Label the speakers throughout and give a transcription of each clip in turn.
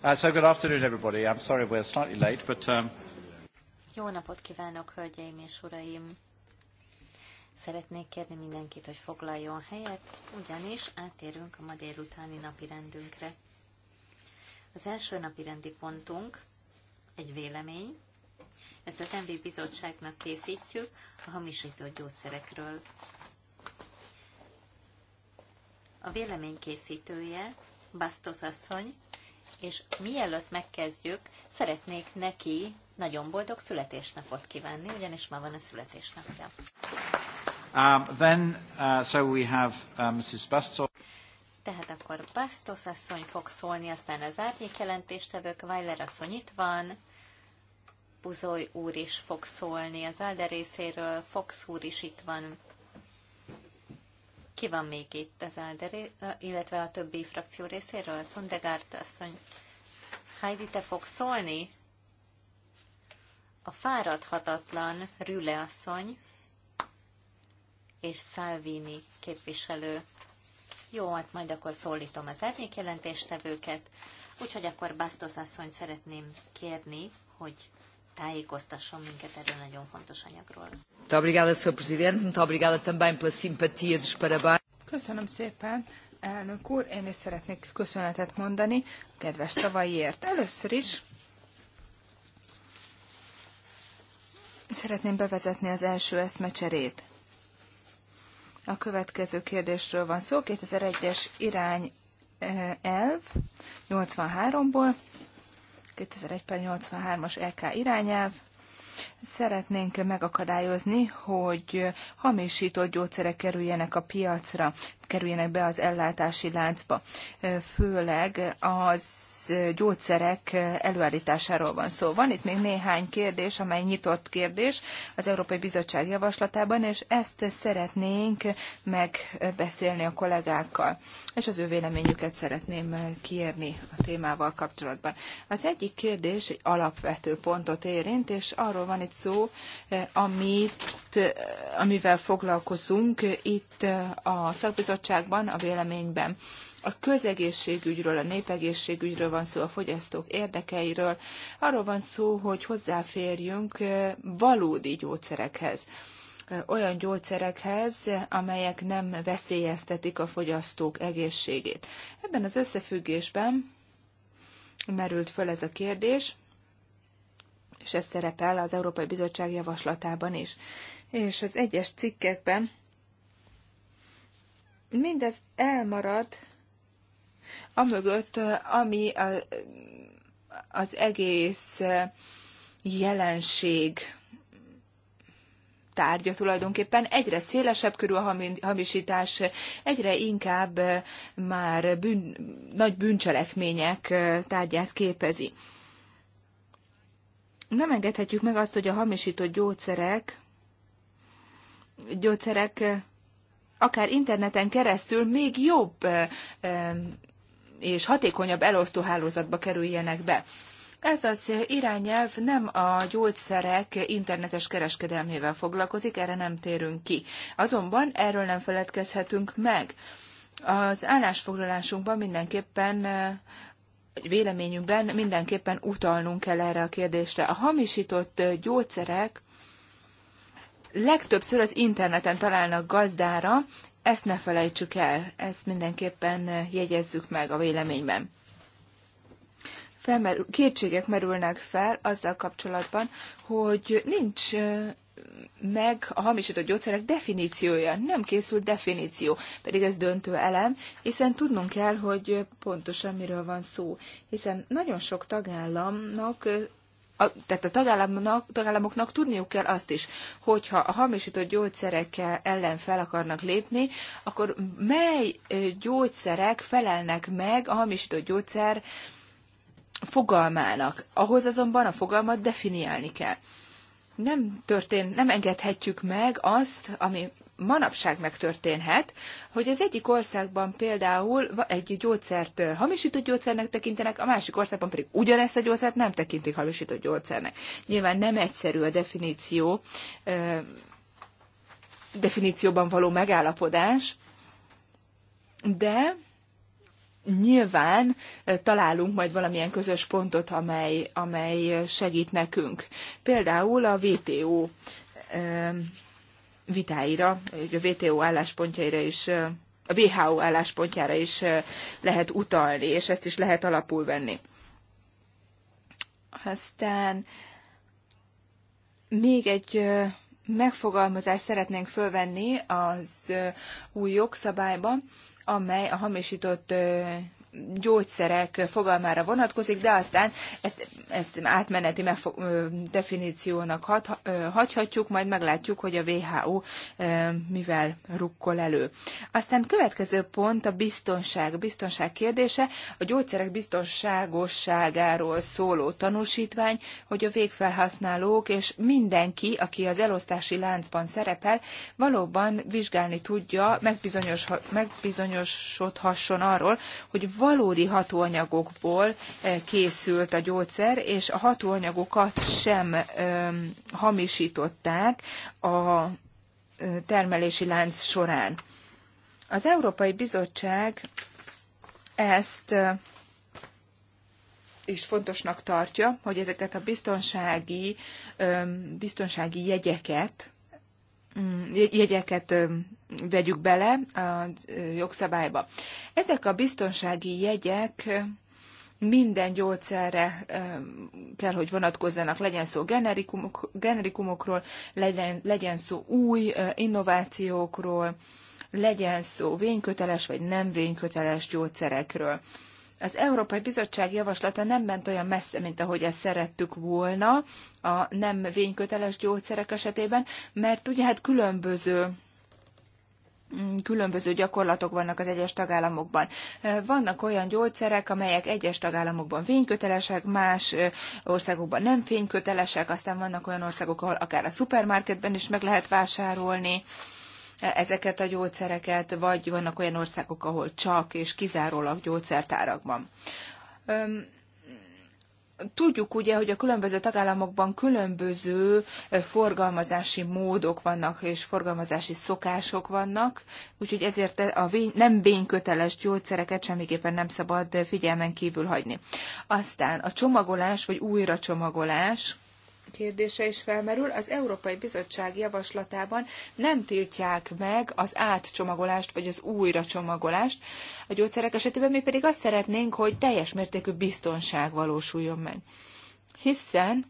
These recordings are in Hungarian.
Speaker 1: Uh, so good afternoon, everybody. I'm sorry we're slightly late,
Speaker 2: but... Um, Jó napot kívánok, hölgyeim és uraim! Szeretnék kérni mindenkit, hogy foglaljon helyet, ugyanis átérünk a ma délutáni napi rendünkre. Az első napi rendi pontunk egy vélemény. Ezt az MV Bizottságnak készítjük a hamisító gyógyszerekről. A vélemény készítője Bastos asszony, és mielőtt megkezdjük, szeretnék neki nagyon boldog születésnapot kívánni, ugyanis ma van a születésnapja. Um, then, uh, so we have uh, Mrs. Bastos. Tehát akkor Bastos asszony fog szólni, aztán az árnyék jelentéstevők, Weiler asszony itt van, Buzoly úr is fog szólni, az Alder részéről Fox úr is itt van, ki van még itt az Álderi, illetve a többi frakció részéről? Szondegárt asszony. Heidi, te fogsz szólni? A fáradhatatlan Rüle asszony és Salvini képviselő. Jó, hát majd akkor szólítom az árnyékjelentéstevőket. Úgyhogy akkor Bastos asszonyt szeretném kérni, hogy tájékoztasson minket erről nagyon fontos anyagról.
Speaker 1: Köszönöm szépen, elnök úr. Én is szeretnék köszönetet mondani a kedves szavaiért. Először is szeretném bevezetni az első eszmecserét. A következő kérdésről van szó, 2001-es irány eh, elv 83-ból. 2001-83-as LK e irányelv. Szeretnénk megakadályozni, hogy hamisított gyógyszerek kerüljenek a piacra kerüljenek be az ellátási láncba. Főleg az gyógyszerek előállításáról van szó. Van itt még néhány kérdés, amely nyitott kérdés az Európai Bizottság javaslatában, és ezt szeretnénk megbeszélni a kollégákkal, és az ő véleményüket szeretném kérni a témával kapcsolatban. Az egyik kérdés egy alapvető pontot érint, és arról van itt szó, amit amivel foglalkozunk itt a szakbizottságban, a véleményben. A közegészségügyről, a népegészségügyről van szó, a fogyasztók érdekeiről. Arról van szó, hogy hozzáférjünk valódi gyógyszerekhez olyan gyógyszerekhez, amelyek nem veszélyeztetik a fogyasztók egészségét. Ebben az összefüggésben merült föl ez a kérdés, és ez szerepel az Európai Bizottság javaslatában is és az egyes cikkekben mindez elmarad, amögött, ami a, az egész jelenség tárgya tulajdonképpen. Egyre szélesebb körül a hamisítás, egyre inkább már bűn, nagy bűncselekmények tárgyát képezi. Nem engedhetjük meg azt, hogy a hamisított gyógyszerek gyógyszerek akár interneten keresztül még jobb és hatékonyabb elosztóhálózatba kerüljenek be. Ez az irányelv nem a gyógyszerek internetes kereskedelmével foglalkozik, erre nem térünk ki. Azonban erről nem feledkezhetünk meg. Az állásfoglalásunkban mindenképpen véleményünkben mindenképpen utalnunk kell erre a kérdésre. A hamisított gyógyszerek legtöbbször az interneten találnak gazdára, ezt ne felejtsük el, ezt mindenképpen jegyezzük meg a véleményben. Felmerül, kétségek merülnek fel azzal kapcsolatban, hogy nincs meg a hamisított gyógyszerek definíciója, nem készült definíció, pedig ez döntő elem, hiszen tudnunk kell, hogy pontosan miről van szó, hiszen nagyon sok tagállamnak a, tehát a tagállamoknak, tagállamoknak tudniuk kell azt is, hogyha a hamisított gyógyszerekkel ellen fel akarnak lépni, akkor mely gyógyszerek felelnek meg a hamisított gyógyszer fogalmának. Ahhoz azonban a fogalmat definiálni kell. Nem történ, nem engedhetjük meg azt, ami manapság megtörténhet, hogy az egyik országban például egy gyógyszert hamisított gyógyszernek tekintenek, a másik országban pedig ugyanezt a gyógyszert nem tekintik hamisított gyógyszernek. Nyilván nem egyszerű a definíció, definícióban való megállapodás, de nyilván találunk majd valamilyen közös pontot, amely, amely segít nekünk. Például a WTO vitáira, a WTO álláspontjaira is a WHO álláspontjára is lehet utalni, és ezt is lehet alapul venni. Aztán még egy megfogalmazást szeretnénk fölvenni az új jogszabályba, amely a hamisított gyógyszerek fogalmára vonatkozik, de aztán ezt, ezt átmeneti megfog, definíciónak hat, hagyhatjuk, majd meglátjuk, hogy a WHO mivel rukkol elő. Aztán következő pont a biztonság, a biztonság kérdése, a gyógyszerek biztonságosságáról szóló tanúsítvány, hogy a végfelhasználók és mindenki, aki az elosztási láncban szerepel, valóban vizsgálni tudja, megbizonyos, megbizonyosodhasson arról, hogy valódi hatóanyagokból eh, készült a gyógyszer, és a hatóanyagokat sem hamisították a eh, termelési lánc során. Az Európai Bizottság ezt eh, is fontosnak tartja, hogy ezeket a biztonsági, biztonsági jegyeket, mm, jegyeket vegyük bele a jogszabályba. Ezek a biztonsági jegyek minden gyógyszerre kell, hogy vonatkozzanak, legyen szó generikumok, generikumokról, legyen, legyen szó új innovációkról, legyen szó vényköteles vagy nem vényköteles gyógyszerekről. Az Európai Bizottság javaslata nem ment olyan messze, mint ahogy ezt szerettük volna a nem vényköteles gyógyszerek esetében, mert ugye hát különböző Mm, különböző gyakorlatok vannak az egyes tagállamokban. Vannak olyan gyógyszerek, amelyek egyes tagállamokban fénykötelesek, más országokban nem fénykötelesek, aztán vannak olyan országok, ahol akár a szupermarketben is meg lehet vásárolni ezeket a gyógyszereket, vagy vannak olyan országok, ahol csak és kizárólag gyógyszertárakban. Tudjuk ugye, hogy a különböző tagállamokban különböző eh, forgalmazási módok vannak, és forgalmazási szokások vannak, úgyhogy ezért a vény, nem vényköteles gyógyszereket semmiképpen nem szabad figyelmen kívül hagyni. Aztán a csomagolás, vagy újracsomagolás, kérdése is felmerül. Az Európai Bizottság javaslatában nem tiltják meg az átcsomagolást vagy az újracsomagolást a gyógyszerek esetében, mi pedig azt szeretnénk, hogy teljes mértékű biztonság valósuljon meg. Hiszen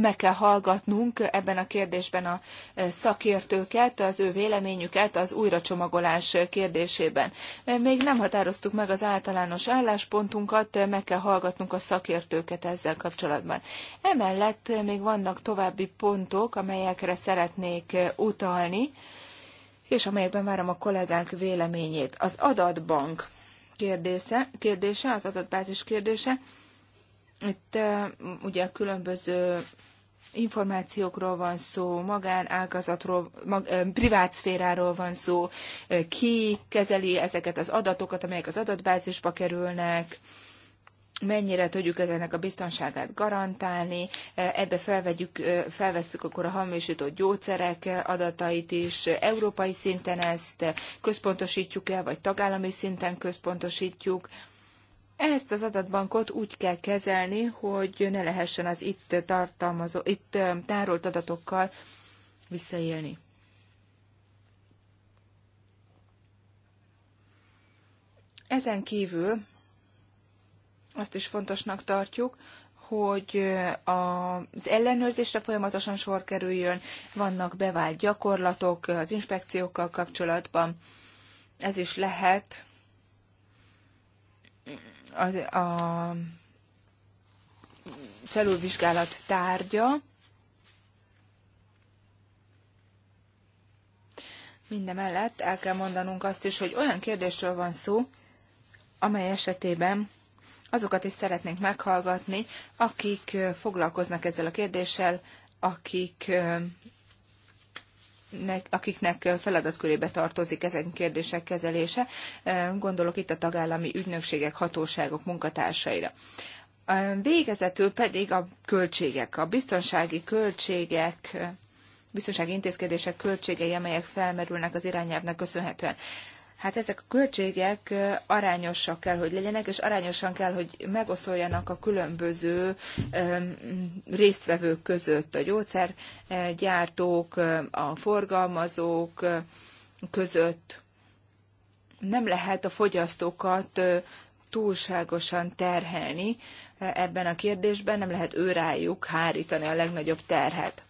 Speaker 1: meg kell hallgatnunk ebben a kérdésben a e, szakértőket, az ő véleményüket az újracsomagolás kérdésében. E, még nem határoztuk meg az általános álláspontunkat, e, meg kell hallgatnunk a szakértőket ezzel kapcsolatban. Emellett még vannak további pontok, amelyekre szeretnék utalni, és amelyekben várom a kollégánk véleményét. Az adatbank kérdése, kérdése az adatbázis kérdése, itt ugye a különböző információkról van szó, magánágazatról, mag, privátszféráról van szó, ki kezeli ezeket az adatokat, amelyek az adatbázisba kerülnek, mennyire tudjuk ezeknek a biztonságát garantálni, ebbe felvegyük, felvesszük akkor a hamisított gyógyszerek adatait is, európai szinten ezt központosítjuk el, vagy tagállami szinten központosítjuk, ezt az adatbankot úgy kell kezelni, hogy ne lehessen az itt, tartalmazó, itt tárolt adatokkal visszaélni. Ezen kívül azt is fontosnak tartjuk, hogy az ellenőrzésre folyamatosan sor kerüljön, vannak bevált gyakorlatok az inspekciókkal kapcsolatban. Ez is lehet a, a felülvizsgálat tárgya. Mindemellett el kell mondanunk azt is, hogy olyan kérdésről van szó, amely esetében azokat is szeretnénk meghallgatni, akik foglalkoznak ezzel a kérdéssel, akik akiknek feladatkörébe tartozik ezen kérdések kezelése. Gondolok itt a tagállami ügynökségek, hatóságok munkatársaira. Végezetül pedig a költségek, a biztonsági költségek, biztonsági intézkedések költségei, amelyek felmerülnek az irányelvnek köszönhetően hát ezek a költségek arányosak kell, hogy legyenek, és arányosan kell, hogy megoszoljanak a különböző résztvevők között a gyógyszergyártók, a forgalmazók között. Nem lehet a fogyasztókat túlságosan terhelni ebben a kérdésben, nem lehet őrájuk hárítani a legnagyobb terhet.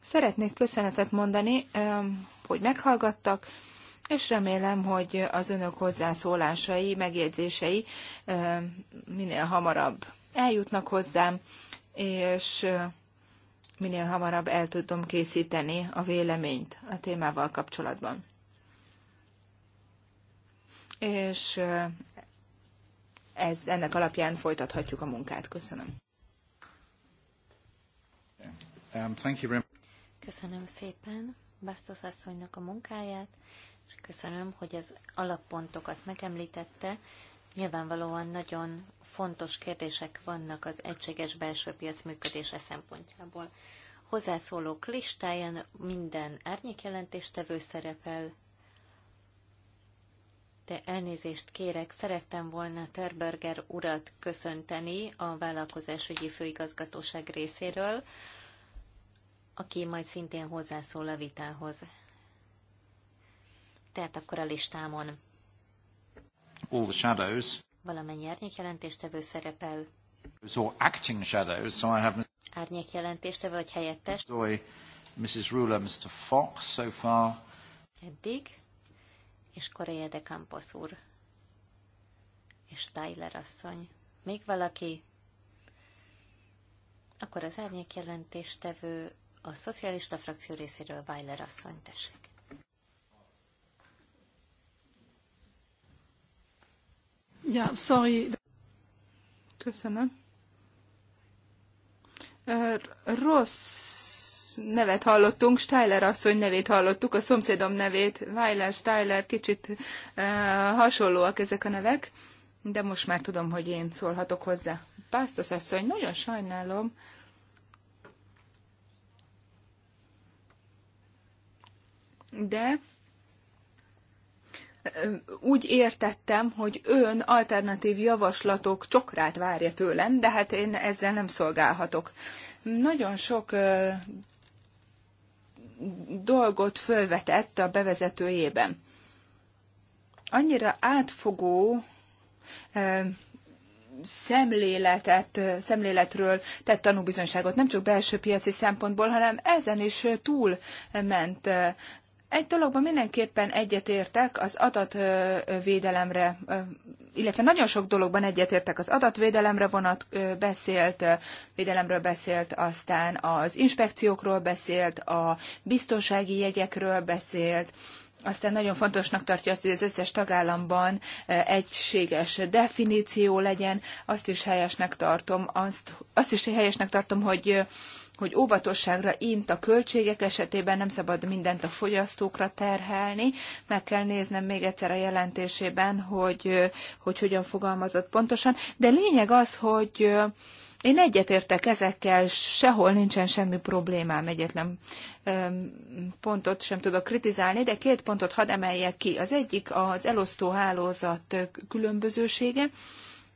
Speaker 1: Szeretnék köszönetet mondani, hogy meghallgattak, és remélem, hogy az önök hozzászólásai, megjegyzései minél hamarabb eljutnak hozzám, és minél hamarabb el tudom készíteni a véleményt a témával kapcsolatban. És ez, ennek alapján folytathatjuk a munkát. Köszönöm. Um, Köszönöm szépen
Speaker 2: Bastos asszonynak a munkáját, és köszönöm, hogy az alappontokat megemlítette. Nyilvánvalóan nagyon fontos kérdések vannak az egységes belső piac működése szempontjából. Hozzászólók listáján minden árnyékjelentéstevő szerepel, de elnézést kérek, szerettem volna Terberger urat köszönteni a vállalkozásügyi főigazgatóság részéről, aki majd szintén hozzászól a vitához tehát akkor a listámon. All the shadows. Valamennyi árnyék jelentéstevő szerepel. So acting shadows, so I have... Árnyék jelentéstevő vagy helyettes.
Speaker 1: Zoe, Mrs. Ruler, Mr. Fox so far.
Speaker 2: Eddig. És Korea de Campos úr. És Tyler asszony. Még valaki? Akkor az árnyék jelentéstevő a szocialista frakció részéről Weiler asszony, tessék.
Speaker 1: Yeah, sorry. Köszönöm. Rossz nevet hallottunk, Steiler asszony nevét hallottuk, a szomszédom nevét, Weiler, Steiler, kicsit uh, hasonlóak ezek a nevek, de most már tudom, hogy én szólhatok hozzá. Pásztos asszony, nagyon sajnálom, de úgy értettem, hogy ön alternatív javaslatok csokrát várja tőlem, de hát én ezzel nem szolgálhatok. Nagyon sok dolgot fölvetett a bevezetőjében. Annyira átfogó szemléletet, szemléletről tett tanúbizonyságot, nem csak belső piaci szempontból, hanem ezen is túl ment. Egy dologban mindenképpen egyetértek az adatvédelemre, illetve nagyon sok dologban egyetértek az adatvédelemre vonat, beszélt, védelemről beszélt, aztán az inspekciókról beszélt, a biztonsági jegyekről beszélt, aztán nagyon fontosnak tartja azt, hogy az összes tagállamban egységes definíció legyen. Azt is helyesnek tartom, azt, azt is helyesnek tartom, hogy hogy óvatosságra int a költségek esetében, nem szabad mindent a fogyasztókra terhelni. Meg kell néznem még egyszer a jelentésében, hogy, hogy hogyan fogalmazott pontosan. De lényeg az, hogy én egyetértek ezekkel, sehol nincsen semmi problémám, egyetlen pontot sem tudok kritizálni, de két pontot hadd emeljek ki. Az egyik az elosztó hálózat különbözősége,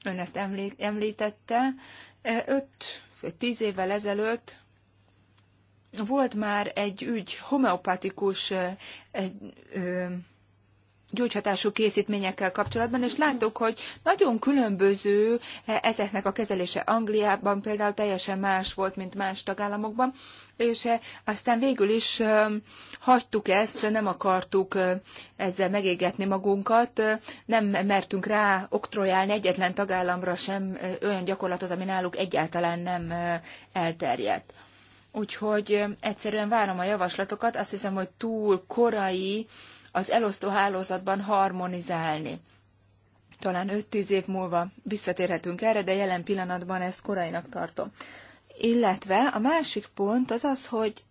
Speaker 1: ön ezt említette, öt tíz évvel ezelőtt volt már egy ügy homeopatikus gyógyhatású készítményekkel kapcsolatban, és láttuk, hogy nagyon különböző e, ezeknek a kezelése Angliában például teljesen más volt, mint más tagállamokban, és e, aztán végül is hagytuk ezt, nem akartuk ezzel megégetni magunkat, nem mertünk rá oktrojálni egyetlen tagállamra sem olyan gyakorlatot, ami náluk egyáltalán nem elterjedt. Úgyhogy egyszerűen várom a javaslatokat, azt hiszem, hogy túl korai az elosztó hálózatban harmonizálni. Talán 5-10 év múlva visszatérhetünk erre, de jelen pillanatban ezt korainak tartom. Illetve a másik pont az az, hogy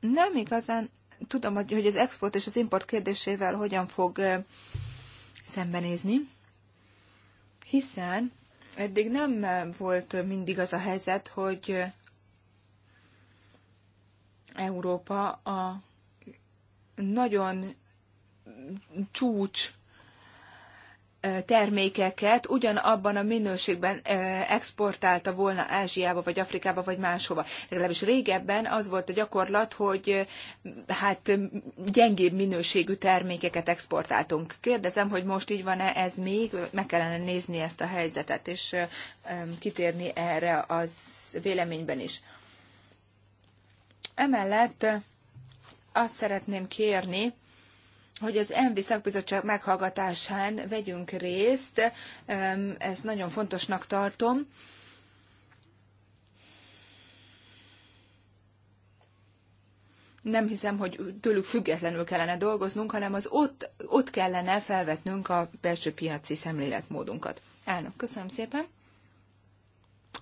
Speaker 1: nem igazán tudom, hogy az export és az import kérdésével hogyan fog szembenézni, hiszen eddig nem volt mindig az a helyzet, hogy Európa a nagyon csúcs termékeket ugyanabban a minőségben exportálta volna Ázsiába, vagy Afrikába, vagy máshova. Legalábbis régebben az volt a gyakorlat, hogy hát gyengébb minőségű termékeket exportáltunk. Kérdezem, hogy most így van-e ez még, meg kellene nézni ezt a helyzetet, és kitérni erre az véleményben is. Emellett azt szeretném kérni, hogy az ENVI szakbizottság meghallgatásán vegyünk részt, ezt nagyon fontosnak tartom. Nem hiszem, hogy tőlük függetlenül kellene dolgoznunk, hanem az ott, ott kellene felvetnünk a belső piaci szemléletmódunkat. Elnök, köszönöm szépen.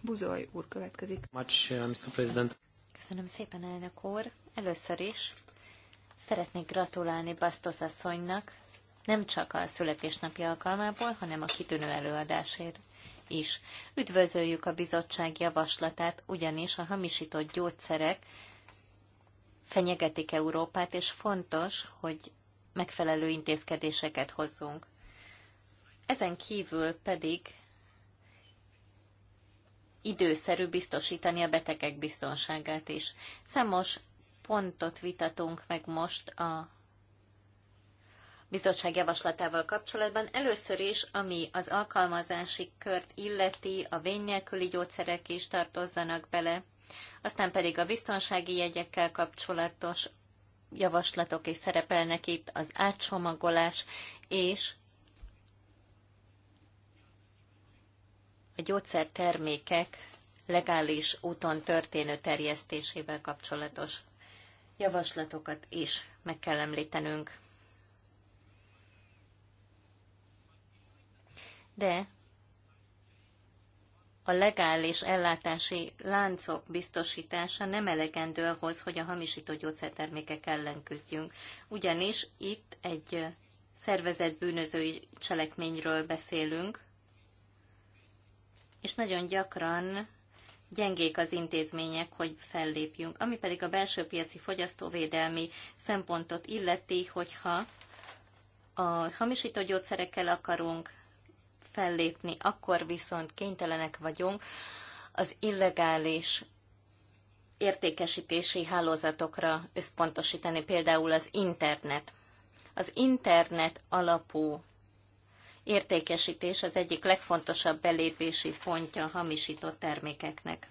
Speaker 1: Buzoly úr következik.
Speaker 2: Much, uh, Mr. President. Köszönöm szépen, elnök úr. Először is szeretnék gratulálni Basztos asszonynak, nem csak a születésnapja alkalmából, hanem a kitűnő előadásért is. Üdvözöljük a bizottság javaslatát, ugyanis a hamisított gyógyszerek fenyegetik Európát, és fontos, hogy megfelelő intézkedéseket hozzunk. Ezen kívül pedig időszerű biztosítani a betegek biztonságát is. Számos pontot vitatunk meg most a bizottság javaslatával kapcsolatban. Először is, ami az alkalmazási kört illeti, a vény nélküli gyógyszerek is tartozzanak bele, aztán pedig a biztonsági jegyekkel kapcsolatos javaslatok is szerepelnek itt, az átcsomagolás és a gyógyszertermékek legális úton történő terjesztésével kapcsolatos javaslatokat is meg kell említenünk. De a legális ellátási láncok biztosítása nem elegendő ahhoz, hogy a hamisító gyógyszertermékek ellen küzdjünk. Ugyanis itt egy szervezett bűnözői cselekményről beszélünk, és nagyon gyakran gyengék az intézmények, hogy fellépjünk. Ami pedig a belső piaci fogyasztóvédelmi szempontot illeti, hogyha a hamisító gyógyszerekkel akarunk fellépni, akkor viszont kénytelenek vagyunk az illegális értékesítési hálózatokra összpontosítani, például az internet. Az internet alapú értékesítés az egyik legfontosabb belépési pontja a hamisított termékeknek.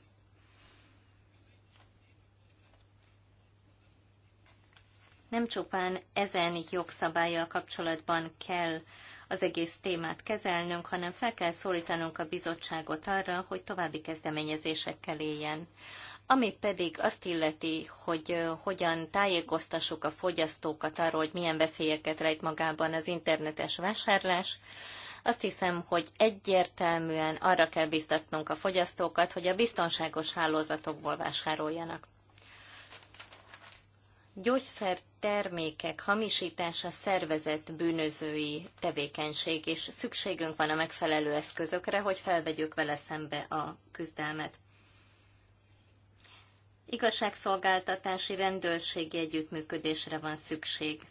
Speaker 2: Nem csupán ezen jogszabályjal kapcsolatban kell az egész témát kezelnünk, hanem fel kell szólítanunk a bizottságot arra, hogy további kezdeményezésekkel éljen. Ami pedig azt illeti, hogy hogyan tájékoztassuk a fogyasztókat arról, hogy milyen veszélyeket rejt magában az internetes vásárlás, azt hiszem, hogy egyértelműen arra kell biztatnunk a fogyasztókat, hogy a biztonságos hálózatokból vásároljanak. Gyógyszer termékek hamisítása szervezett bűnözői tevékenység, és szükségünk van a megfelelő eszközökre, hogy felvegyük vele szembe a küzdelmet igazságszolgáltatási rendőrségi együttműködésre van szükség.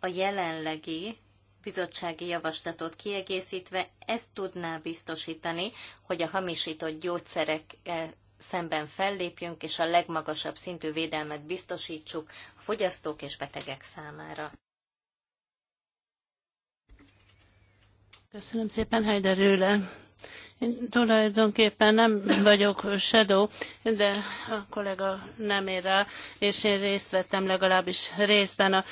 Speaker 2: A jelenlegi bizottsági javaslatot kiegészítve ezt tudná biztosítani, hogy a hamisított gyógyszerek szemben fellépjünk, és a legmagasabb szintű védelmet biztosítsuk a fogyasztók és betegek számára.
Speaker 3: Köszönöm szépen, Heider Rőle. Én tulajdonképpen nem vagyok shadow, de a kollega nem ér rá, és én részt vettem legalábbis részben a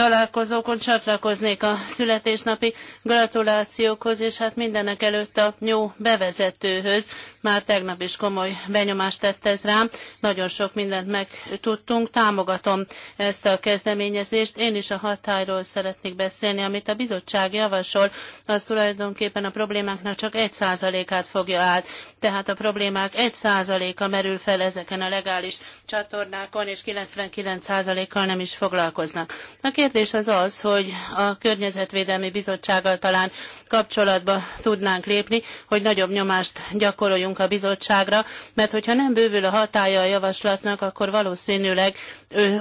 Speaker 3: találkozókon csatlakoznék a születésnapi gratulációkhoz, és hát mindenek előtt a jó bevezetőhöz. Már tegnap is komoly benyomást tett ez rám. Nagyon sok mindent megtudtunk. Támogatom ezt a kezdeményezést. Én is a hatályról szeretnék beszélni, amit a bizottság javasol, az tulajdonképpen a problémáknak csak egy százalékát fogja át. Tehát a problémák egy százaléka merül fel ezeken a legális csatornákon, és 99 százalékkal nem is foglalkoznak. A kérdés az az, hogy a Környezetvédelmi Bizottsággal talán kapcsolatba tudnánk lépni, hogy nagyobb nyomást gyakoroljunk a bizottságra, mert hogyha nem bővül a hatája a javaslatnak, akkor valószínűleg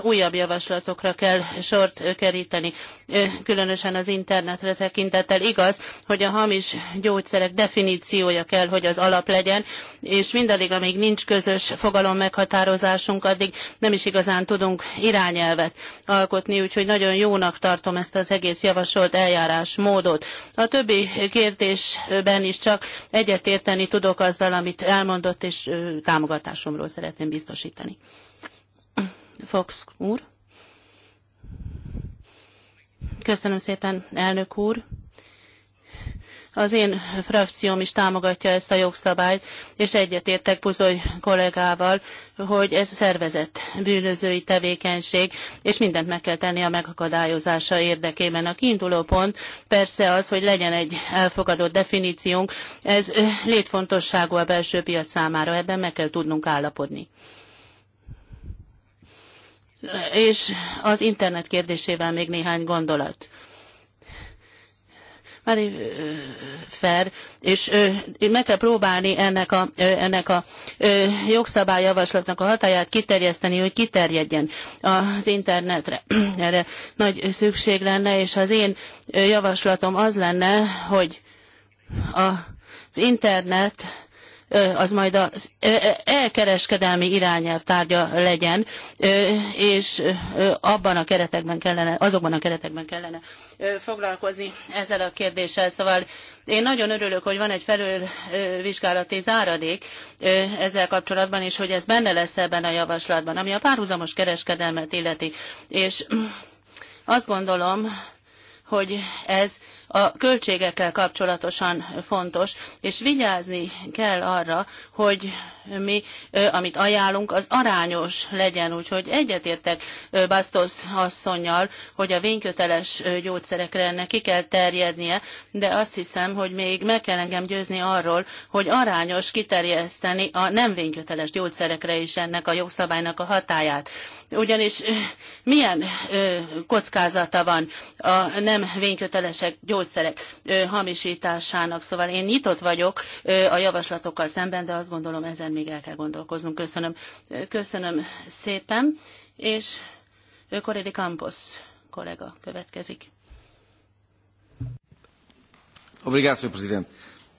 Speaker 3: újabb javaslatokra kell sort keríteni. Különösen az internetre tekintettel igaz, hogy a hamis gyógyszerek definíciója kell, hogy az alap legyen, és mindaddig, amíg nincs közös fogalom meghatározásunk, addig nem is igazán tudunk irányelvet alkotni, úgyhogy nagyon nagyon jónak tartom ezt az egész javasolt eljárásmódot. A többi kérdésben is csak egyetérteni tudok azzal, amit elmondott, és támogatásomról szeretném biztosítani. Fox úr. Köszönöm szépen, elnök úr. Az én frakcióm is támogatja ezt a jogszabályt, és egyetértek Puzoly kollégával, hogy ez szervezett bűnözői tevékenység, és mindent meg kell tenni a megakadályozása érdekében. A kiinduló pont persze az, hogy legyen egy elfogadott definíciónk, ez létfontosságú a belső piac számára, ebben meg kell tudnunk állapodni. És az internet kérdésével még néhány gondolat fair, és meg kell próbálni ennek a, ennek a jogszabályjavaslatnak a hatáját kiterjeszteni, hogy kiterjedjen az internetre. Erre nagy szükség lenne, és az én javaslatom az lenne, hogy az internet az majd az elkereskedelmi irányelv tárgya legyen, és abban a keretekben kellene, azokban a keretekben kellene foglalkozni ezzel a kérdéssel. Szóval én nagyon örülök, hogy van egy felülvizsgálati záradék ezzel kapcsolatban, és hogy ez benne lesz ebben a javaslatban, ami a párhuzamos kereskedelmet illeti. És azt gondolom, hogy ez a költségekkel kapcsolatosan fontos, és vigyázni kell arra, hogy mi, amit ajánlunk, az arányos legyen, úgyhogy egyetértek Bastos asszonynal, hogy a vényköteles gyógyszerekre ennek ki kell terjednie, de azt hiszem, hogy még meg kell engem győzni arról, hogy arányos kiterjeszteni a nem vényköteles gyógyszerekre is ennek a jogszabálynak a hatáját. Ugyanis milyen kockázata van a nem vénykötelesek gyógyszerekre? gyógyszerek hamisításának. Szóval én nyitott vagyok a javaslatokkal szemben, de azt gondolom ezen még el kell gondolkoznunk. Köszönöm, köszönöm szépen, és Koredi Campos
Speaker 2: kollega következik.
Speaker 1: Obrigado, Sr. Presidente.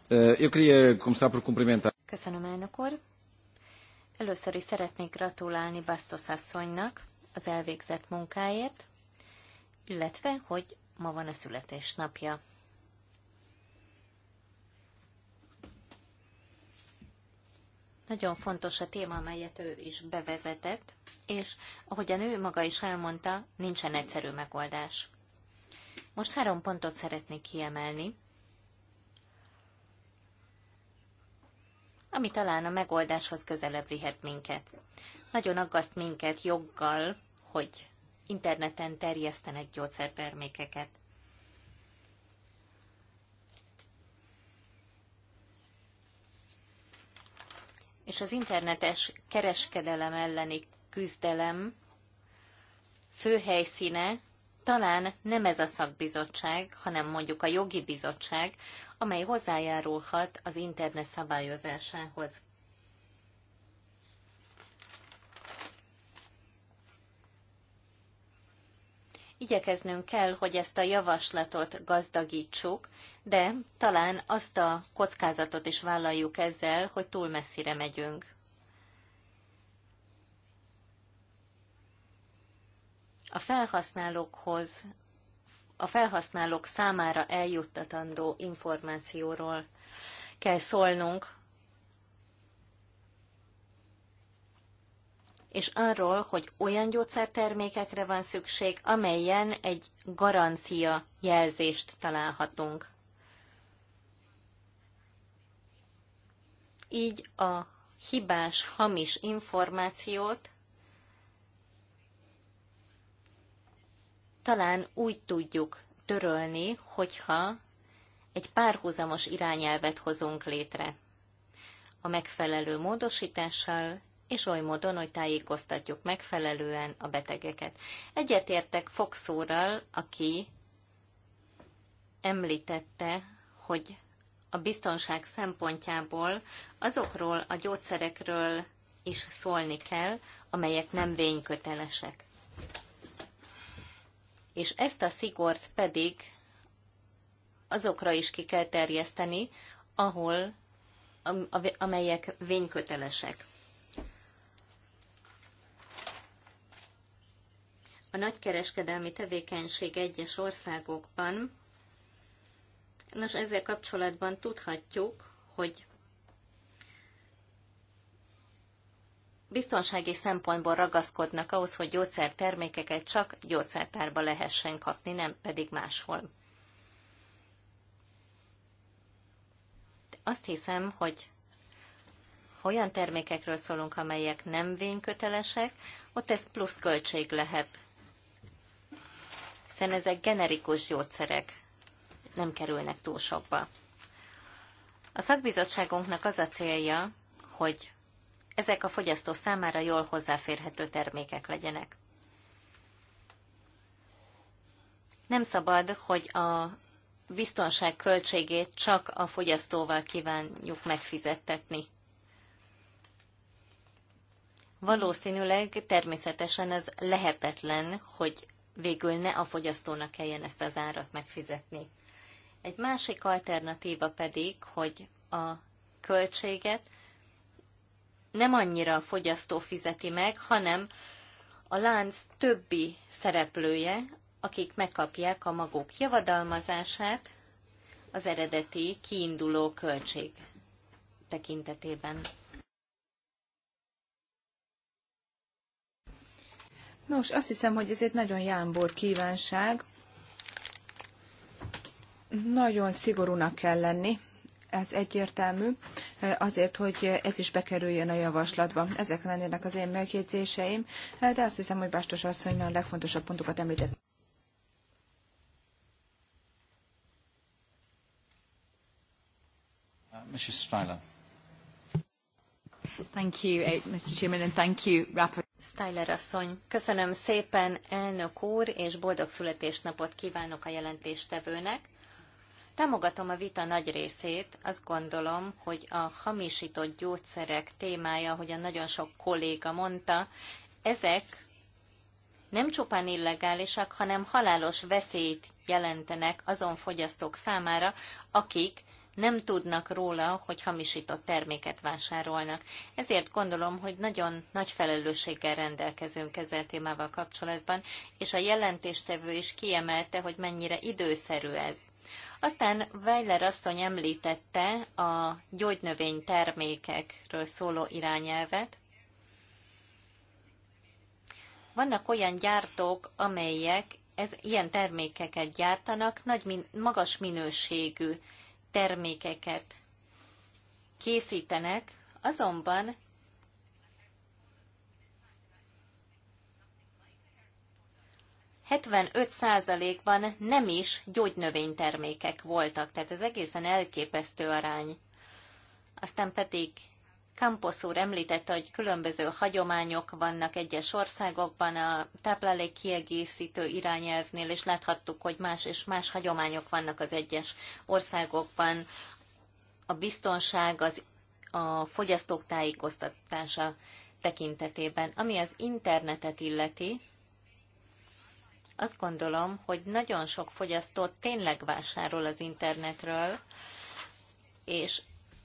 Speaker 1: Eh, eu queria começar por cumprimentar.
Speaker 2: Köszönöm, elnök úr. Először is szeretnék gratulálni Bastos asszonynak az elvégzett munkáért, illetve, hogy ma van a születésnapja. Nagyon fontos a téma, amelyet ő is bevezetett, és ahogyan ő maga is elmondta, nincsen egyszerű megoldás. Most három pontot szeretnék kiemelni, ami talán a megoldáshoz közelebb vihet minket. Nagyon aggaszt minket joggal, hogy interneten terjesztenek gyógyszertermékeket. És az internetes kereskedelem elleni küzdelem főhelyszíne talán nem ez a szakbizottság, hanem mondjuk a jogi bizottság, amely hozzájárulhat az internet szabályozásához. Igyekeznünk kell, hogy ezt a javaslatot gazdagítsuk, de talán azt a kockázatot is vállaljuk ezzel, hogy túl messzire megyünk. A felhasználókhoz, a felhasználók számára eljuttatandó információról kell szólnunk, és arról, hogy olyan gyógyszertermékekre van szükség, amelyen egy garancia jelzést találhatunk. Így a hibás, hamis információt talán úgy tudjuk törölni, hogyha egy párhuzamos irányelvet hozunk létre. A megfelelő módosítással és oly módon, hogy tájékoztatjuk megfelelően a betegeket. Egyetértek Foxóral, aki említette, hogy a biztonság szempontjából azokról a gyógyszerekről is szólni kell, amelyek nem vénykötelesek. És ezt a szigort pedig azokra is ki kell terjeszteni, ahol amelyek vénykötelesek. a nagykereskedelmi tevékenység egyes országokban. Nos, ezzel kapcsolatban tudhatjuk, hogy biztonsági szempontból ragaszkodnak ahhoz, hogy gyógyszertermékeket csak gyógyszertárba lehessen kapni, nem pedig máshol. azt hiszem, hogy olyan termékekről szólunk, amelyek nem vénykötelesek, ott ez plusz költség lehet hiszen ezek generikus gyógyszerek, nem kerülnek túl sokba. A szakbizottságunknak az a célja, hogy ezek a fogyasztó számára jól hozzáférhető termékek legyenek. Nem szabad, hogy a biztonság költségét csak a fogyasztóval kívánjuk megfizettetni. Valószínűleg természetesen ez lehetetlen, hogy végül ne a fogyasztónak kelljen ezt az árat megfizetni. Egy másik alternatíva pedig, hogy a költséget nem annyira a fogyasztó fizeti meg, hanem a lánc többi szereplője, akik megkapják a maguk javadalmazását az eredeti kiinduló költség tekintetében.
Speaker 1: Nos, azt hiszem, hogy ez egy nagyon jámbor kívánság. Nagyon szigorúnak kell lenni, ez egyértelmű, azért, hogy ez is bekerüljön a javaslatba. Ezek lennének az én megjegyzéseim, de azt hiszem, hogy Bástos asszony a legfontosabb pontokat említett.
Speaker 2: Uh, Mrs. Thank you, uh, Mr. Chairman, and thank you, Rapper. Styler asszony, köszönöm szépen, elnök úr, és boldog születésnapot kívánok a jelentéstevőnek. Támogatom a vita nagy részét, azt gondolom, hogy a hamisított gyógyszerek témája, ahogyan nagyon sok kolléga mondta, ezek nem csupán illegálisak, hanem halálos veszélyt jelentenek azon fogyasztók számára, akik nem tudnak róla, hogy hamisított terméket vásárolnak. Ezért gondolom, hogy nagyon nagy felelősséggel rendelkezünk ezzel témával kapcsolatban, és a jelentéstevő is kiemelte, hogy mennyire időszerű ez. Aztán Weiler asszony említette a gyógynövény termékekről szóló irányelvet. Vannak olyan gyártók, amelyek ez, ilyen termékeket gyártanak, nagy, magas minőségű termékeket készítenek, azonban ...75%-ban nem is gyógynövénytermékek voltak, tehát ez egészen elképesztő arány. Aztán pedig Campos úr említette, hogy különböző hagyományok vannak egyes országokban a táplálék kiegészítő irányelvnél, és láthattuk, hogy más és más hagyományok vannak az egyes országokban. A biztonság, az, a fogyasztók tájékoztatása tekintetében. Ami az internetet illeti, azt gondolom, hogy nagyon sok fogyasztó tényleg vásárol az internetről, és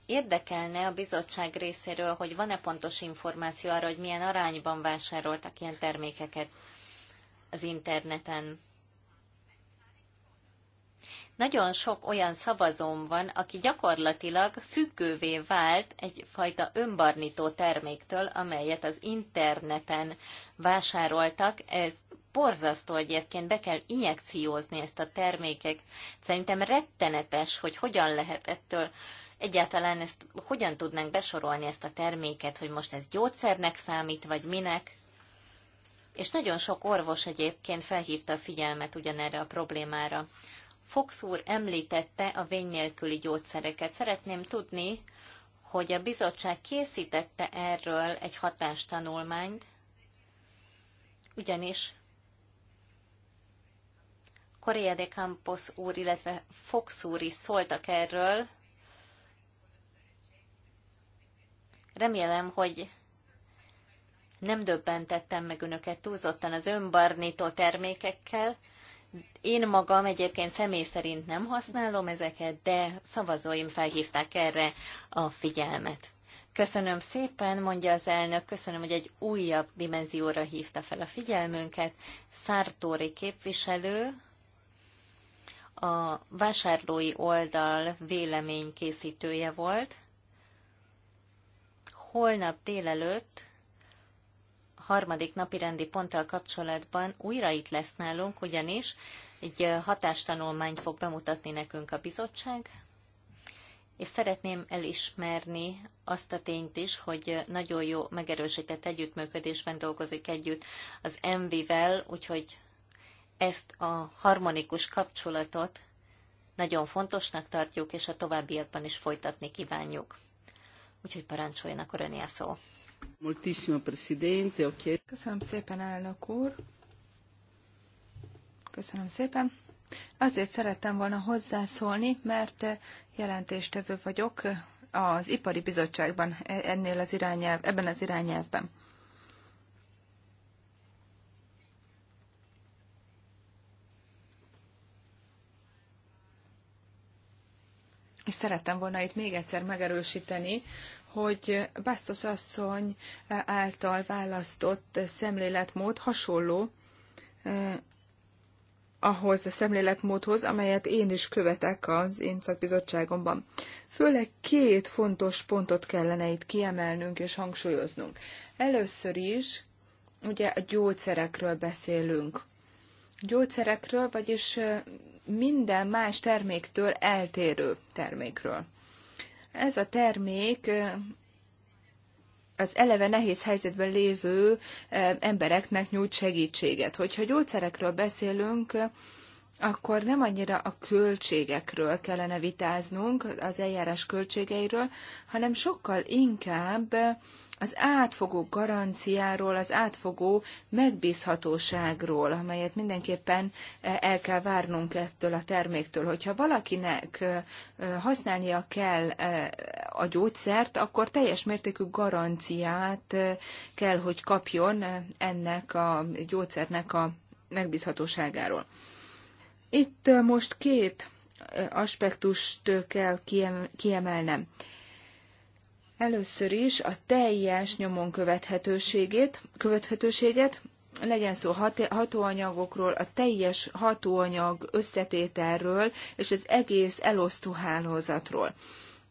Speaker 2: Érdekelne a bizottság részéről, hogy van-e pontos információ arra, hogy milyen arányban vásároltak ilyen termékeket az interneten. Nagyon sok olyan szavazóm van, aki gyakorlatilag függővé vált egyfajta önbarnító terméktől, amelyet az interneten vásároltak. Ez borzasztó egyébként, be kell injekciózni ezt a termékek. Szerintem rettenetes, hogy hogyan lehet ettől egyáltalán ezt hogyan tudnánk besorolni ezt a terméket, hogy most ez gyógyszernek számít, vagy minek? És nagyon sok orvos egyébként felhívta a figyelmet ugyanerre a problémára. Fox úr említette a vény nélküli gyógyszereket. Szeretném tudni, hogy a bizottság készítette erről egy hatástanulmányt, ugyanis Korea de Campos úr, illetve Fox úr is szóltak erről, Remélem, hogy nem döbbentettem meg önöket túlzottan az önbarnító termékekkel. Én magam egyébként személy szerint nem használom ezeket, de szavazóim felhívták erre a figyelmet. Köszönöm szépen, mondja az elnök, köszönöm, hogy egy újabb dimenzióra hívta fel a figyelmünket. Szártóri képviselő, a vásárlói oldal véleménykészítője volt holnap délelőtt harmadik napi rendi ponttal kapcsolatban újra itt lesz nálunk, ugyanis egy hatástanulmányt fog bemutatni nekünk a bizottság, és szeretném elismerni azt a tényt is, hogy nagyon jó megerősített együttműködésben dolgozik együtt az MV-vel, úgyhogy ezt a harmonikus kapcsolatot nagyon fontosnak tartjuk, és a továbbiakban is folytatni kívánjuk úgyhogy parancsoljon akkor öné a szó.
Speaker 1: presidente, oké. Köszönöm szépen, elnök úr. Köszönöm szépen. Azért szerettem volna hozzászólni, mert jelentéstevő vagyok az ipari bizottságban e- ennél az irányelv, ebben az irányelvben. és szerettem volna itt még egyszer megerősíteni, hogy Bastos asszony által választott szemléletmód hasonló eh, ahhoz a szemléletmódhoz, amelyet én is követek az én szakbizottságomban. Főleg két fontos pontot kellene itt kiemelnünk és hangsúlyoznunk. Először is, ugye a gyógyszerekről beszélünk. Gyógyszerekről, vagyis eh, minden más terméktől eltérő termékről. Ez a termék az eleve nehéz helyzetben lévő embereknek nyújt segítséget. Hogyha gyógyszerekről beszélünk, akkor nem annyira a költségekről kellene vitáznunk, az eljárás költségeiről, hanem sokkal inkább az átfogó garanciáról, az átfogó megbízhatóságról, amelyet mindenképpen e, el kell várnunk ettől a terméktől. Hogyha valakinek e, e, használnia kell a gyógyszert, akkor teljes mértékű garanciát kell, hogy kapjon ennek a gyógyszernek a megbízhatóságáról. Itt most két aspektust kell kiemelnem. Először is a teljes nyomon követhetőségét, követhetőséget, legyen szó hat, hatóanyagokról, a teljes hatóanyag összetételről és az egész elosztó hálózatról.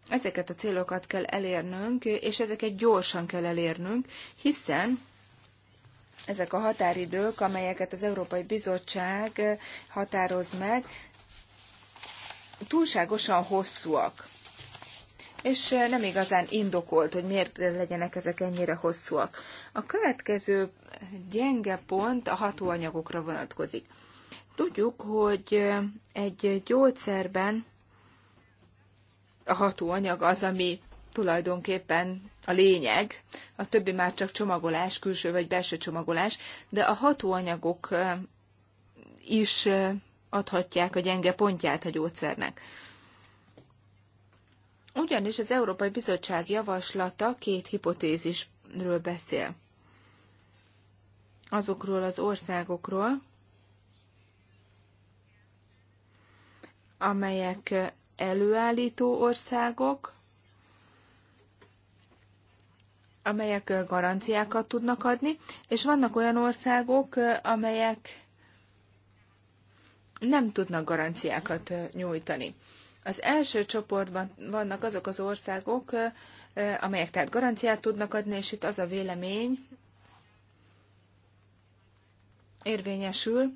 Speaker 1: Ezeket a célokat kell elérnünk, és ezeket gyorsan kell elérnünk, hiszen ezek a határidők, amelyeket az Európai Bizottság határoz meg, túlságosan hosszúak és nem igazán indokolt, hogy miért legyenek ezek ennyire hosszúak. A következő gyenge pont a hatóanyagokra vonatkozik. Tudjuk, hogy egy gyógyszerben a hatóanyag az, ami tulajdonképpen a lényeg, a többi már csak csomagolás, külső vagy belső csomagolás, de a hatóanyagok is adhatják a gyenge pontját a gyógyszernek. Ugyanis az Európai Bizottság javaslata két hipotézisről beszél. Azokról az országokról, amelyek előállító országok, amelyek garanciákat tudnak adni, és vannak olyan országok, amelyek nem tudnak garanciákat nyújtani. Az első csoportban vannak azok az országok, amelyek tehát garanciát tudnak adni, és itt az a vélemény érvényesül,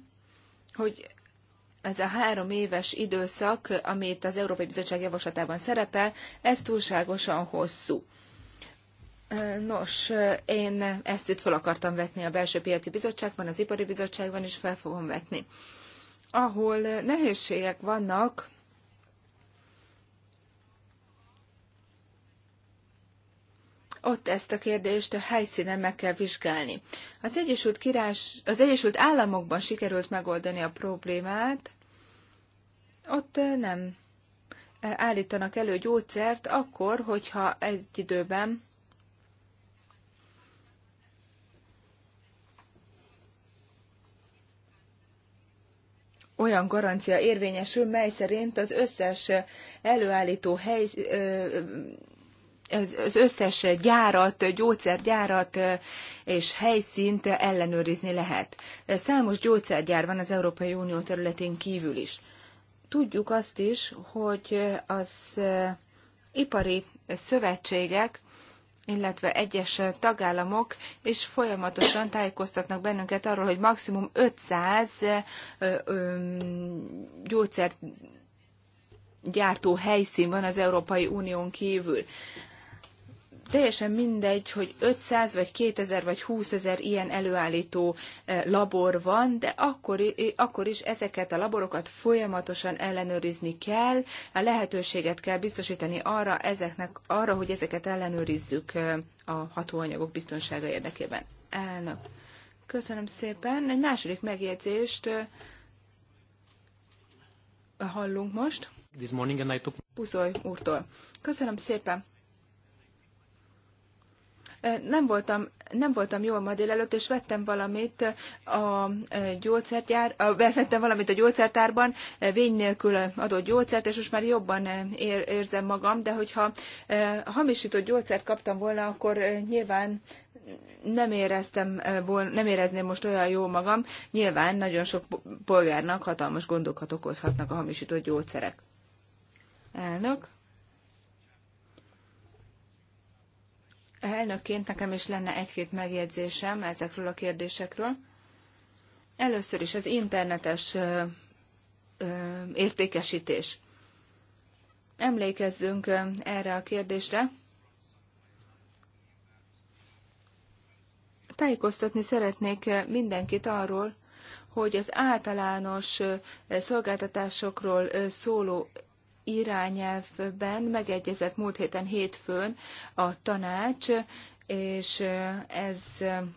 Speaker 1: hogy ez a három éves időszak, amit az Európai Bizottság javaslatában szerepel, ez túlságosan hosszú. Nos, én ezt itt fel akartam vetni a Belső Piaci Bizottságban, az Ipari Bizottságban is fel fogom vetni. Ahol nehézségek vannak, ott ezt a kérdést a helyszínen meg kell vizsgálni. Az Egyesült, Királys, az Egyesült Államokban sikerült megoldani a problémát, ott nem állítanak elő gyógyszert akkor, hogyha egy időben olyan garancia érvényesül, mely szerint az összes előállító hely, az összes gyárat, gyógyszergyárat és helyszínt ellenőrizni lehet. Számos gyógyszergyár van az Európai Unió területén kívül is. Tudjuk azt is, hogy az ipari szövetségek illetve egyes tagállamok, és folyamatosan tájékoztatnak bennünket arról, hogy maximum 500 gyógyszergyártó helyszín van az Európai Unión kívül teljesen mindegy, hogy 500 vagy 2000 vagy 20 ezer ilyen előállító e, labor van, de akkor, akkor is ezeket a laborokat folyamatosan ellenőrizni kell, a lehetőséget kell biztosítani arra, ezeknek, arra hogy ezeket ellenőrizzük e, a hatóanyagok biztonsága érdekében. Elnök. Köszönöm szépen. Egy második megjegyzést e, hallunk most.
Speaker 2: This morning and I took...
Speaker 1: úrtól. Köszönöm szépen. Nem voltam, nem voltam jól ma délelőtt, és vettem valamit a gyógyszertjár, vettem valamit a gyógyszertárban, vény nélkül adott gyógyszert, és most már jobban ér, érzem magam, de hogyha hamisított gyógyszert kaptam volna, akkor nyilván nem éreztem volna, nem érezném most olyan jó magam. Nyilván nagyon sok polgárnak hatalmas gondokat okozhatnak a hamisított gyógyszerek. Elnök. Elnökként nekem is lenne egy-két megjegyzésem ezekről a kérdésekről. Először is az internetes értékesítés. Emlékezzünk erre a kérdésre. Tájékoztatni szeretnék mindenkit arról, hogy az általános szolgáltatásokról szóló irányelvben megegyezett múlt héten hétfőn a tanács, és ez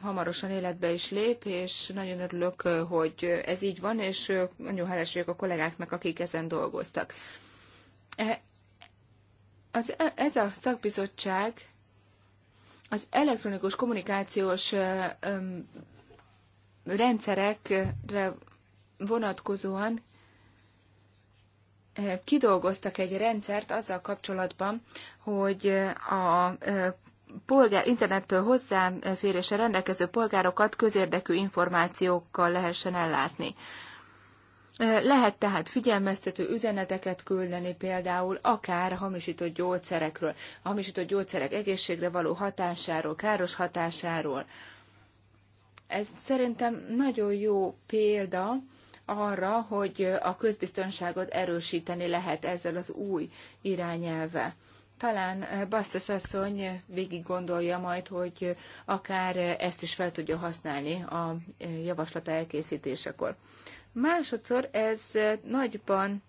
Speaker 1: hamarosan életbe is lép, és nagyon örülök, hogy ez így van, és nagyon hálás vagyok a kollégáknak, akik ezen dolgoztak. E, az, e, ez a szakbizottság az elektronikus kommunikációs rendszerekre vonatkozóan kidolgoztak egy rendszert azzal kapcsolatban, hogy a polgár, internettől hozzáférésre rendelkező polgárokat közérdekű információkkal lehessen ellátni. Lehet tehát figyelmeztető üzeneteket küldeni például akár hamisított gyógyszerekről, hamisított gyógyszerek egészségre való hatásáról, káros hatásáról. Ez szerintem nagyon jó példa arra, hogy a közbiztonságot erősíteni lehet ezzel az új irányelvel. Talán Basztos asszony végig gondolja majd, hogy akár ezt is fel tudja használni a javaslata elkészítésekor. Másodszor ez nagyban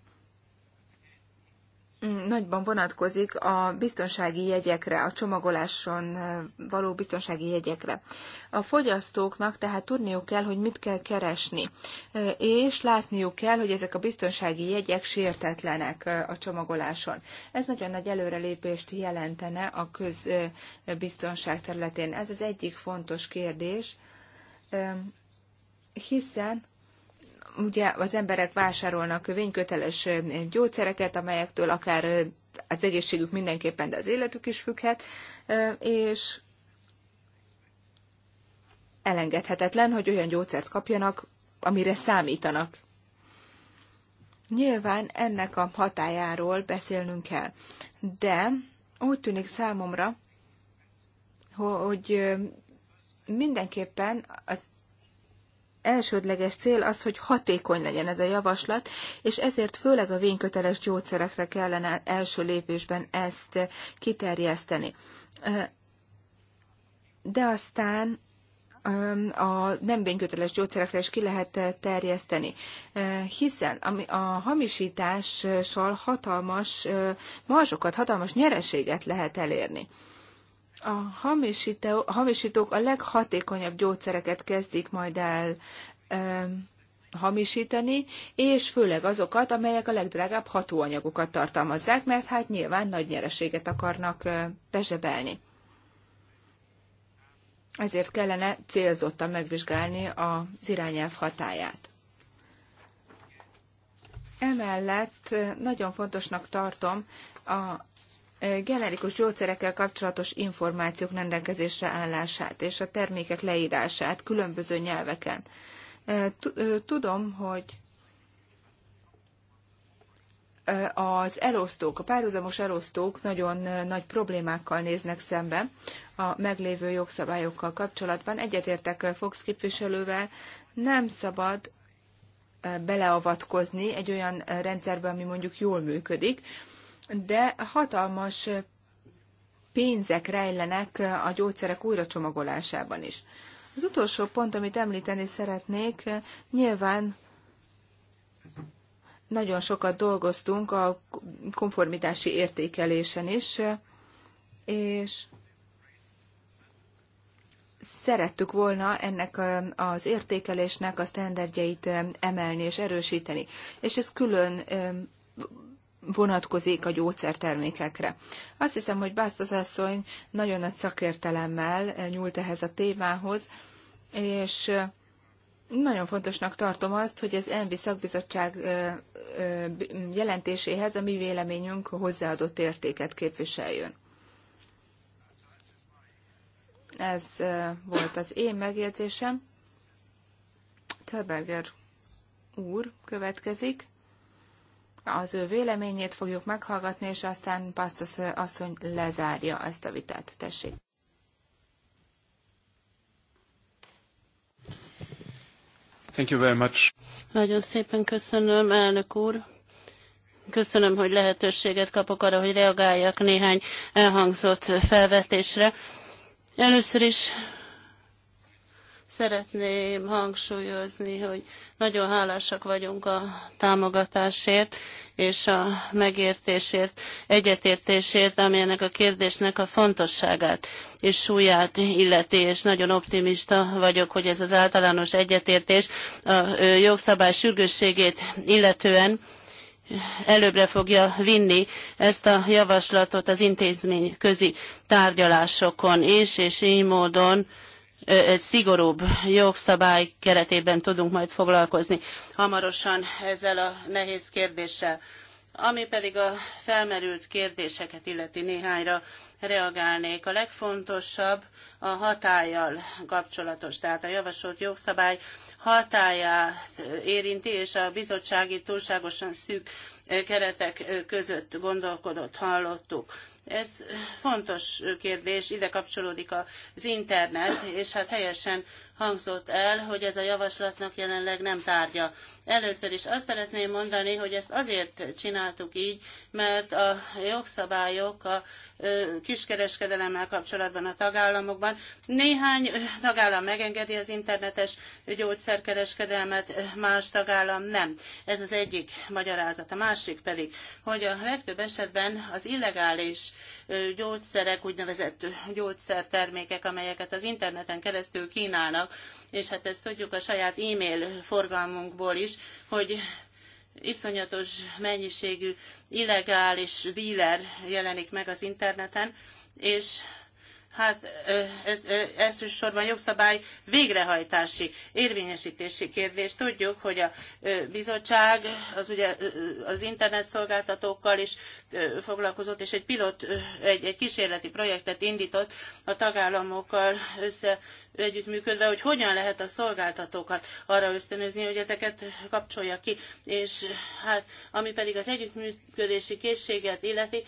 Speaker 1: nagyban vonatkozik a biztonsági jegyekre, a csomagoláson eh, való biztonsági jegyekre. A fogyasztóknak tehát tudniuk kell, hogy mit kell keresni, eh, és látniuk kell, hogy ezek a biztonsági jegyek sértetlenek eh, a csomagoláson. Ez nagyon nagy előrelépést jelentene a közbiztonság területén. Ez az egyik fontos kérdés, hiszen ugye az emberek vásárolnak vényköteles gyógyszereket, amelyektől akár az egészségük mindenképpen, de az életük is függhet, és elengedhetetlen, hogy olyan gyógyszert kapjanak, amire számítanak. Nyilván ennek a hatájáról beszélnünk kell, de úgy tűnik számomra, hogy mindenképpen az elsődleges cél az, hogy hatékony legyen ez a javaslat, és ezért főleg a vényköteles gyógyszerekre kellene első lépésben ezt kiterjeszteni. De aztán a nem vényköteles gyógyszerekre is ki lehet terjeszteni, hiszen a hamisítással hatalmas marzsokat, hatalmas nyereséget lehet elérni a hamisítók a leghatékonyabb gyógyszereket kezdik majd el hamisítani, és főleg azokat, amelyek a legdrágább hatóanyagokat tartalmazzák, mert hát nyilván nagy nyereséget akarnak bezsebelni. Ezért kellene célzottan megvizsgálni az irányelv hatáját. Emellett nagyon fontosnak tartom a generikus gyógyszerekkel kapcsolatos információk rendelkezésre állását és a termékek leírását különböző nyelveken. Tudom, hogy az elosztók, a párhuzamos elosztók nagyon nagy problémákkal néznek szembe a meglévő jogszabályokkal kapcsolatban. Egyetértek Fox képviselővel, nem szabad beleavatkozni egy olyan rendszerbe, ami mondjuk jól működik, de hatalmas pénzek rejlenek a gyógyszerek újracsomagolásában is. Az utolsó pont, amit említeni szeretnék, nyilván nagyon sokat dolgoztunk a konformitási értékelésen is, és szerettük volna ennek az értékelésnek a sztenderdjeit emelni és erősíteni. És ez külön vonatkozik a gyógyszertermékekre. Azt hiszem, hogy az asszony nagyon nagy szakértelemmel nyúlt ehhez a témához, és nagyon fontosnak tartom azt, hogy az ENVI szakbizottság jelentéséhez a mi véleményünk hozzáadott értéket képviseljön. Ez volt az én megjegyzésem. Töberger úr következik az ő véleményét fogjuk meghallgatni, és aztán Pasztos asszony lezárja ezt a vitát. Tessék.
Speaker 3: Thank you very much. Nagyon szépen köszönöm, elnök úr. Köszönöm, hogy lehetőséget kapok arra, hogy reagáljak néhány elhangzott felvetésre. Először is Szeretném hangsúlyozni, hogy nagyon hálásak vagyunk a támogatásért és a megértésért, egyetértésért, ami ennek a kérdésnek a fontosságát és súlyát illeti, és nagyon optimista vagyok, hogy ez az általános egyetértés a jogszabály sürgősségét illetően előbbre fogja vinni ezt a javaslatot az intézmény közi tárgyalásokon is, és így módon egy szigorúbb jogszabály keretében tudunk majd foglalkozni hamarosan ezzel a nehéz kérdéssel. Ami pedig a felmerült kérdéseket illeti néhányra reagálnék. A legfontosabb a hatállyal kapcsolatos, tehát a javasolt jogszabály hatáját érinti, és a bizottsági túlságosan szűk keretek között gondolkodott, hallottuk ez fontos kérdés, ide kapcsolódik az internet, és hát helyesen hangzott el, hogy ez a javaslatnak jelenleg nem tárgya. Először is azt szeretném mondani, hogy ezt azért csináltuk így, mert a jogszabályok a kiskereskedelemmel kapcsolatban a tagállamokban néhány tagállam megengedi az internetes gyógyszerkereskedelmet, más tagállam nem. Ez az egyik magyarázat. A másik pedig, hogy a legtöbb esetben az illegális gyógyszerek, úgynevezett gyógyszertermékek, amelyeket az interneten keresztül kínálnak, vannak, és hát ezt tudjuk a saját e-mail forgalmunkból is, hogy iszonyatos mennyiségű illegális díler jelenik meg az interneten, és Hát ez elsősorban jogszabály végrehajtási, érvényesítési kérdés. Tudjuk, hogy a bizottság az, ugye, az internet szolgáltatókkal is foglalkozott, és egy pilot, egy, egy kísérleti projektet indított a tagállamokkal össze együttműködve, hogy hogyan lehet a szolgáltatókat arra ösztönözni, hogy ezeket kapcsolja ki. És hát, ami pedig az együttműködési készséget illeti,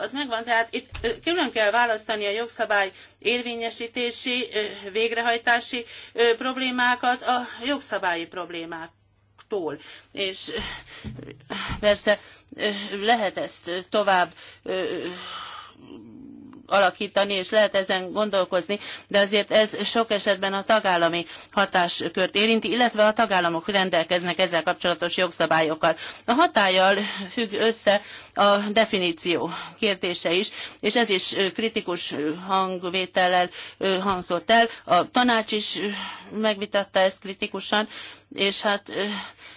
Speaker 3: az megvan. Tehát itt külön kell választani a jogszabály érvényesítési, végrehajtási problémákat a jogszabályi problémáktól. És persze lehet ezt tovább alakítani, és lehet ezen gondolkozni, de azért ez sok esetben a tagállami hatáskört érinti, illetve a tagállamok rendelkeznek ezzel kapcsolatos jogszabályokkal. A hatállyal függ össze a definíció kérdése is, és ez is kritikus hangvétellel hangzott el. A tanács is megvitatta ezt kritikusan, és hát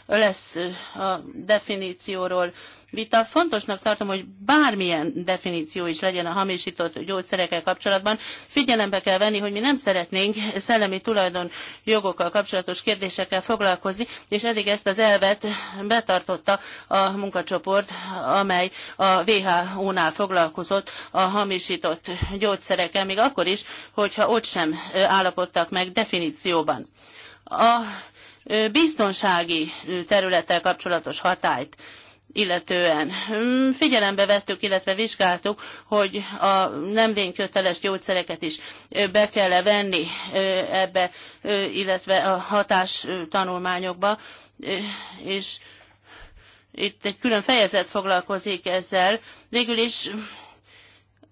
Speaker 3: lesz a definícióról vita. Fontosnak tartom, hogy bármilyen definíció is legyen a hamisított gyógyszerekkel kapcsolatban, figyelembe kell venni, hogy mi nem szeretnénk szellemi tulajdon jogokkal kapcsolatos kérdésekkel foglalkozni, és eddig ezt az elvet betartotta a munkacsoport, amely a WHO-nál foglalkozott a hamisított gyógyszerekkel, még akkor is, hogyha ott sem állapodtak meg definícióban. A biztonsági területtel kapcsolatos hatályt illetően. Figyelembe vettük, illetve vizsgáltuk, hogy a nem vényköteles gyógyszereket is be kell -e venni ebbe, illetve a hatás tanulmányokba, és itt egy külön fejezet foglalkozik ezzel. Végül is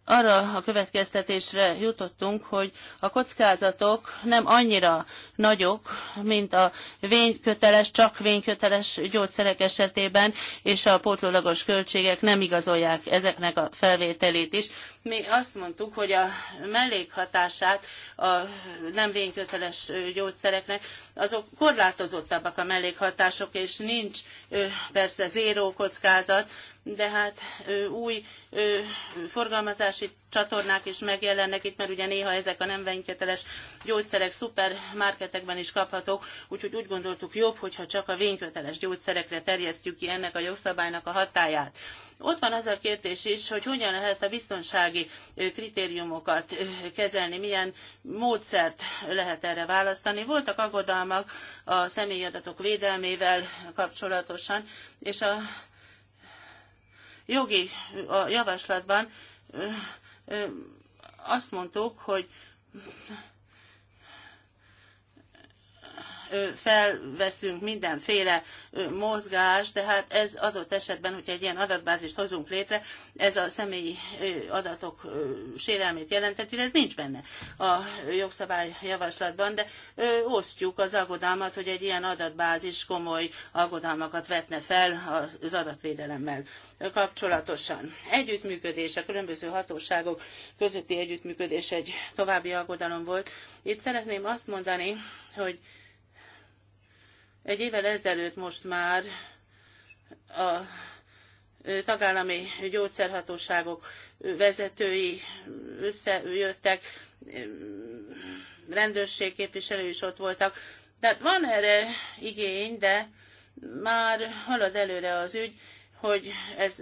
Speaker 3: arra a következtetésre jutottunk, hogy a kockázatok nem annyira nagyok, mint a vényköteles, csak vényköteles gyógyszerek esetében, és a pótlólagos költségek nem igazolják ezeknek a felvételét is. Mi azt mondtuk, hogy a mellékhatását a nem vényköteles gyógyszereknek, azok korlátozottabbak a mellékhatások, és nincs persze zéró kockázat, de hát új forgalmazási csatornák is megjelennek itt, mert ugye néha ezek a nem vényköteles gyógyszerek szupermarketekben is kaphatók, úgyhogy úgy gondoltuk jobb, hogyha csak a vényköteles gyógyszerekre terjesztjük ki ennek a jogszabálynak a hatáját. Ott van az a kérdés is, hogy hogyan lehet a biztonsági kritériumokat kezelni, milyen módszert lehet erre választani. Voltak aggodalmak a személyadatok védelmével kapcsolatosan, és a jogi a javaslatban azt mondtuk, hogy felveszünk mindenféle mozgást, de hát ez adott esetben, hogyha egy ilyen adatbázist hozunk létre, ez a személyi adatok sérelmét jelenteti, ez nincs benne a jogszabály javaslatban, de osztjuk az aggodalmat, hogy egy ilyen adatbázis komoly aggodalmakat vetne fel az adatvédelemmel kapcsolatosan. Együttműködés, a különböző hatóságok közötti együttműködés egy további aggodalom volt. Itt szeretném azt mondani, hogy egy évvel ezelőtt most már a tagállami gyógyszerhatóságok vezetői összejöttek, rendőrség képviselői is ott voltak. Tehát van erre igény, de már halad előre az ügy, hogy ez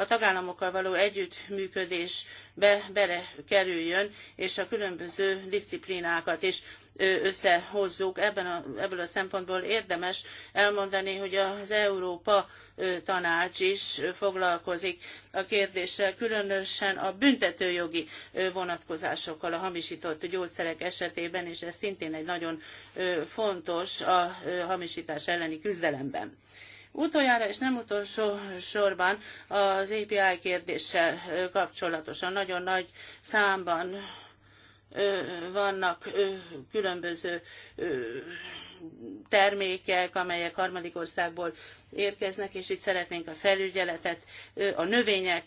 Speaker 3: a tagállamokkal való együttműködésbe belekerüljön, és a különböző disziplinákat is összehozzuk. Ebben a, ebből a szempontból érdemes elmondani, hogy az Európa tanács is foglalkozik a kérdéssel, különösen a büntetőjogi vonatkozásokkal a hamisított gyógyszerek esetében, és ez szintén egy nagyon fontos a hamisítás elleni küzdelemben. Utoljára és nem utolsó sorban az API kérdéssel kapcsolatosan nagyon nagy számban vannak különböző termékek, amelyek harmadik országból érkeznek, és itt szeretnénk a felügyeletet, a növények,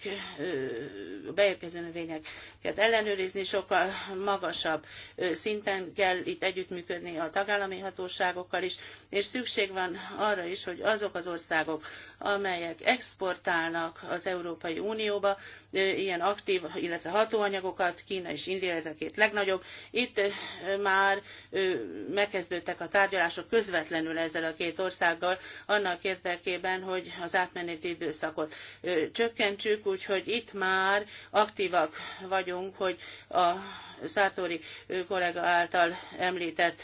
Speaker 3: a beérkező növényeket ellenőrizni, sokkal magasabb szinten kell itt együttműködni a tagállami hatóságokkal is, és szükség van arra is, hogy azok az országok, amelyek exportálnak az Európai Unióba, ilyen aktív, illetve hatóanyagokat, Kína és India ezekét legnagyobb, itt már megkezdődtek a tárgyalások, tárgyalása közvetlenül ezzel a két országgal annak érdekében, hogy az átmeneti időszakot csökkentsük, úgyhogy itt már aktívak vagyunk, hogy a Szátori kollega által említett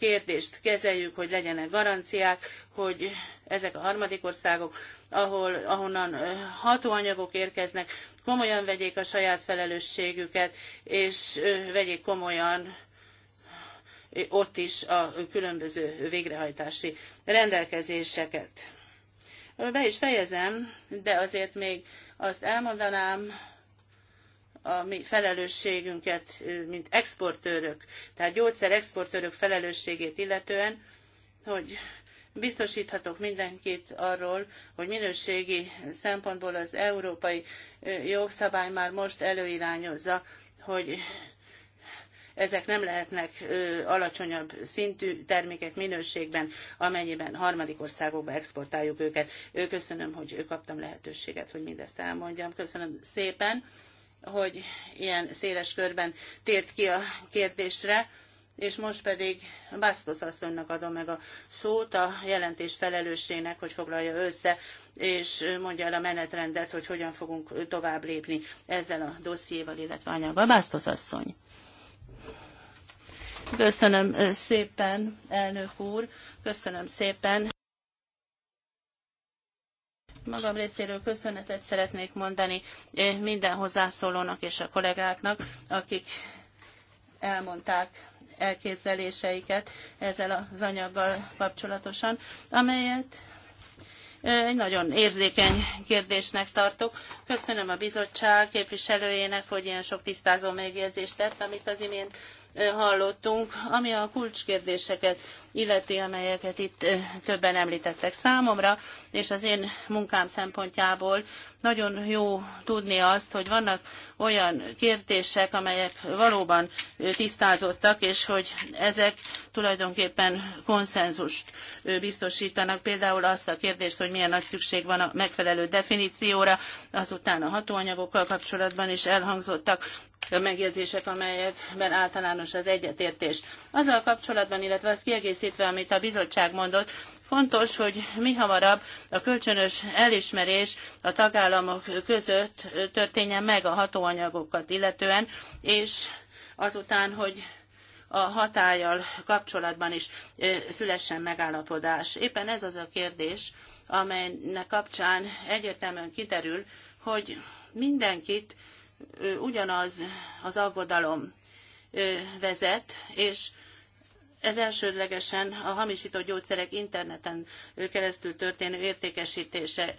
Speaker 3: kérdést kezeljük, hogy legyenek garanciák, hogy ezek a harmadik országok, ahol, ahonnan hatóanyagok érkeznek, komolyan vegyék a saját felelősségüket, és vegyék komolyan ott is a különböző végrehajtási rendelkezéseket. Be is fejezem, de azért még azt elmondanám, a mi felelősségünket, mint exportőrök, tehát gyógyszerexportőrök felelősségét illetően, hogy biztosíthatok mindenkit arról, hogy minőségi szempontból az európai jogszabály már most előirányozza, hogy ezek nem lehetnek alacsonyabb szintű termékek minőségben, amennyiben harmadik országokba exportáljuk őket. Köszönöm, hogy kaptam lehetőséget, hogy mindezt elmondjam. Köszönöm szépen, hogy ilyen széles körben tért ki a kérdésre. És most pedig Bastos asszonynak adom meg a szót a jelentés felelőssének, hogy foglalja össze, és mondja el a menetrendet, hogy hogyan fogunk tovább lépni ezzel a dossziéval, illetve anyaggal. Bastos asszony. Köszönöm eh, szépen, elnök úr, köszönöm szépen. Magam részéről köszönetet szeretnék mondani eh, minden hozzászólónak és a kollégáknak, akik elmondták elképzeléseiket ezzel az anyaggal kapcsolatosan, amelyet eh, egy nagyon érzékeny kérdésnek tartok. Köszönöm a bizottság képviselőjének, hogy ilyen sok tisztázó megjegyzést tett, amit az imént hallottunk, ami a kulcskérdéseket illeti, amelyeket itt eh, többen említettek számomra, és az én munkám szempontjából nagyon jó tudni azt, hogy vannak olyan kérdések, amelyek valóban eh, tisztázottak, és hogy ezek tulajdonképpen konszenzust eh, biztosítanak. Például azt a kérdést, hogy milyen nagy szükség van a megfelelő definícióra, azután a hatóanyagokkal kapcsolatban is elhangzottak a megjegyzések, amelyekben általános az egyetértés. Azzal kapcsolatban, illetve azt kiegészítve, amit a bizottság mondott, Fontos, hogy mi hamarabb a kölcsönös elismerés a tagállamok között történjen meg a hatóanyagokat illetően, és azután, hogy a hatállyal kapcsolatban is szülessen megállapodás. Éppen ez az a kérdés, amelynek kapcsán egyértelműen kiderül, hogy mindenkit ugyanaz az aggodalom vezet, és ez elsődlegesen a hamisított gyógyszerek interneten keresztül történő értékesítése.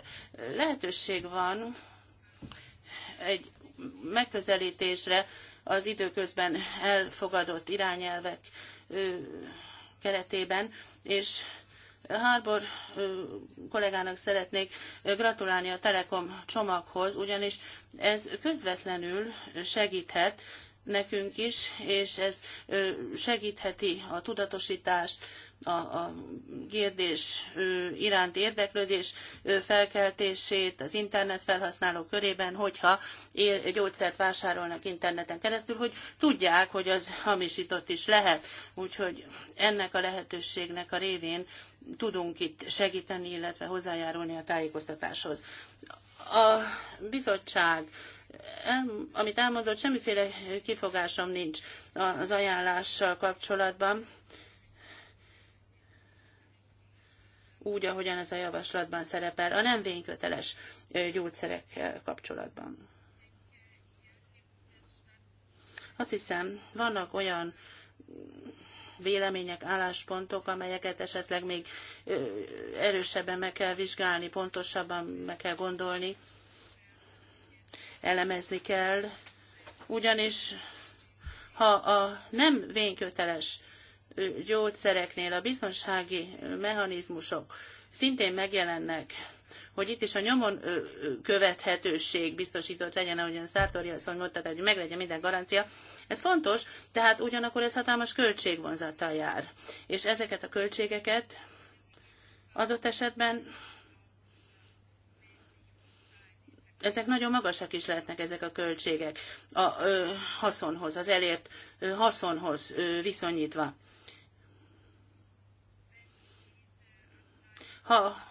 Speaker 3: Lehetőség van egy megközelítésre az időközben elfogadott irányelvek keretében, és Harbor kollégának szeretnék gratulálni a Telekom csomaghoz, ugyanis ez közvetlenül segíthet nekünk is, és ez segítheti a tudatosítást, a, a kérdés iránt érdeklődés felkeltését az internet felhasználó körében, hogyha gyógyszert vásárolnak interneten keresztül, hogy tudják, hogy az hamisított is lehet. Úgyhogy ennek a lehetőségnek a révén tudunk itt segíteni, illetve hozzájárulni a tájékoztatáshoz. A bizottság amit elmondott, semmiféle kifogásom nincs az ajánlással kapcsolatban úgy, ahogyan ez a javaslatban szerepel, a nem vényköteles gyógyszerekkel kapcsolatban. Azt hiszem, vannak olyan vélemények, álláspontok, amelyeket esetleg még erősebben meg kell vizsgálni, pontosabban meg kell gondolni, elemezni kell, ugyanis ha a nem vényköteles gyógyszereknél a biztonsági mechanizmusok szintén megjelennek, hogy itt is a nyomon követhetőség biztosított legyen, ahogyan Szártori asszony mondta, tehát hogy meglegyen minden garancia. Ez fontos, tehát ugyanakkor ez hatalmas költségvonzattal jár. És ezeket a költségeket adott esetben ezek nagyon magasak is lehetnek ezek a költségek a ö, haszonhoz, az elért ö, haszonhoz ö, viszonyítva. ha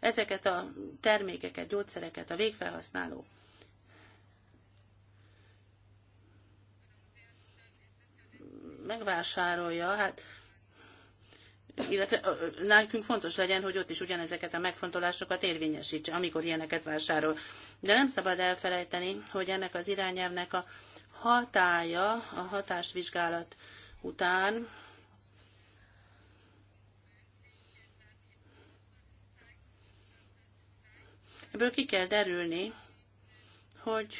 Speaker 3: ezeket a termékeket, gyógyszereket a végfelhasználó megvásárolja, hát illetve nekünk fontos legyen, hogy ott is ugyanezeket a megfontolásokat érvényesítse, amikor ilyeneket vásárol. De nem szabad elfelejteni, hogy ennek az irányelvnek a hatája a hatásvizsgálat után Ebből ki kell derülni, hogy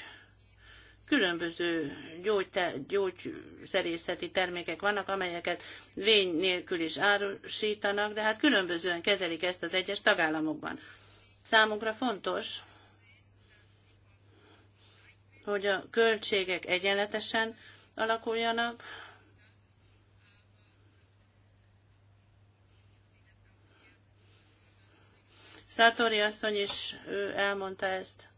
Speaker 3: különböző gyógyte, gyógyszerészeti termékek vannak, amelyeket vény nélkül is árusítanak, de hát különbözően kezelik ezt az egyes tagállamokban. Számunkra fontos, hogy a költségek egyenletesen alakuljanak, Szátori asszony is ő elmondta ezt.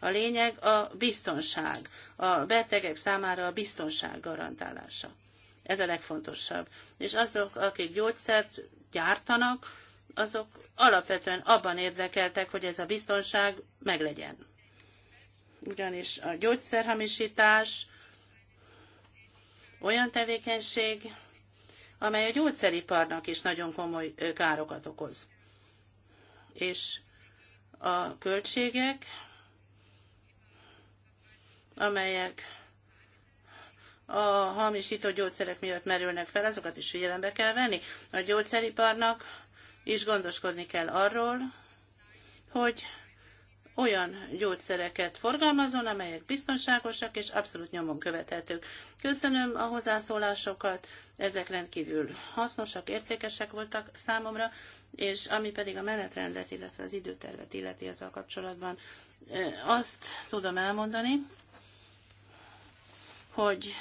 Speaker 3: A lényeg a biztonság, a betegek számára a biztonság garantálása. Ez a legfontosabb. És azok, akik gyógyszert gyártanak, azok alapvetően abban érdekeltek, hogy ez a biztonság meglegyen. Ugyanis a gyógyszerhamisítás olyan tevékenység, amely a gyógyszeriparnak is nagyon komoly károkat okoz. És a költségek, amelyek a hamisított gyógyszerek miatt merülnek fel, azokat is figyelembe kell venni. A gyógyszeriparnak is gondoskodni kell arról, hogy olyan gyógyszereket forgalmazon, amelyek biztonságosak és abszolút nyomon követhetők. Köszönöm a hozzászólásokat, ezek rendkívül hasznosak, értékesek voltak számomra, és ami pedig a menetrendet, illetve az időtervet illeti ezzel kapcsolatban, e, azt tudom elmondani, hogy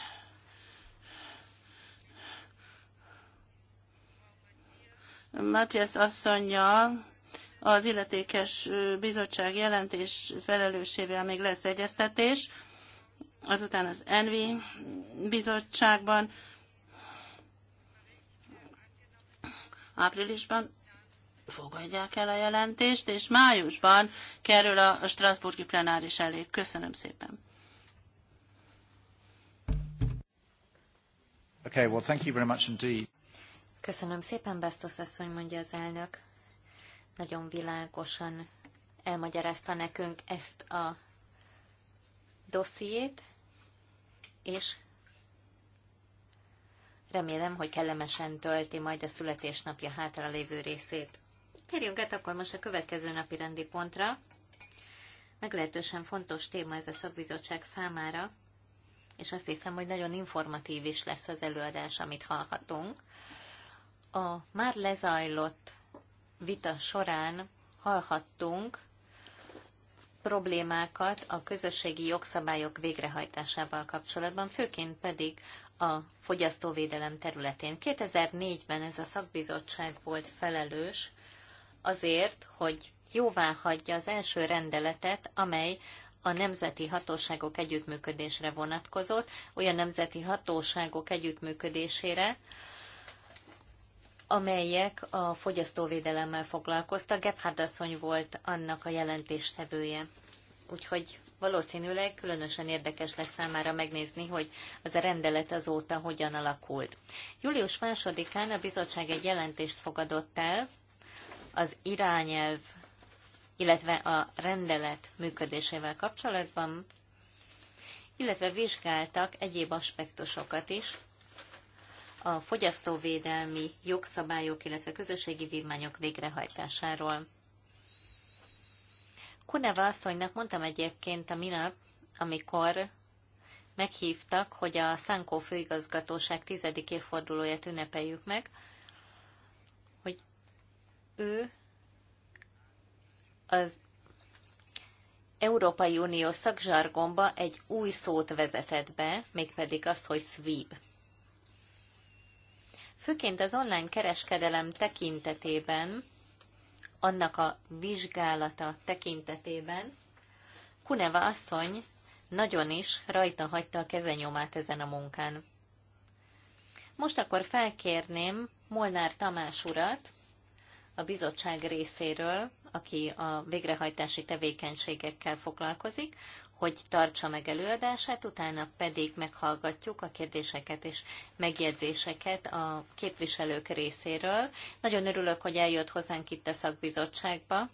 Speaker 3: Matthias asszonyjal, az illetékes bizottság jelentés felelőssével még lesz egyeztetés, azután az ENVI bizottságban áprilisban fogadják el a jelentést, és májusban kerül a Strasburgi plenáris elé. Köszönöm szépen.
Speaker 1: Okay, well, thank you very much indeed.
Speaker 2: Köszönöm szépen, Bastos asszony, mondja az elnök nagyon világosan elmagyarázta nekünk ezt a dossziét, és remélem, hogy kellemesen tölti majd a születésnapja hátra lévő részét. Térjünk át akkor most a következő napi rendi pontra. Meglehetősen fontos téma ez a szakbizottság számára, és azt hiszem, hogy nagyon informatív is lesz az előadás, amit hallhatunk. A már lezajlott vita során hallhattunk problémákat a közösségi jogszabályok végrehajtásával kapcsolatban, főként pedig a fogyasztóvédelem területén. 2004-ben ez a szakbizottság volt felelős azért, hogy jóvá hagyja az első rendeletet, amely a nemzeti hatóságok együttműködésre vonatkozott, olyan nemzeti hatóságok együttműködésére, amelyek a fogyasztóvédelemmel foglalkoztak. Gebhard asszony volt annak a jelentéstevője. Úgyhogy valószínűleg különösen érdekes lesz számára megnézni, hogy az a rendelet azóta hogyan alakult. Július 18-án a bizottság egy jelentést fogadott el az irányelv, illetve a rendelet működésével kapcsolatban, illetve vizsgáltak egyéb aspektusokat is, a fogyasztóvédelmi jogszabályok, illetve közösségi vívmányok végrehajtásáról. Kuneva asszonynak mondtam egyébként a minap, amikor meghívtak, hogy a Szánkó főigazgatóság tizedik évfordulóját ünnepeljük meg, hogy ő az Európai Unió szakzsargomba egy új szót vezetett be, mégpedig azt, hogy sweep. Főként az online kereskedelem tekintetében, annak a vizsgálata tekintetében, Kuneva asszony nagyon is rajta hagyta a kezenyomát ezen a munkán. Most akkor felkérném Molnár Tamás urat, a bizottság részéről, aki a végrehajtási tevékenységekkel foglalkozik, hogy tartsa meg előadását, utána pedig meghallgatjuk a kérdéseket és megjegyzéseket a képviselők részéről. Nagyon örülök, hogy eljött hozzánk itt a szakbizottságba.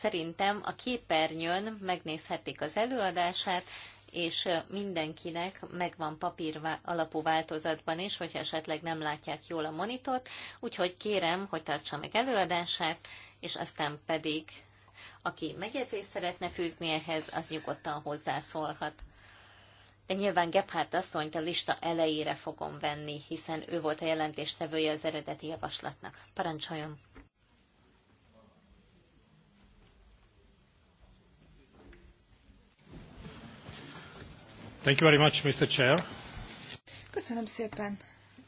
Speaker 2: Szerintem a képernyőn megnézhetik az előadását, és mindenkinek megvan papír alapú változatban is, hogy esetleg nem látják jól a monitort, úgyhogy kérem, hogy tartsa meg előadását, és aztán pedig aki megjegyzést szeretne fűzni ehhez, az nyugodtan hozzászólhat. De nyilván Gebhardt asszonyt a lista elejére fogom venni, hiszen ő volt a jelentéstevője az eredeti javaslatnak. Parancsoljon! Thank you very much, Mr. Chair.
Speaker 1: Köszönöm szépen,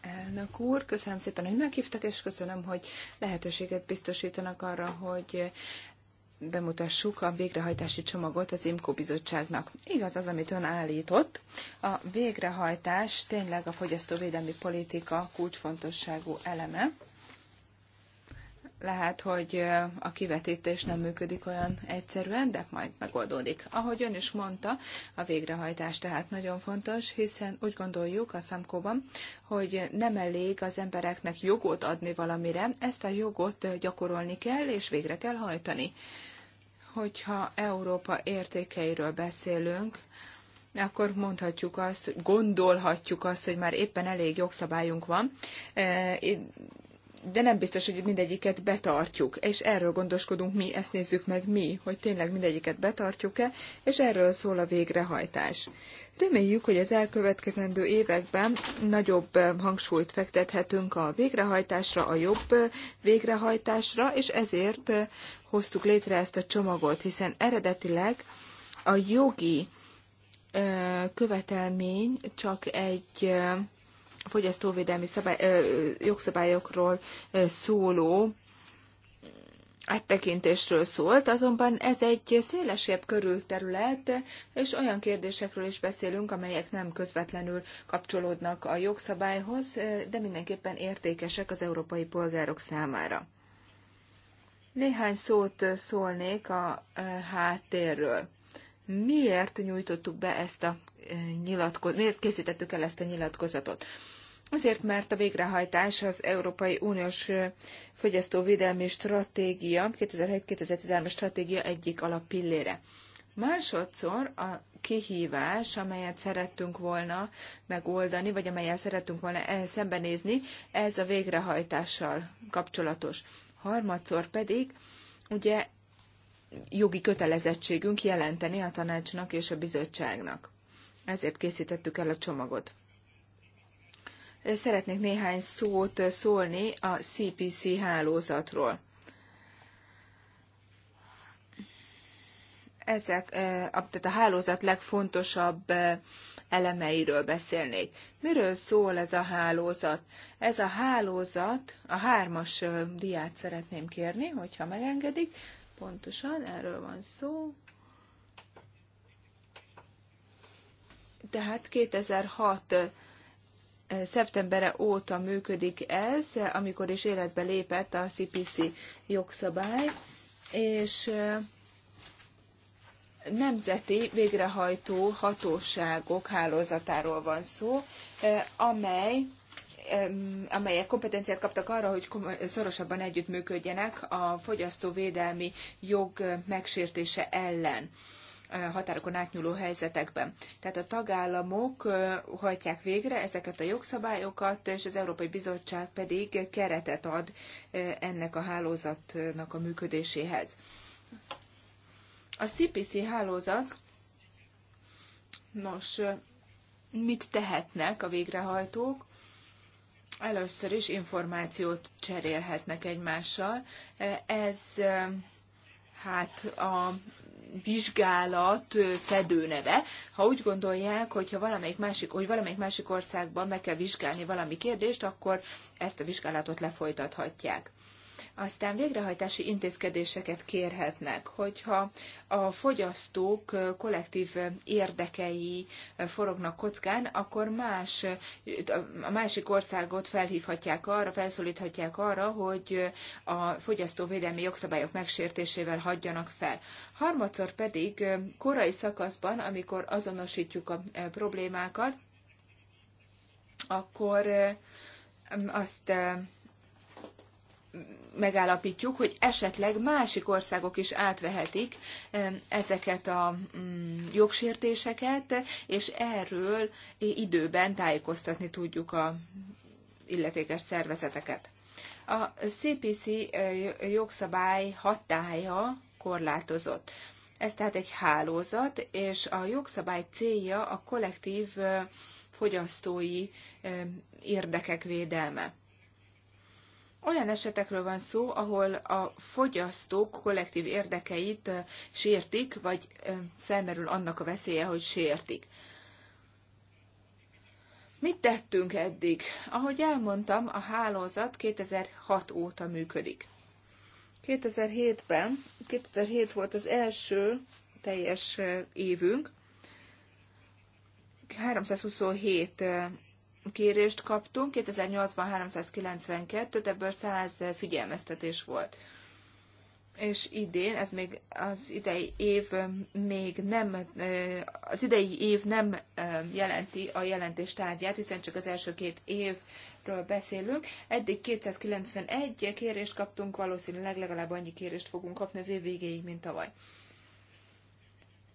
Speaker 1: elnök úr, köszönöm szépen, hogy meghívtak, és köszönöm, hogy lehetőséget biztosítanak arra, hogy bemutassuk a végrehajtási csomagot az IMCO bizottságnak. Igaz az, amit ön állított. A végrehajtás tényleg a fogyasztóvédelmi politika kulcsfontosságú eleme. Lehet, hogy a kivetítés nem működik olyan egyszerűen, de majd megoldódik. Ahogy ön is mondta, a végrehajtás tehát nagyon fontos, hiszen úgy gondoljuk a számkóban, hogy nem elég az embereknek jogot adni valamire, ezt a jogot gyakorolni kell és végre kell hajtani hogyha Európa értékeiről beszélünk, akkor mondhatjuk azt, gondolhatjuk azt, hogy már éppen elég jogszabályunk van, eh, de nem biztos, hogy mindegyiket betartjuk, és erről gondoskodunk mi, ezt nézzük meg mi, hogy tényleg mindegyiket betartjuk-e, és erről szól a végrehajtás. Reméljük, hogy az elkövetkezendő években nagyobb eh, hangsúlyt fektethetünk a végrehajtásra, a jobb eh, végrehajtásra, és ezért eh, hoztuk létre ezt a csomagot, hiszen eredetileg a jogi követelmény csak egy fogyasztóvédelmi szabály, ö, jogszabályokról ö, szóló áttekintésről szólt, azonban ez egy szélesebb körül terület, és olyan kérdésekről is beszélünk, amelyek nem közvetlenül kapcsolódnak a jogszabályhoz, de mindenképpen értékesek az európai polgárok számára. Néhány szót szólnék a háttérről. Miért nyújtottuk be ezt a nyilatkoz, miért készítettük el ezt a nyilatkozatot? Azért, mert a végrehajtás az Európai Uniós Fogyasztóvédelmi Stratégia, 2007 2013 stratégia egyik alappillére. Másodszor a kihívás, amelyet szerettünk volna megoldani, vagy amelyet szerettünk volna eh, szembenézni, ez a végrehajtással kapcsolatos. Harmadszor pedig, ugye jogi kötelezettségünk jelenteni a tanácsnak és a bizottságnak ezért készítettük el a csomagot. Szeretnék néhány szót szólni a CPC hálózatról. Ezek, eh, tehát a hálózat legfontosabb eh, elemeiről beszélnék. Miről szól ez a hálózat? Ez a hálózat, a hármas eh, diát szeretném kérni, hogyha megengedik. Pontosan erről van szó. Tehát 2006 szeptembere óta működik ez, amikor is életbe lépett a CPC jogszabály, és nemzeti végrehajtó hatóságok hálózatáról van szó, amely amelyek kompetenciát kaptak arra, hogy szorosabban együttműködjenek a fogyasztóvédelmi jog megsértése ellen határokon átnyúló helyzetekben. Tehát a tagállamok hajtják végre ezeket a jogszabályokat, és az Európai Bizottság pedig keretet ad ennek a hálózatnak a működéséhez. A CPC hálózat, nos, mit tehetnek a végrehajtók? Először is információt cserélhetnek egymással. Ez hát a vizsgálat fedőneve. Ha úgy gondolják, hogyha valamelyik másik, hogy valamelyik másik országban meg kell vizsgálni valami kérdést, akkor ezt a vizsgálatot lefolytathatják. Aztán végrehajtási intézkedéseket kérhetnek, hogyha a fogyasztók kollektív érdekei forognak kockán, akkor más, a másik országot felhívhatják arra, felszólíthatják arra, hogy a fogyasztóvédelmi jogszabályok megsértésével hagyjanak fel. Harmadszor pedig korai szakaszban, amikor azonosítjuk a problémákat, akkor azt megállapítjuk, hogy esetleg másik országok is átvehetik ezeket a mm, jogsértéseket, és erről időben tájékoztatni tudjuk a illetékes szervezeteket. A CPC jogszabály hatája korlátozott. Ez tehát egy hálózat, és a jogszabály célja a kollektív fogyasztói érdekek védelme olyan esetekről van szó, ahol a fogyasztók kollektív érdekeit sértik, vagy felmerül annak a veszélye, hogy sértik. Mit tettünk eddig? Ahogy elmondtam, a hálózat 2006 óta működik. 2007-ben, 2007 volt az első teljes évünk, 327 kérést kaptunk, 2008-ban 392, ebből 100 figyelmeztetés volt. És idén, ez még az idei év még nem, az idei év nem jelenti a jelentés tárgyát, hiszen csak az első két évről beszélünk. Eddig 291 kérést kaptunk, valószínűleg legalább annyi kérést fogunk kapni az év végéig, mint tavaly.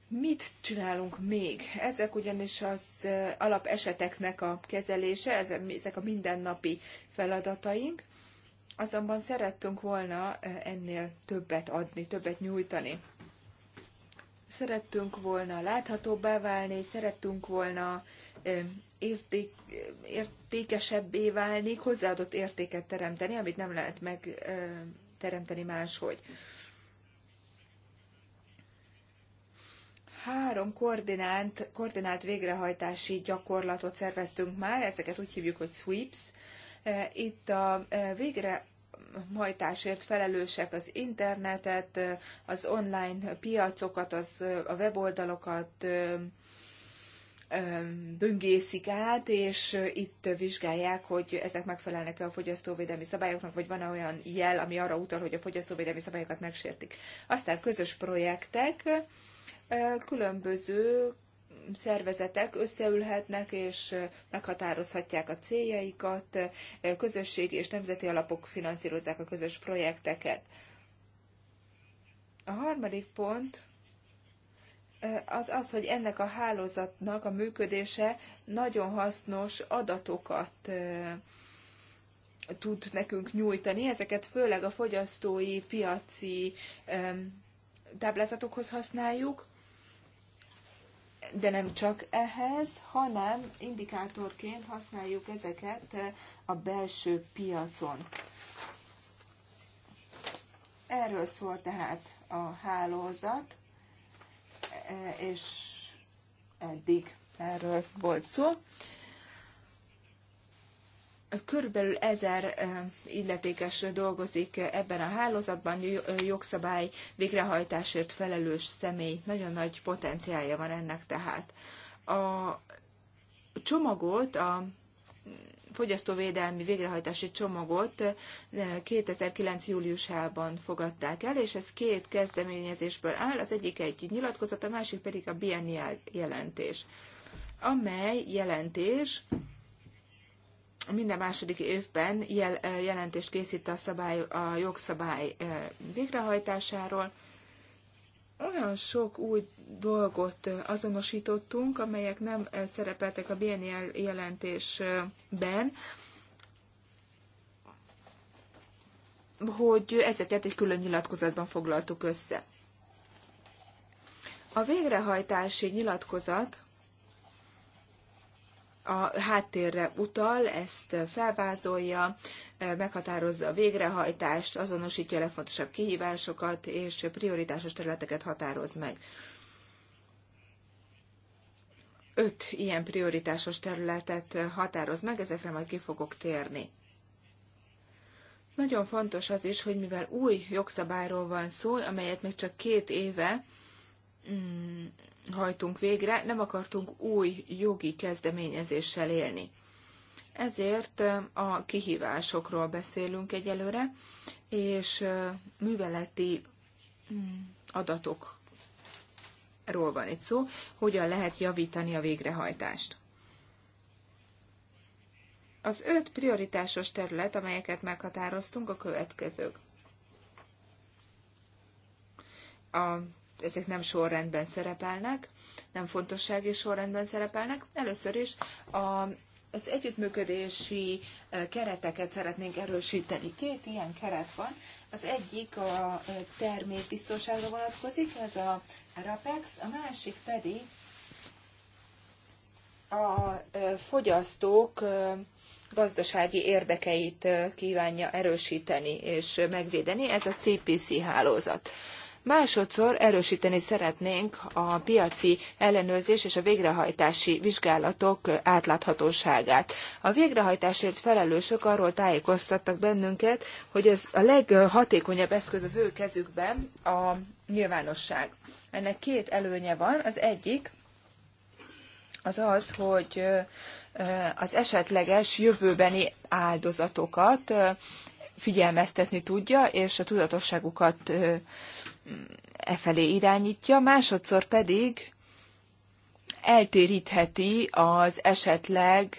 Speaker 1: Mit csinálunk még? Ezek ugyanis az alapeseteknek a kezelése, ezek a mindennapi feladataink, azonban szerettünk volna ennél többet adni, többet nyújtani. Szerettünk volna láthatóbbá válni, szerettünk volna érték, értékesebbé válni, hozzáadott értéket teremteni, amit nem lehet megteremteni máshogy. Három koordinált, koordinált végrehajtási gyakorlatot szerveztünk már, ezeket úgy hívjuk, hogy sweeps. E, itt a e, végre hajtásért felelősek az internetet, e, az online piacokat, az, a weboldalokat böngészik át, és itt vizsgálják, hogy ezek megfelelnek-e a fogyasztóvédelmi szabályoknak, vagy van -e olyan jel, ami arra utal, hogy a fogyasztóvédelmi szabályokat megsértik. Aztán közös projektek, különböző szervezetek összeülhetnek és meghatározhatják a céljaikat, közösségi és nemzeti alapok finanszírozzák a közös projekteket. A harmadik pont az az, hogy ennek a hálózatnak a működése nagyon hasznos adatokat tud nekünk nyújtani. Ezeket főleg a fogyasztói piaci táblázatokhoz használjuk, de nem csak ehhez, hanem indikátorként használjuk ezeket a belső piacon. Erről szól tehát a hálózat, és eddig erről volt szó. Körülbelül ezer illetékes dolgozik ebben a hálózatban, jogszabály végrehajtásért felelős személy. Nagyon nagy potenciálja van ennek tehát. A csomagot, a fogyasztóvédelmi végrehajtási csomagot 2009. júliusában fogadták el, és ez két kezdeményezésből áll, az egyik egy nyilatkozat, a másik pedig a biennial jelentés, amely jelentés minden második évben jel, jelentést készít a, szabály, a jogszabály végrehajtásáról. Olyan sok új dolgot azonosítottunk, amelyek nem szerepeltek a BNL jelentésben, hogy ezeket egy külön nyilatkozatban foglaltuk össze. A végrehajtási nyilatkozat a háttérre utal, ezt felvázolja, eh, meghatározza a végrehajtást, azonosítja a legfontosabb kihívásokat és prioritásos területeket határoz meg. Öt ilyen prioritásos területet határoz meg, ezekre majd ki fogok térni. Nagyon fontos az is, hogy mivel új jogszabályról van szó, amelyet még csak két éve mm, hajtunk végre, nem akartunk új jogi kezdeményezéssel élni. Ezért a kihívásokról beszélünk egyelőre, és műveleti mm, adatokról van itt szó, hogyan lehet javítani a végrehajtást. Az öt prioritásos terület, amelyeket meghatároztunk, a következők. A ezek nem sorrendben szerepelnek, nem fontossági sorrendben szerepelnek. Először is a, az együttműködési kereteket szeretnénk erősíteni. Két ilyen keret van. Az egyik a termékbiztonságra vonatkozik, ez a RAPEX, a másik pedig a fogyasztók gazdasági érdekeit kívánja erősíteni és megvédeni, ez a CPC hálózat. Másodszor erősíteni szeretnénk a piaci ellenőrzés és a végrehajtási vizsgálatok átláthatóságát. A végrehajtásért felelősök arról tájékoztattak bennünket, hogy ez a leghatékonyabb eszköz az ő kezükben a nyilvánosság. Ennek két előnye van. Az egyik az az, hogy az esetleges jövőbeni áldozatokat figyelmeztetni tudja, és a tudatosságukat e felé irányítja, másodszor pedig eltérítheti az esetleg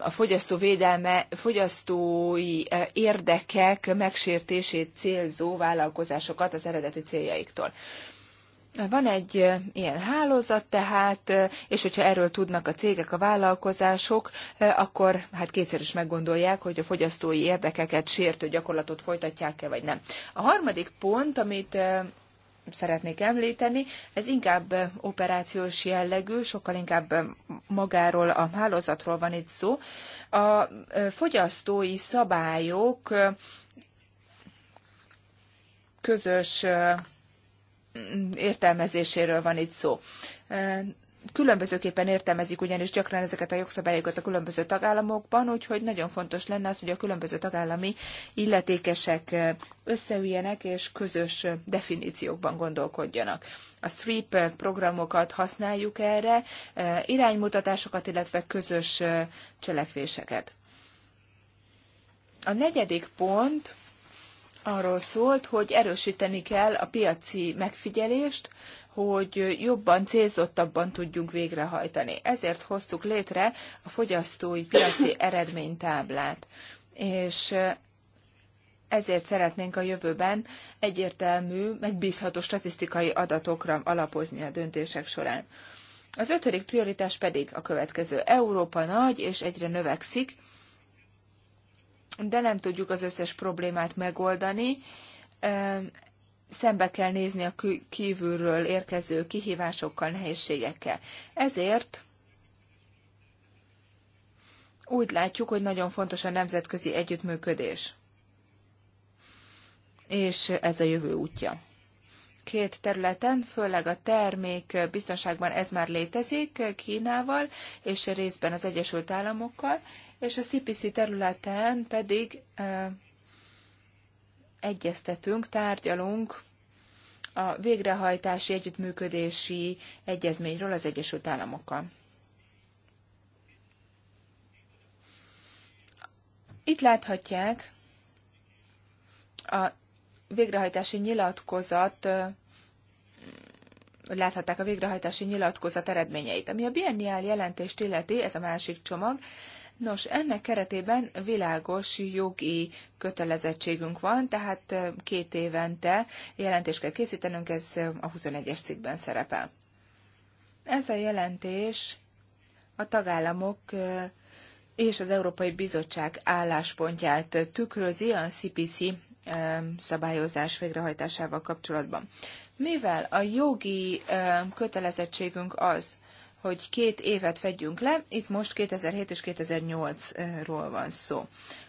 Speaker 1: a fogyasztó védelme, fogyasztói érdekek megsértését célzó vállalkozásokat az eredeti céljaiktól. Van egy ilyen hálózat tehát, és hogyha erről tudnak a cégek, a vállalkozások, akkor hát kétszer is meggondolják, hogy a fogyasztói érdekeket sértő gyakorlatot folytatják-e vagy nem. A harmadik pont, amit szeretnék említeni, ez inkább operációs jellegű, sokkal inkább magáról a hálózatról van itt szó. A fogyasztói szabályok közös értelmezéséről van itt szó. Különbözőképpen értelmezik ugyanis gyakran ezeket a jogszabályokat a különböző tagállamokban, úgyhogy nagyon fontos lenne az, hogy a különböző tagállami illetékesek összeüljenek és közös definíciókban gondolkodjanak. A SWEEP programokat használjuk erre, iránymutatásokat, illetve közös cselekvéseket. A negyedik pont arról szólt, hogy erősíteni kell a piaci megfigyelést, hogy jobban, célzottabban tudjunk végrehajtani. Ezért hoztuk létre a fogyasztói piaci eredménytáblát, és ezért szeretnénk a jövőben egyértelmű, megbízható statisztikai adatokra alapozni a döntések során. Az ötödik prioritás pedig a következő. Európa nagy és egyre növekszik, de nem tudjuk az összes problémát megoldani. Szembe kell nézni a kívülről érkező kihívásokkal, nehézségekkel. Ezért úgy látjuk, hogy nagyon fontos a nemzetközi együttműködés. És ez a jövő útja. Két területen, főleg a termék biztonságban ez már létezik Kínával, és részben az Egyesült Államokkal, és a CPC területen pedig egyeztetünk, tárgyalunk a végrehajtási együttműködési egyezményről az Egyesült Államokkal. Itt láthatják a végrehajtási nyilatkozat láthatták a végrehajtási nyilatkozat eredményeit. Ami a bienniál jelentést illeti, ez a másik csomag, Nos, ennek keretében világos jogi kötelezettségünk van, tehát két évente jelentést kell készítenünk, ez a 21-es cikkben szerepel. Ez a jelentés a tagállamok és az Európai Bizottság álláspontját tükrözi a CPC szabályozás végrehajtásával kapcsolatban. Mivel a jogi kötelezettségünk az, hogy két évet fedjünk le, itt most 2007 és 2008-ról van szó.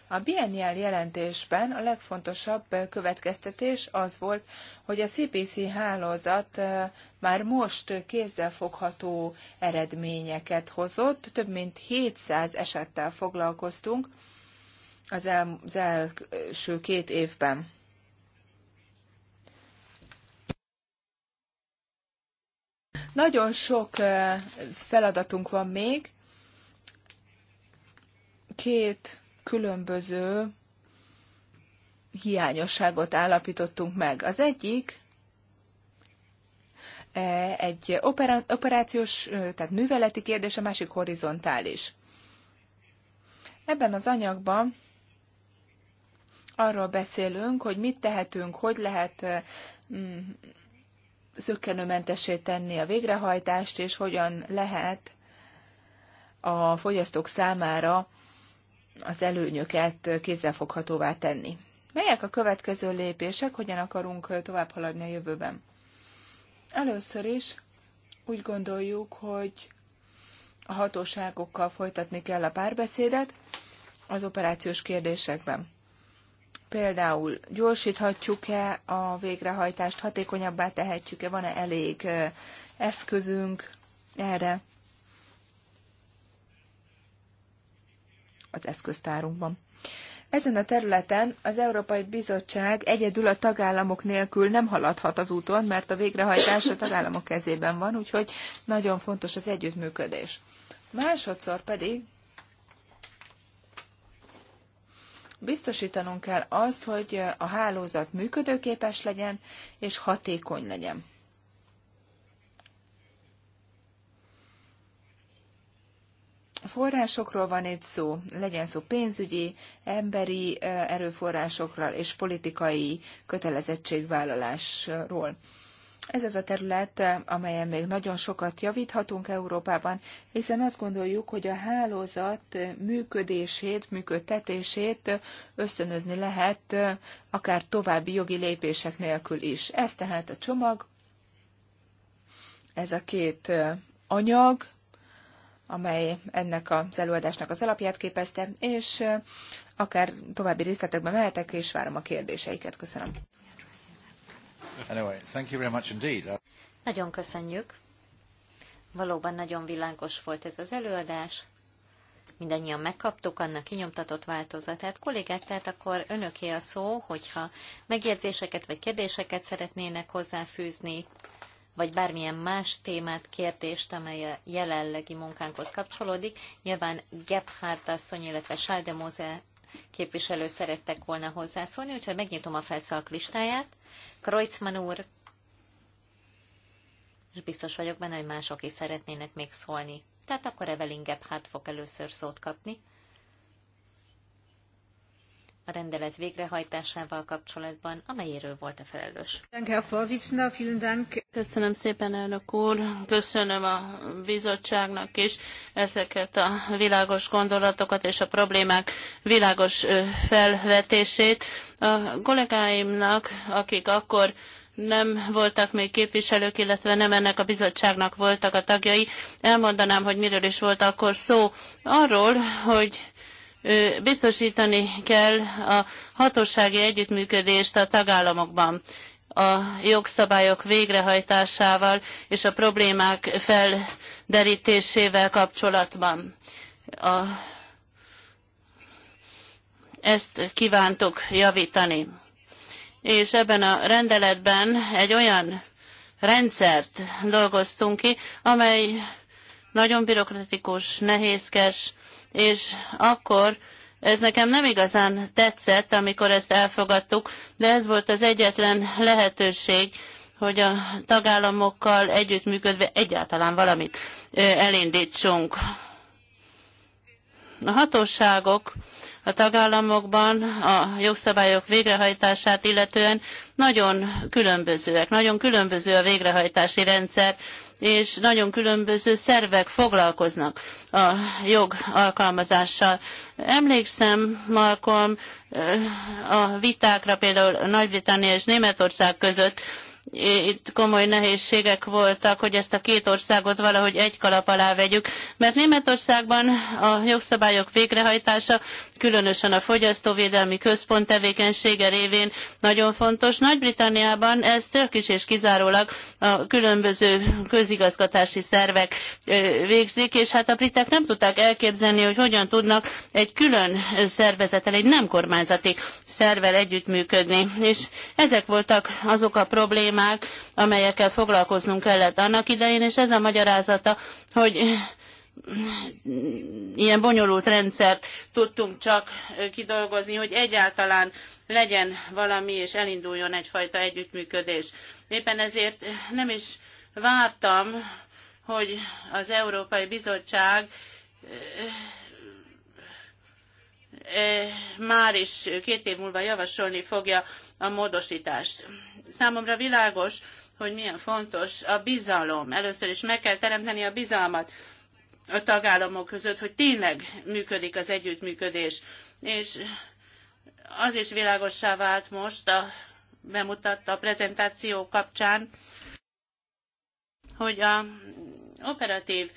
Speaker 1: A biennial jelentésben a legfontosabb következtetés az volt, hogy a CPC hálózat már most kézzelfogható eredményeket hozott, több mint 700 esettel foglalkoztunk az, el, az első két évben. Nagyon sok feladatunk van még. Két különböző hiányosságot állapítottunk meg. Az egyik egy opera, operációs, tehát műveleti kérdés, a másik horizontális. Ebben az anyagban arról beszélünk, hogy mit tehetünk, hogy lehet zöggenőmentessé tenni a végrehajtást, és hogyan lehet a fogyasztók számára az előnyöket kézzelfoghatóvá tenni. Melyek a következő lépések, hogyan akarunk tovább haladni a jövőben? Először is úgy gondoljuk, hogy a hatóságokkal folytatni kell a párbeszédet az operációs kérdésekben. Például gyorsíthatjuk-e a végrehajtást, hatékonyabbá tehetjük-e, van-e elég eszközünk erre az eszköztárunkban. Ezen a területen az Európai Bizottság egyedül a tagállamok nélkül nem haladhat az úton, mert a végrehajtás a tagállamok kezében van, úgyhogy nagyon fontos az együttműködés. Másodszor pedig Biztosítanunk kell azt, hogy a hálózat működőképes legyen és hatékony legyen. forrásokról van itt szó, legyen szó pénzügyi, emberi eh, erőforrásokról és politikai kötelezettségvállalásról. Ez az a terület, eh, amelyen még nagyon sokat javíthatunk Európában, hiszen azt gondoljuk, hogy a hálózat eh, működését, működtetését eh, ösztönözni lehet akár további jogi lépések nélkül is. Ez tehát a csomag, ez a két anyag, amely ennek az előadásnak az alapját képezte, és akár további részletekbe mehetek, és várom a kérdéseiket. Köszönöm.
Speaker 2: Anyway, thank you very much indeed. Uh, nagyon köszönjük. Valóban nagyon világos volt ez az előadás. Mindannyian megkaptuk annak kinyomtatott változatát. Kollégák, tehát akkor önöké a szó, hogyha megjegyzéseket vagy kérdéseket szeretnének hozzáfűzni, vagy bármilyen más témát, kérdést, amely a jelenlegi munkánkhoz kapcsolódik. Nyilván Gebhardt asszony, illetve Sáldemóze képviselő szerettek volna hozzászólni, úgyhogy megnyitom a felszalk listáját. Kreuzmann úr, és biztos vagyok benne, hogy mások is szeretnének még szólni. Tehát akkor Evelyn Gebhardt fog először szót kapni a rendelet végrehajtásával kapcsolatban, amelyéről volt a felelős.
Speaker 3: Köszönöm szépen, elnök úr, köszönöm a bizottságnak is ezeket a világos gondolatokat és a problémák világos felvetését. A kollégáimnak, akik akkor nem voltak még képviselők, illetve nem ennek a bizottságnak voltak a tagjai. Elmondanám, hogy miről is volt akkor szó. Arról, hogy biztosítani kell a hatósági együttműködést a tagállamokban a jogszabályok végrehajtásával és a problémák felderítésével kapcsolatban. A, ezt kívántuk javítani. És ebben a rendeletben egy olyan rendszert dolgoztunk ki, amely nagyon bürokratikus, nehézkes, és akkor ez nekem nem igazán tetszett, amikor ezt elfogadtuk, de ez volt az egyetlen lehetőség, hogy a tagállamokkal együttműködve egyáltalán valamit elindítsunk. A hatóságok a tagállamokban a jogszabályok végrehajtását illetően nagyon különbözőek, nagyon különböző a végrehajtási rendszer, és nagyon különböző szervek foglalkoznak a jog alkalmazással. Emlékszem, Malcolm, a vitákra például Nagy-Britannia és Németország között, itt komoly nehézségek voltak, hogy ezt a két országot valahogy egy kalap alá vegyük, mert Németországban a jogszabályok végrehajtása, különösen a fogyasztóvédelmi központ tevékenysége révén nagyon fontos. Nagy-Britanniában ez is és kizárólag a különböző közigazgatási szervek végzik, és hát a britek nem tudták elképzelni, hogy hogyan tudnak egy külön szervezettel, egy nem kormányzati szervel együttműködni. És ezek voltak azok a problémák, amelyekkel foglalkoznunk kellett annak idején, és ez a magyarázata, hogy ilyen bonyolult rendszert tudtunk csak kidolgozni, hogy egyáltalán legyen valami, és elinduljon egyfajta együttműködés. Éppen ezért nem is vártam, hogy az Európai Bizottság Eh, már is két év múlva javasolni fogja a módosítást. Számomra világos, hogy milyen fontos a bizalom. Először is meg kell teremteni a bizalmat a tagállamok között, hogy tényleg működik az együttműködés. És az is világossá vált most a bemutatta a prezentáció kapcsán, hogy a operatív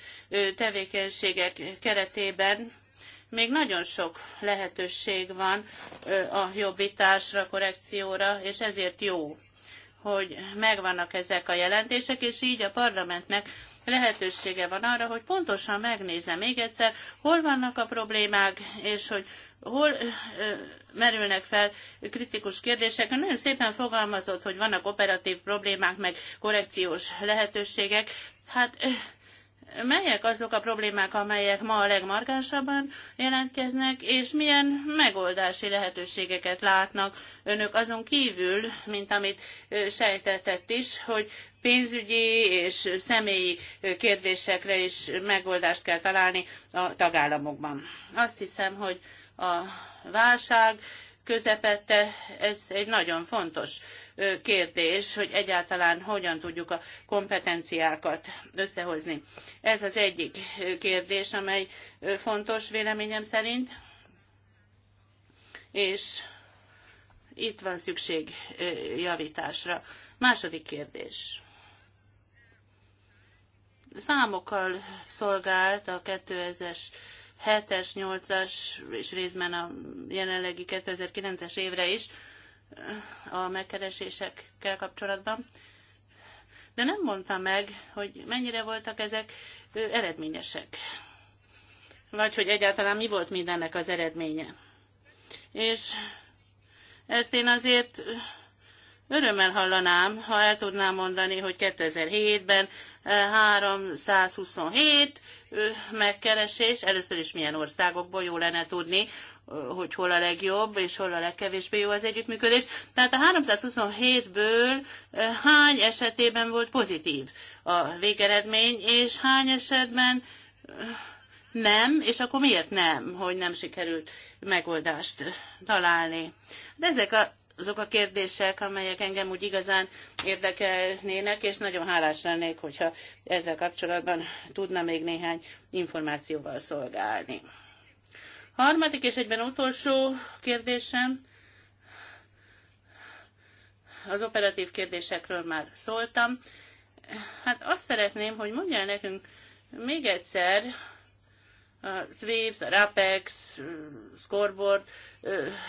Speaker 3: tevékenységek keretében még nagyon sok lehetőség van a jobbításra, korrekcióra, és ezért jó, hogy megvannak ezek a jelentések, és így a parlamentnek lehetősége van arra, hogy pontosan megnézze még egyszer, hol vannak a problémák, és hogy hol merülnek fel kritikus kérdések. Nagyon szépen fogalmazott, hogy vannak operatív problémák, meg korrekciós lehetőségek. Hát melyek azok a problémák, amelyek ma a legmarkánsabban jelentkeznek, és milyen megoldási lehetőségeket látnak önök azon kívül, mint amit sejtetett is, hogy pénzügyi és személyi kérdésekre is megoldást kell találni a tagállamokban. Azt hiszem, hogy a válság közepette, ez egy nagyon fontos kérdés, hogy egyáltalán hogyan tudjuk a kompetenciákat összehozni. Ez az egyik kérdés, amely fontos véleményem szerint, és itt van szükség javításra. Második kérdés. Számokkal szolgált a 2000-es 7-es, 8-as, és részben a jelenlegi 2009-es évre is a megkeresésekkel kapcsolatban. De nem mondta meg, hogy mennyire voltak ezek eredményesek. Vagy hogy egyáltalán mi volt mindennek az eredménye. És ezt én azért Örömmel hallanám, ha el tudnám mondani, hogy 2007-ben 327 eh, eh, megkeresés, először is milyen országokból jó lenne tudni, eh, hogy hol a legjobb, és hol a legkevésbé jó az együttműködés. Tehát a 327-ből hány esetében volt pozitív a végeredmény, és hány esetben nem, és akkor miért nem, hogy nem sikerült megoldást találni. De ezek a azok a kérdések, amelyek engem úgy igazán érdekelnének, és nagyon hálás lennék, hogyha ezzel kapcsolatban tudna még néhány információval szolgálni. Harmadik és egyben utolsó kérdésem, az operatív kérdésekről már szóltam. Hát azt szeretném, hogy mondjál nekünk még egyszer, a SWIFT, a RAPEX, scoreboard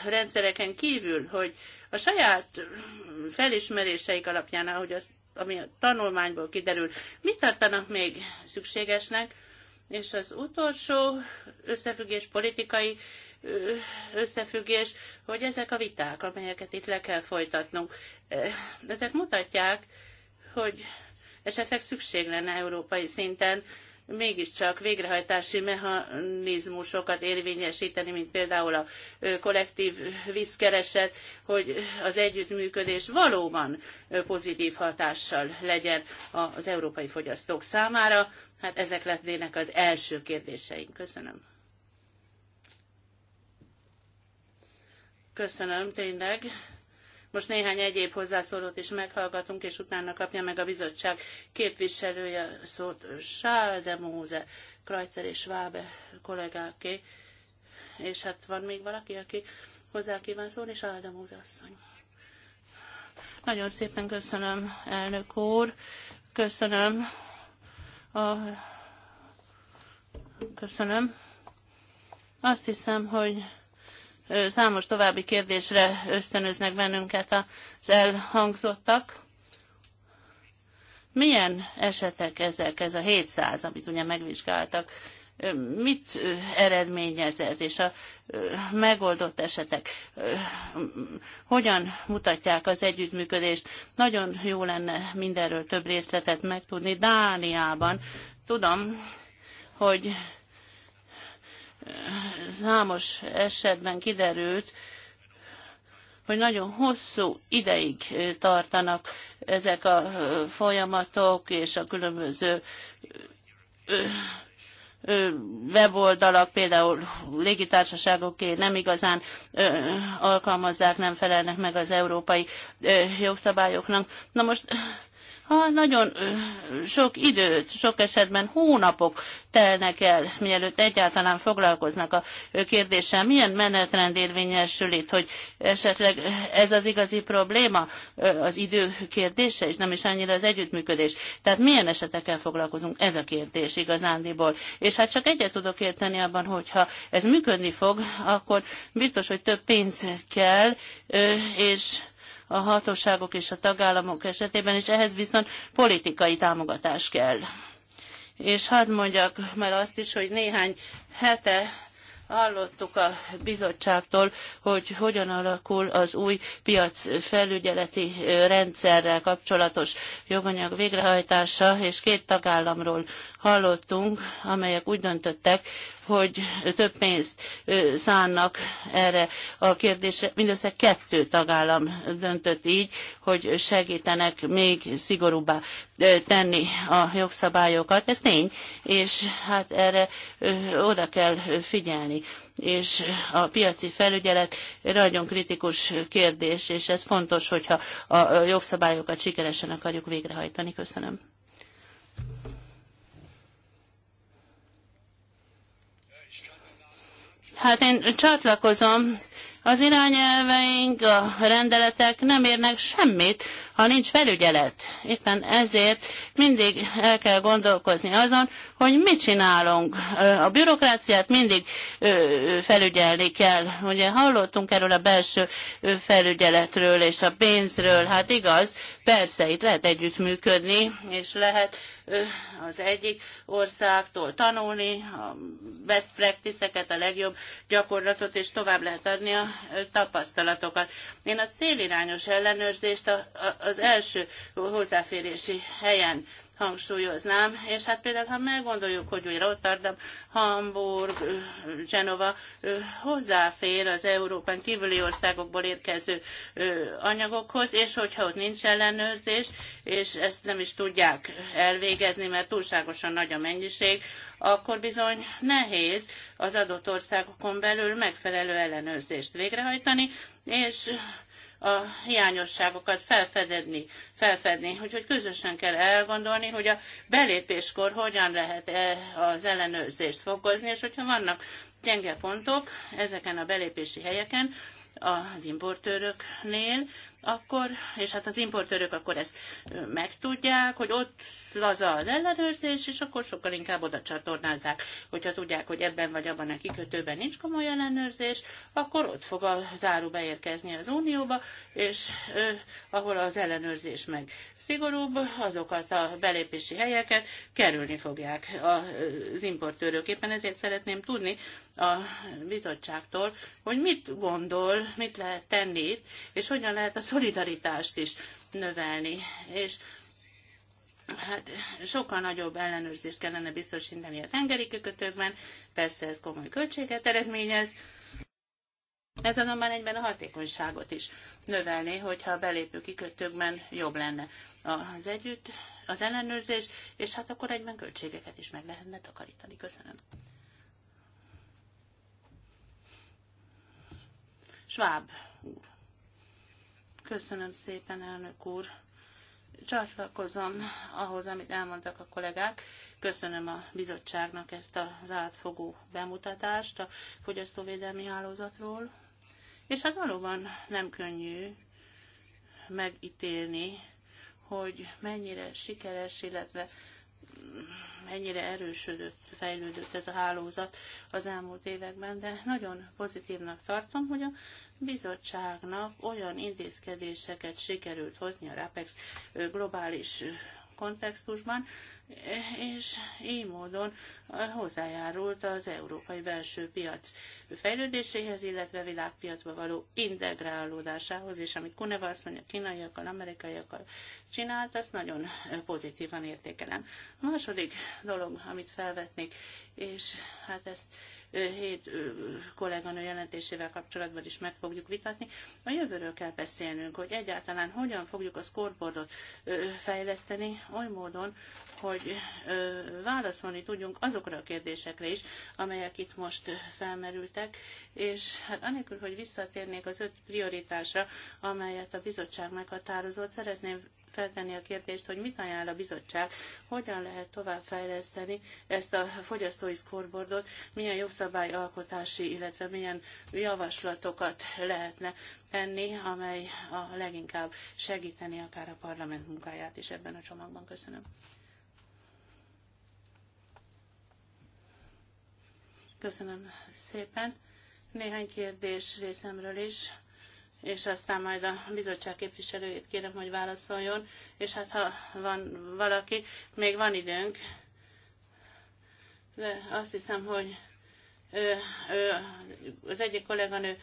Speaker 3: rendszereken kívül, hogy a saját felismeréseik alapján, ahogy az, ami a tanulmányból kiderül, mit tartanak még szükségesnek, és az utolsó összefüggés, politikai összefüggés, hogy ezek a viták, amelyeket itt le kell folytatnunk, ezek mutatják, hogy esetleg szükség lenne európai szinten mégiscsak végrehajtási mechanizmusokat érvényesíteni, mint például a kollektív vízkereset, hogy az együttműködés valóban pozitív hatással legyen az európai fogyasztók számára. Hát ezek lennének az első kérdéseink. Köszönöm. Köszönöm tényleg. Most néhány egyéb hozzászólót is meghallgatunk, és utána kapja meg a bizottság képviselője szót Sál de Móze, Krajcer és Vábe kollégáké. És hát van még valaki, aki hozzá kíván szólni, Sál de Móze asszony. Nagyon szépen köszönöm, elnök úr. Köszönöm a... Köszönöm. Azt hiszem, hogy számos további kérdésre ösztönöznek bennünket az elhangzottak. Milyen esetek ezek, ez a 700, amit ugye megvizsgáltak? Mit eredményez ez, és a megoldott esetek hogyan mutatják az együttműködést? Nagyon jó lenne mindenről több részletet megtudni. Dániában tudom, hogy számos esetben kiderült, hogy nagyon hosszú ideig tartanak ezek a folyamatok és a különböző weboldalak, például légitársaságoké nem igazán alkalmazzák, nem felelnek meg az európai jogszabályoknak. Na most ha nagyon sok időt, sok esetben hónapok telnek el, mielőtt egyáltalán foglalkoznak a kérdéssel. Milyen menetrend érvényesül itt, hogy esetleg ez az igazi probléma, az idő kérdése, és nem is annyira az együttműködés. Tehát milyen esetekkel foglalkozunk, ez a kérdés igazándiból. És hát csak egyet tudok érteni abban, hogyha ez működni fog, akkor biztos, hogy több pénz kell, és a hatóságok és a tagállamok esetében, és ehhez viszont politikai támogatás kell. És hadd mondjak már azt is, hogy néhány hete hallottuk a bizottságtól, hogy hogyan alakul az új piac felügyeleti rendszerrel kapcsolatos joganyag végrehajtása, és két tagállamról hallottunk, amelyek úgy döntöttek, hogy több pénzt szánnak erre a kérdésre. Mindössze kettő tagállam döntött így, hogy segítenek még szigorúbbá tenni a jogszabályokat. Ez tény, és hát erre oda kell figyelni és a piaci felügyelet nagyon kritikus kérdés, és ez fontos, hogyha a jogszabályokat sikeresen akarjuk végrehajtani. Köszönöm. Hát én csatlakozom, az irányelveink, a rendeletek nem érnek semmit, ha nincs felügyelet. Éppen ezért mindig el kell gondolkozni azon, hogy mit csinálunk. A bürokráciát mindig felügyelni kell. Ugye hallottunk erről a belső felügyeletről és a pénzről, hát igaz, persze itt lehet együttműködni, és lehet az egyik országtól tanulni, a best practice-eket, a legjobb gyakorlatot, és tovább lehet adni a tapasztalatokat. Én a célirányos ellenőrzést az első hozzáférési helyen hangsúlyoznám, és hát például, ha meggondoljuk, hogy úgy Rotterdam, Hamburg, Genova hozzáfér az Európán kívüli országokból érkező anyagokhoz, és hogyha ott nincs ellenőrzés, és ezt nem is tudják elvégezni, mert túlságosan nagy a mennyiség, akkor bizony nehéz az adott országokon belül megfelelő ellenőrzést végrehajtani, és a hiányosságokat felfedezni, felfedni. Úgyhogy közösen kell elgondolni, hogy a belépéskor hogyan lehet e az ellenőrzést fokozni, és hogyha vannak gyenge pontok ezeken a belépési helyeken, az importőröknél, akkor, és hát az importőrök akkor ezt megtudják, hogy ott laza az ellenőrzés, és akkor sokkal inkább oda csatornázzák. Hogyha tudják, hogy ebben vagy abban a kikötőben nincs komoly ellenőrzés, akkor ott fog a záru beérkezni az Unióba, és ö, ahol az ellenőrzés meg szigorúbb, azokat a belépési helyeket kerülni fogják az importőrök. Éppen ezért szeretném tudni a bizottságtól, hogy mit gondol, mit lehet tenni itt, és hogyan lehet az szolidaritást is növelni. És hát sokkal nagyobb ellenőrzést kellene biztosítani a tengeri kikötőkben, persze ez komoly költséget eredményez, ez azonban egyben a hatékonyságot is növelné, hogyha a belépő kikötőkben jobb lenne az együtt, az ellenőrzés, és hát akkor egyben költségeket is meg lehetne takarítani. Köszönöm. Schwab Köszönöm szépen, elnök úr. Csatlakozom ahhoz, amit elmondtak a kollégák. Köszönöm a bizottságnak ezt az átfogó bemutatást a fogyasztóvédelmi hálózatról. És hát valóban nem könnyű megítélni, hogy mennyire sikeres, illetve mennyire erősödött, fejlődött ez a hálózat az elmúlt években, de nagyon pozitívnak tartom, hogy a bizottságnak olyan intézkedéseket sikerült hozni a RAPEX globális kontextusban, és így módon hozzájárult az európai belső piac fejlődéséhez, illetve világpiacba való integrálódásához, és amit Kuneva asszony a kínaiakkal, amerikaiakkal csinált, azt nagyon pozitívan értékelem. A második dolog, amit felvetnék, és hát ezt hét kolléganő jelentésével kapcsolatban is meg fogjuk vitatni. A jövőről kell beszélnünk, hogy egyáltalán hogyan fogjuk a scoreboardot fejleszteni oly módon, hogy válaszolni tudjunk az azokra a kérdésekre is, amelyek itt most felmerültek, és hát anélkül, hogy visszatérnék az öt prioritásra, amelyet a bizottság meghatározott, szeretném feltenni a kérdést, hogy mit ajánl a bizottság, hogyan lehet továbbfejleszteni ezt a fogyasztói szkorbordot, milyen jogszabályalkotási, illetve milyen javaslatokat lehetne tenni, amely a leginkább segíteni akár a parlament munkáját is ebben a csomagban. Köszönöm. Köszönöm szépen. Néhány kérdés részemről is, és aztán majd a bizottság képviselőjét kérem, hogy válaszoljon, és hát ha van valaki, még van időnk, de azt hiszem, hogy az egyik kolléganő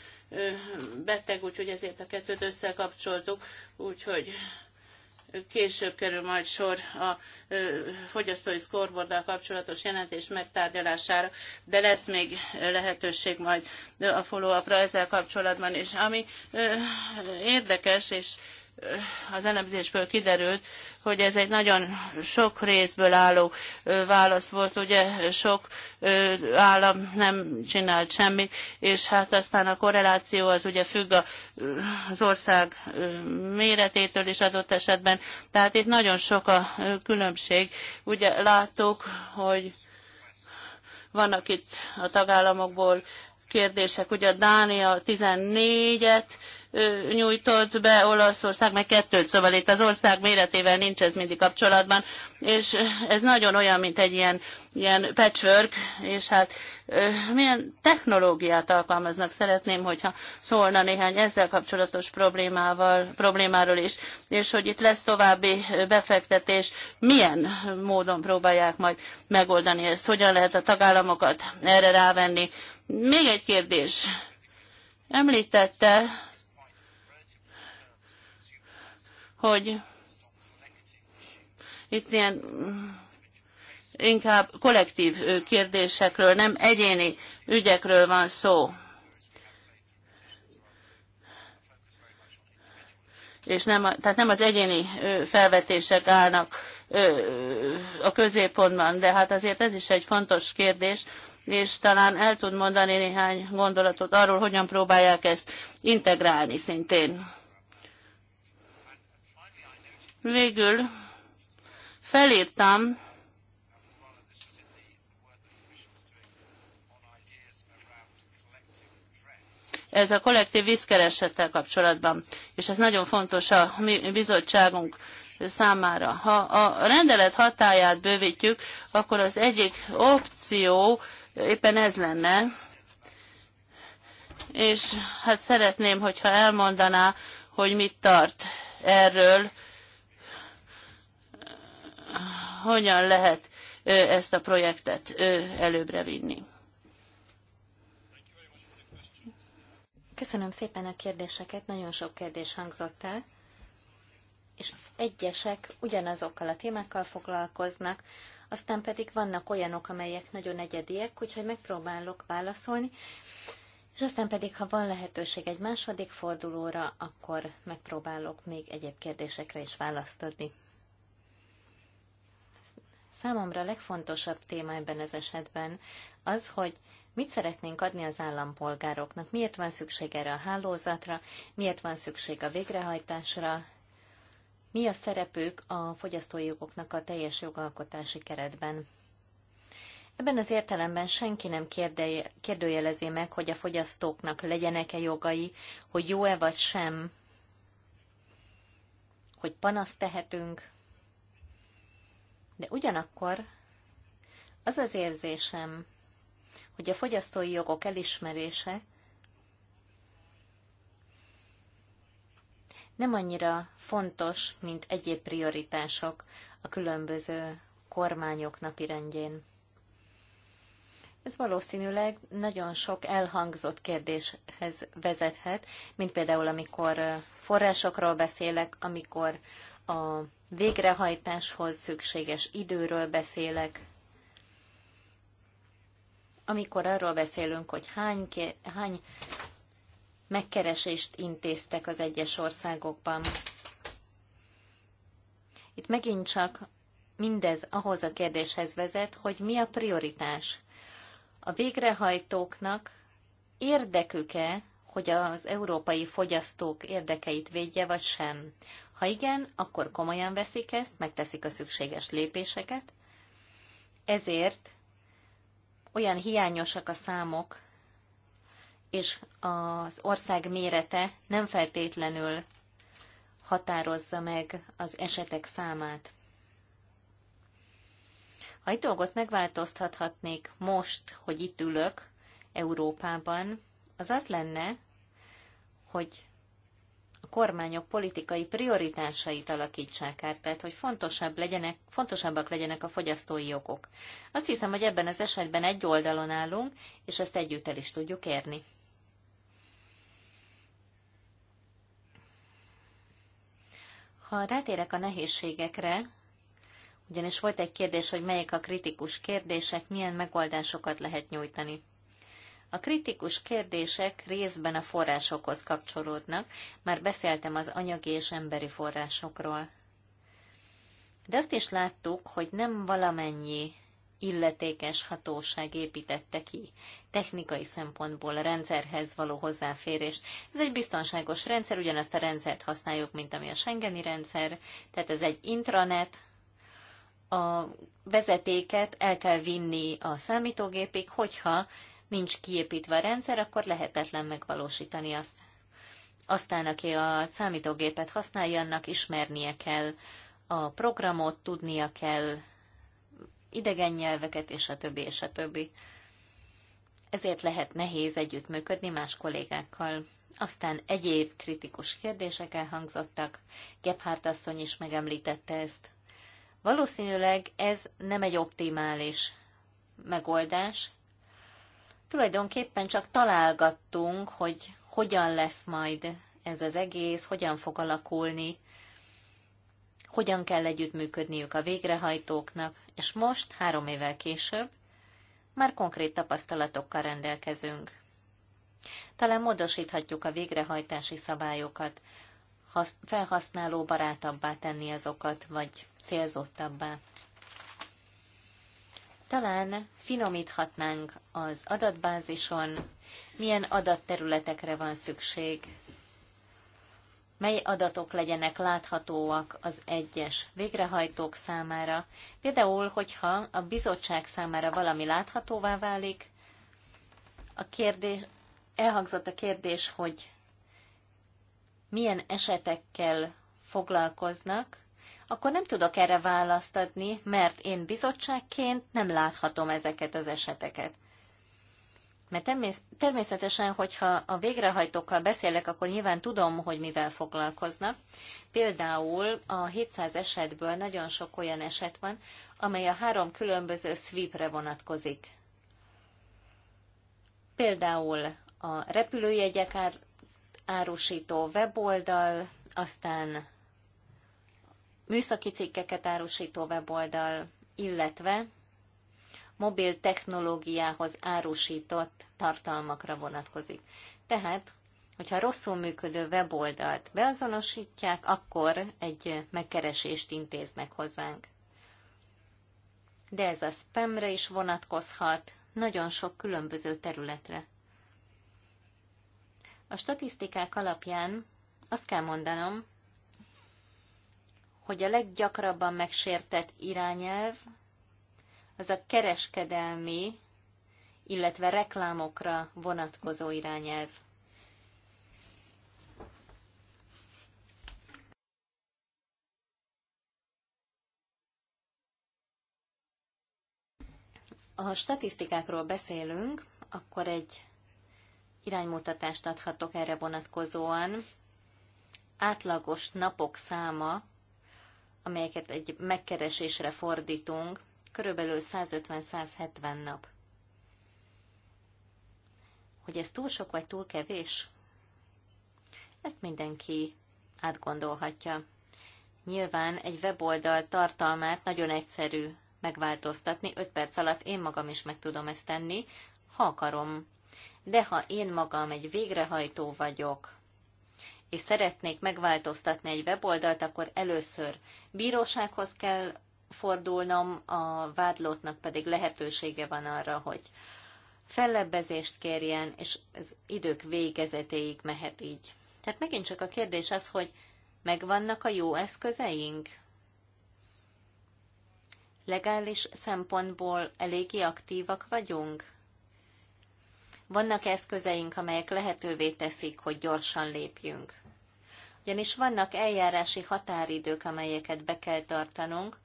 Speaker 3: beteg, úgyhogy ezért a kettőt összekapcsoltuk, úgyhogy Később kerül majd sor a fogyasztói szkorborddal kapcsolatos jelentés megtárgyalására, de lesz még lehetőség majd a follow-upra ezzel kapcsolatban. És ami érdekes, és az elemzésből kiderült, hogy ez egy nagyon sok részből álló válasz volt, ugye sok állam nem csinált semmit, és hát aztán a korreláció az ugye függ az ország méretétől is adott esetben, tehát itt nagyon sok a különbség. Ugye láttuk, hogy vannak itt a tagállamokból kérdések. Ugye Dánia 14-et nyújtott be, Olaszország meg kettőt, szóval itt az ország méretével nincs ez mindig kapcsolatban, és ez nagyon olyan, mint egy ilyen, ilyen patchwork, és hát milyen technológiát alkalmaznak, szeretném, hogyha szólna néhány ezzel kapcsolatos problémával, problémáról is, és hogy itt lesz további befektetés, milyen módon próbálják majd megoldani ezt, hogyan lehet a tagállamokat erre rávenni, még egy kérdés. Említette, hogy itt ilyen inkább kollektív kérdésekről, nem egyéni ügyekről van szó. És nem, tehát nem az egyéni felvetések állnak a középpontban, de hát azért ez is egy fontos kérdés, és talán el tud mondani néhány gondolatot arról, hogyan próbálják ezt integrálni szintén. Végül felírtam ez a kollektív vízkeresettel kapcsolatban, és ez nagyon fontos a mi bizottságunk számára. Ha a rendelet hatáját bővítjük, akkor az egyik opció éppen ez lenne. És hát szeretném, hogyha elmondaná, hogy mit tart erről, hogyan lehet ezt a projektet előbbre vinni.
Speaker 2: Köszönöm szépen a kérdéseket, nagyon sok kérdés hangzott el, és egyesek ugyanazokkal a témákkal foglalkoznak, aztán pedig vannak olyanok, amelyek nagyon egyediek, úgyhogy megpróbálok válaszolni, és aztán pedig, ha van lehetőség egy második fordulóra, akkor megpróbálok még egyéb kérdésekre is választ adni. Számomra a legfontosabb téma ebben az esetben az, hogy Mit szeretnénk adni az állampolgároknak? Miért van szükség erre a hálózatra? Miért van szükség a végrehajtásra? mi a szerepük a fogyasztói jogoknak a teljes jogalkotási keretben. Ebben az értelemben senki nem kérdőjelezi meg, hogy a fogyasztóknak legyenek-e jogai, hogy jó-e vagy sem, hogy panaszt tehetünk, de ugyanakkor az az érzésem, hogy a fogyasztói jogok elismerése nem annyira fontos, mint egyéb prioritások a különböző kormányok napirendjén. Ez valószínűleg nagyon sok elhangzott kérdéshez vezethet, mint például amikor forrásokról beszélek, amikor a végrehajtáshoz szükséges időről beszélek, amikor arról beszélünk, hogy hány, hány megkeresést intéztek az egyes országokban. Itt megint csak mindez ahhoz a kérdéshez vezet, hogy mi a prioritás. A végrehajtóknak érdeküke, hogy az európai fogyasztók érdekeit védje, vagy sem. Ha igen, akkor komolyan veszik ezt, megteszik a szükséges lépéseket. Ezért olyan hiányosak a számok, és az ország mérete nem feltétlenül határozza meg az esetek számát. Ha egy dolgot megváltoztathatnék most, hogy itt ülök Európában, az az lenne, hogy a kormányok politikai prioritásait alakítsák át, tehát hogy fontosabb legyenek, fontosabbak legyenek a fogyasztói jogok. Azt hiszem, hogy ebben az esetben egy oldalon állunk, és ezt együtt el is tudjuk érni. Ha rátérek a nehézségekre, ugyanis volt egy kérdés, hogy melyek a kritikus kérdések, milyen megoldásokat lehet nyújtani. A kritikus kérdések részben a forrásokhoz kapcsolódnak, már beszéltem az anyagi és emberi forrásokról. De azt is láttuk, hogy nem valamennyi illetékes hatóság építette ki technikai szempontból a rendszerhez való hozzáférést. Ez egy biztonságos rendszer, ugyanazt a rendszert használjuk, mint ami a Schengeni rendszer, tehát ez egy intranet, a vezetéket el kell vinni a számítógépig, hogyha nincs kiépítve a rendszer, akkor lehetetlen megvalósítani azt. Aztán, aki a számítógépet használja, annak ismernie kell a programot, tudnia kell idegen nyelveket, és a többi, és a többi. Ezért lehet nehéz együttműködni más kollégákkal. Aztán egyéb kritikus kérdések elhangzottak, Gebhardt asszony is megemlítette ezt. Valószínűleg ez nem egy optimális megoldás. Tulajdonképpen csak találgattunk, hogy hogyan lesz majd ez az egész, hogyan fog alakulni, hogyan kell együttműködniük a végrehajtóknak, és most, három évvel később, már konkrét tapasztalatokkal rendelkezünk. Talán módosíthatjuk a végrehajtási szabályokat, felhasználó barátabbá tenni azokat, vagy célzottabbá. Talán finomíthatnánk az adatbázison, milyen adatterületekre van szükség, mely adatok legyenek láthatóak az egyes végrehajtók számára. Például, hogyha a bizottság számára valami láthatóvá válik, a kérdés, elhangzott a kérdés, hogy milyen esetekkel foglalkoznak, akkor nem tudok erre választ adni, mert én bizottságként nem láthatom ezeket az eseteket. Mert természetesen, hogyha a végrehajtókkal beszélek, akkor nyilván tudom, hogy mivel foglalkoznak. Például a 700 esetből nagyon sok olyan eset van, amely a három különböző sweepre vonatkozik. Például a repülőjegyek árusító weboldal, aztán műszaki cikkeket árusító weboldal, illetve mobil technológiához árusított tartalmakra vonatkozik. Tehát, hogyha rosszul működő weboldalt beazonosítják, akkor egy megkeresést intéznek hozzánk. De ez a spamre is vonatkozhat, nagyon sok különböző területre. A statisztikák alapján azt kell mondanom, hogy a leggyakrabban megsértett irányelv az a kereskedelmi, illetve reklámokra vonatkozó irányelv. Ha statisztikákról beszélünk, akkor egy iránymutatást adhatok erre vonatkozóan. Átlagos napok száma, amelyeket egy megkeresésre fordítunk, körülbelül 150-170 nap. Hogy ez túl sok vagy túl kevés? Ezt mindenki átgondolhatja. Nyilván egy weboldal tartalmát nagyon egyszerű megváltoztatni, 5 perc alatt én magam is meg tudom ezt tenni, ha akarom. De ha én magam egy végrehajtó vagyok, és szeretnék megváltoztatni egy weboldalt, akkor először bírósághoz kell fordulnom, a vádlótnak pedig lehetősége van arra, hogy fellebbezést kérjen, és az idők végezetéig mehet így. Tehát megint csak a kérdés az, hogy megvannak a jó eszközeink? Legális szempontból eléggé aktívak vagyunk? Vannak eszközeink, amelyek lehetővé teszik, hogy gyorsan lépjünk. Ugyanis vannak eljárási határidők, amelyeket be kell tartanunk,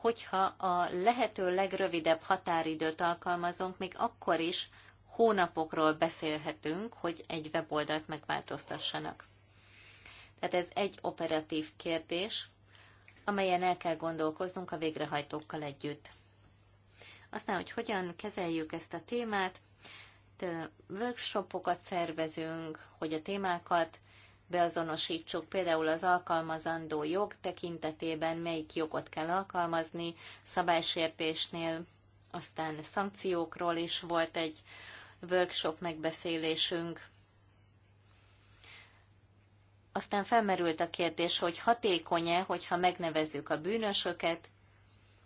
Speaker 2: hogyha a lehető legrövidebb határidőt alkalmazunk, még akkor is hónapokról beszélhetünk, hogy egy weboldalt megváltoztassanak. Tehát ez egy operatív kérdés, amelyen el kell gondolkoznunk a végrehajtókkal együtt. Aztán, hogy hogyan kezeljük ezt a témát, workshopokat szervezünk, hogy a témákat beazonosítsuk például az alkalmazandó jog tekintetében, melyik jogot kell alkalmazni szabálysértésnél, aztán szankciókról is volt egy workshop megbeszélésünk. Aztán felmerült a kérdés, hogy hatékony-e, hogyha megnevezzük a bűnösöket,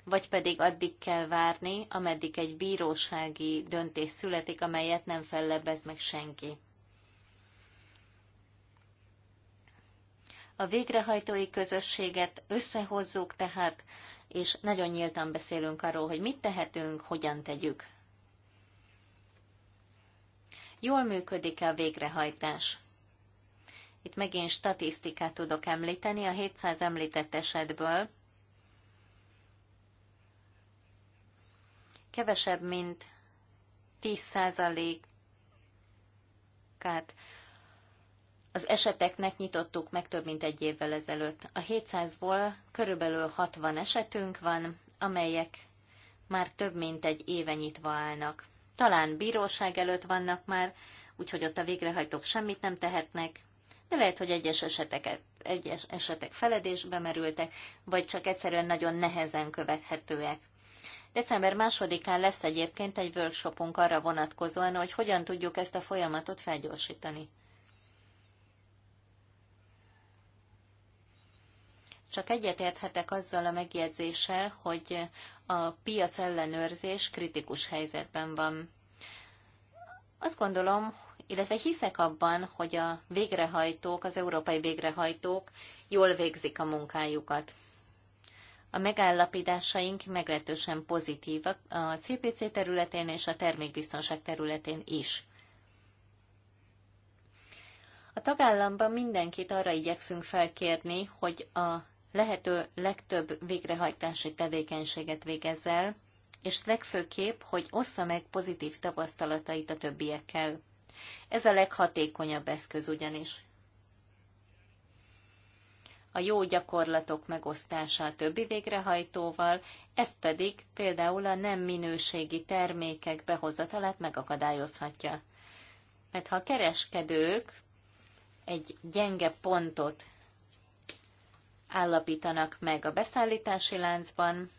Speaker 2: vagy pedig addig kell várni, ameddig egy bírósági döntés születik, amelyet nem fellebbez meg senki. a végrehajtói közösséget összehozzuk tehát, és nagyon nyíltan beszélünk arról, hogy mit tehetünk, hogyan tegyük. Jól működik-e a végrehajtás? Itt megint statisztikát tudok említeni a 700 említett esetből. Kevesebb, mint 10%-át az eseteknek nyitottuk meg több mint egy évvel ezelőtt. A 700-ból körülbelül 60 esetünk van, amelyek már több mint egy éve nyitva állnak. Talán bíróság előtt vannak már, úgyhogy ott a végrehajtók semmit nem tehetnek, de lehet, hogy egyes, eseteket, egyes esetek feledésbe merültek, vagy csak egyszerűen nagyon nehezen követhetőek. December másodikán lesz egyébként egy workshopunk arra vonatkozóan, hogy hogyan tudjuk ezt a folyamatot felgyorsítani. Csak egyetérthetek azzal a megjegyzéssel, hogy a piac ellenőrzés kritikus helyzetben van. Azt gondolom, illetve hiszek abban, hogy a végrehajtók, az európai végrehajtók jól végzik a munkájukat. A megállapításaink meglehetősen pozitívak a CPC területén és a termékbiztonság területén is. A tagállamban mindenkit arra igyekszünk felkérni, hogy a lehető legtöbb végrehajtási tevékenységet végez el, és legfőképp, hogy ossza meg pozitív tapasztalatait a többiekkel. Ez a leghatékonyabb eszköz ugyanis. A jó gyakorlatok megosztása a többi végrehajtóval, ez pedig például a nem minőségi termékek behozatalát megakadályozhatja. Mert ha a kereskedők egy gyenge pontot állapítanak meg a beszállítási láncban,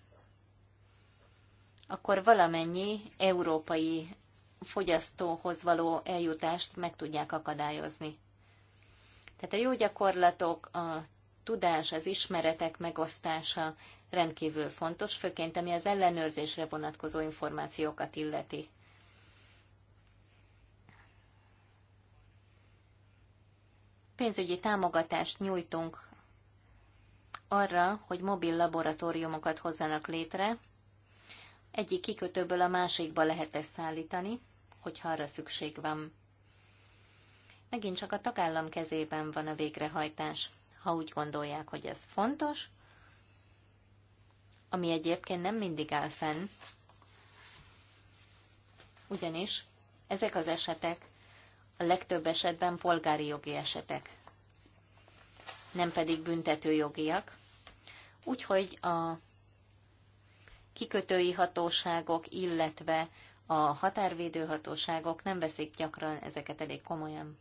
Speaker 2: akkor valamennyi európai fogyasztóhoz való eljutást meg tudják akadályozni. Tehát a jó gyakorlatok, a tudás, az ismeretek megosztása rendkívül fontos, főként ami az ellenőrzésre vonatkozó információkat illeti. Pénzügyi támogatást nyújtunk arra, hogy mobil laboratóriumokat hozzanak létre. Egyik kikötőből a másikba lehet ezt szállítani, hogyha arra szükség van. Megint csak a tagállam kezében van a végrehajtás. Ha úgy gondolják, hogy ez fontos, ami egyébként nem mindig áll fenn, ugyanis ezek az esetek a legtöbb esetben polgári jogi esetek, nem pedig büntetőjogiak, úgyhogy a kikötői hatóságok, illetve a határvédő hatóságok nem veszik gyakran ezeket elég komolyan.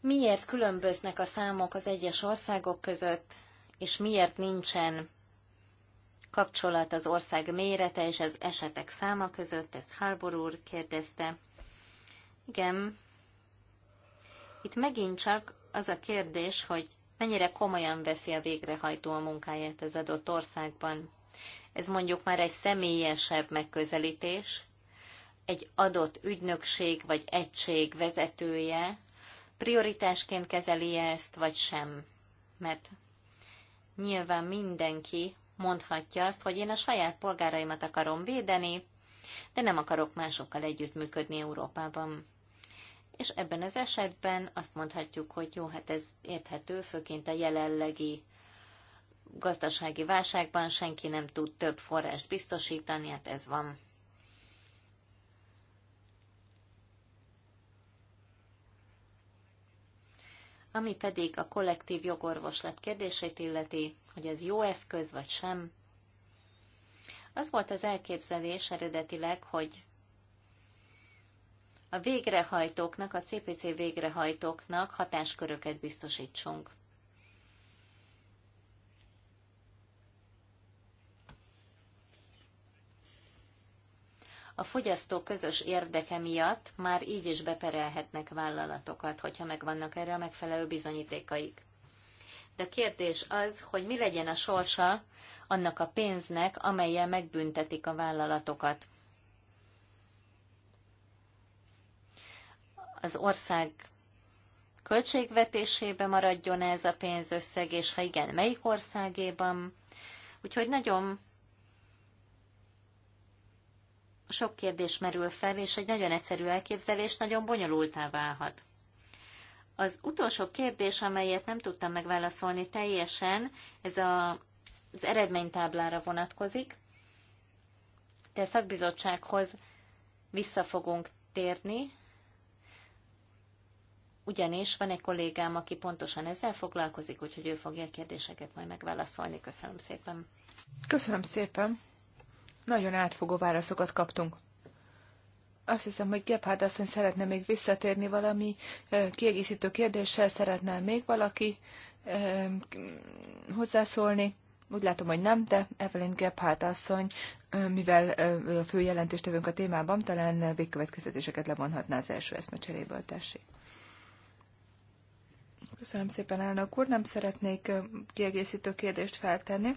Speaker 2: Miért különböznek a számok az egyes országok között, és miért nincsen kapcsolat az ország mérete és az esetek száma között? Ezt Harbour úr kérdezte. Igen, itt megint csak az a kérdés, hogy mennyire komolyan veszi a végrehajtó a munkáját az adott országban. Ez mondjuk már egy személyesebb megközelítés. Egy adott ügynökség vagy egység vezetője prioritásként kezeli -e ezt, vagy sem. Mert nyilván mindenki mondhatja azt, hogy én a saját polgáraimat akarom védeni, de nem akarok másokkal együttműködni Európában és ebben az esetben azt mondhatjuk, hogy jó, hát ez érthető, főként a jelenlegi gazdasági válságban senki nem tud több forrást biztosítani, hát ez van. Ami pedig a kollektív jogorvoslat kérdését illeti, hogy ez jó eszköz vagy sem, az volt az elképzelés eredetileg, hogy a végrehajtóknak, a CPC végrehajtóknak hatásköröket biztosítsunk. a fogyasztó közös érdeke miatt már így is beperelhetnek vállalatokat, hogyha megvannak erre a megfelelő bizonyítékaik. De a kérdés az, hogy mi legyen a sorsa annak a pénznek, amelyel megbüntetik a vállalatokat. az ország költségvetésébe maradjon -e ez a pénzösszeg, és ha igen, melyik országéban. Úgyhogy nagyon sok kérdés merül fel, és egy nagyon egyszerű elképzelés nagyon bonyolultá válhat. Az utolsó kérdés, amelyet nem tudtam megválaszolni teljesen, ez a, az eredménytáblára vonatkozik, de szakbizottsághoz vissza fogunk térni, ugyanis van egy kollégám, aki pontosan ezzel foglalkozik,
Speaker 1: úgyhogy ő fogja a kérdéseket majd megválaszolni. Köszönöm szépen. Köszönöm szépen. Nagyon átfogó válaszokat kaptunk. Azt hiszem, hogy Gebhard asszony szeretne még visszatérni valami kiegészítő kérdéssel, szeretne még valaki hozzászólni. Úgy látom, hogy nem, de Evelyn Gebhardt asszony, mivel a fő jelentéstevőnk a témában, talán végkövetkezetéseket levonhatná az első eszmecseréből, tessék. Köszönöm szépen, elnök úr. Nem szeretnék kiegészítő kérdést feltenni.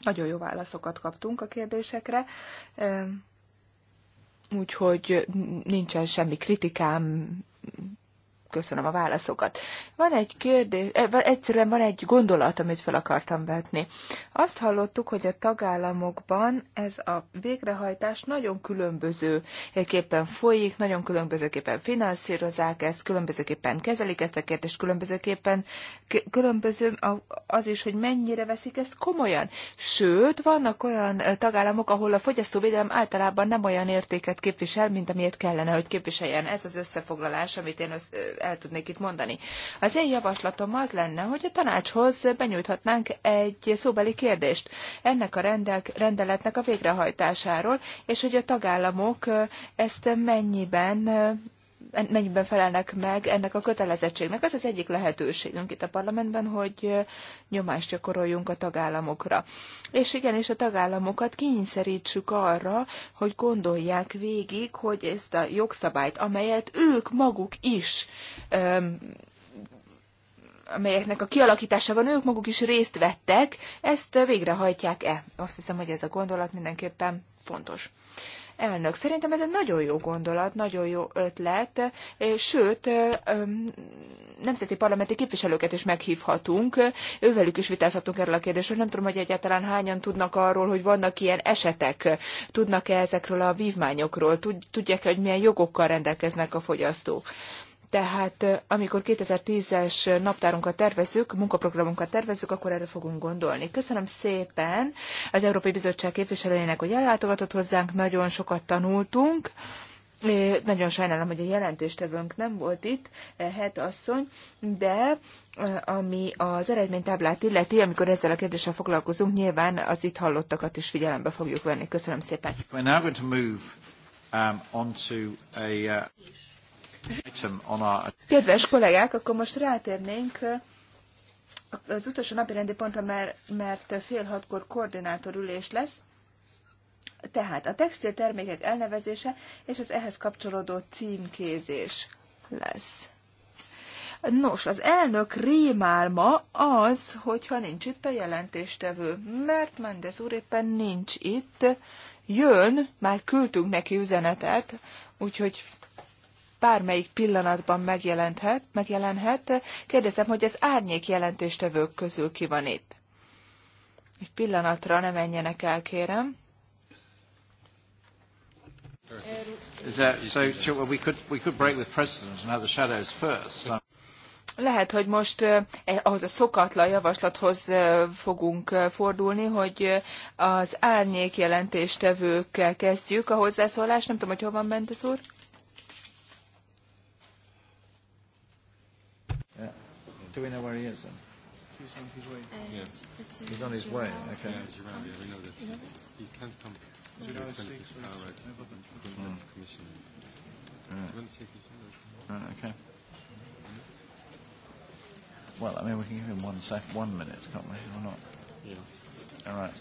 Speaker 1: Nagyon jó válaszokat kaptunk a kérdésekre, úgyhogy nincsen semmi kritikám köszönöm a válaszokat. Van egy kérdés, eh, egyszerűen van egy gondolat, amit fel akartam vetni. Azt hallottuk, hogy a tagállamokban ez a végrehajtás nagyon különbözőképpen folyik, nagyon különbözőképpen finanszírozák ezt, különbözőképpen kezelik ezt a kérdést, különbözőképpen különböző az is, hogy mennyire veszik ezt komolyan. Sőt, vannak olyan eh, tagállamok, ahol a fogyasztóvédelem általában nem olyan értéket képvisel, mint amilyet kellene, hogy képviseljen. Ez az összefoglalás, amit én el tudnék itt mondani. Az én javaslatom az lenne, hogy a tanácshoz benyújthatnánk egy szóbeli kérdést ennek a rendeletnek a végrehajtásáról, és hogy a tagállamok ezt mennyiben mennyiben felelnek meg ennek a kötelezettségnek. Ez az egyik lehetőségünk itt a parlamentben, hogy nyomást gyakoroljunk a tagállamokra. És igen és a tagállamokat kényszerítsük arra, hogy gondolják végig, hogy ezt a jogszabályt, amelyet ők maguk is amelyeknek a kialakításában ők maguk is részt vettek, ezt végrehajtják-e? Azt hiszem, hogy ez a gondolat mindenképpen fontos. Elnök, szerintem ez egy nagyon jó gondolat, nagyon jó ötlet, sőt, nemzeti parlamenti képviselőket is meghívhatunk, ővelük is vitázhatunk erről a kérdésről. Nem tudom, hogy egyáltalán hányan tudnak arról, hogy vannak ilyen esetek, tudnak-e ezekről a vívmányokról, tudják-e, hogy milyen jogokkal rendelkeznek a fogyasztók. Tehát amikor 2010-es naptárunkat tervezzük, munkaprogramunkat tervezzük, akkor erre fogunk gondolni. Köszönöm szépen az Európai Bizottság képviselőjének, hogy ellátogatott hozzánk, nagyon sokat tanultunk. Nagyon sajnálom, hogy a jelentéstevőnk nem volt itt, hát asszony, de ami az eredménytáblát illeti, amikor ezzel a kérdéssel foglalkozunk, nyilván az itt hallottakat is figyelembe fogjuk venni. Köszönöm szépen. We're now going to move, um, onto a, uh... Kedves kollégák, akkor most rátérnénk az utolsó napi rendi pontra, mert, mert fél hatkor ülés lesz. Tehát a textil termékek elnevezése és az ehhez kapcsolódó címkézés lesz. Nos, az elnök rémálma az, hogyha nincs itt a jelentéstevő, mert Mendez úr éppen nincs itt, jön, már küldtünk neki üzenetet, úgyhogy bármelyik pillanatban megjelenthet, megjelenhet. Kérdezem, hogy az árnyék jelentéstevők közül ki van itt. Egy pillanatra ne menjenek el, kérem. Lehet, hogy most eh, eh, ahhoz a szokatlan javaslathoz eh, fogunk eh, fordulni, hogy eh, az árnyék jelentéstevőkkel kezdjük a hozzászólást. Nem tudom, hogy hol van az úr.
Speaker 2: Do we know where he is then?
Speaker 3: He's on his way. Uh, yeah. He's on his way, okay. Yeah, Gerard, yeah, we know that. He can't come. Do you know the it's right. never Mm. That's commission. Right. Do you want to take his Right,
Speaker 1: okay. Well, I mean, we can give him one sec, one minute, can't we, or not? Yeah. All right.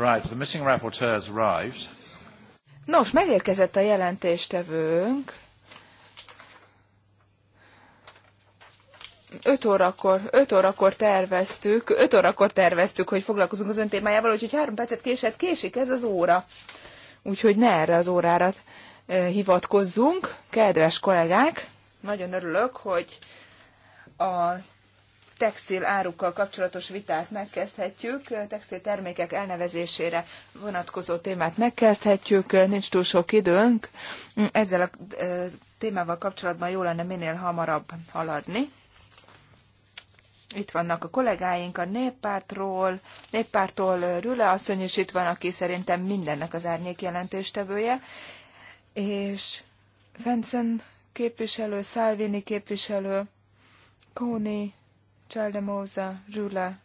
Speaker 1: Right, the missing rapporteur has arrived. Nos, megérkezett a jelentéstevőnk. 5 órakor, 5 órakor terveztük, 5 órakor terveztük, hogy foglalkozunk az ön témájával, úgyhogy három percet késett, késik ez az óra. Úgyhogy ne erre az órára e, hivatkozzunk. Kedves kollégák, nagyon örülök, hogy a textil árukkal kapcsolatos vitát megkezdhetjük, textil termékek elnevezésére vonatkozó témát megkezdhetjük, nincs túl sok időnk. Ezzel a e, témával kapcsolatban jó lenne minél hamarabb haladni. Itt vannak a kollégáink a néppártról, néppártól Rüle asszony is itt van, aki szerintem mindennek az árnyék jelentéstevője, és Fencen képviselő, Szálvini képviselő, Kóni Cseldemóza, Zsula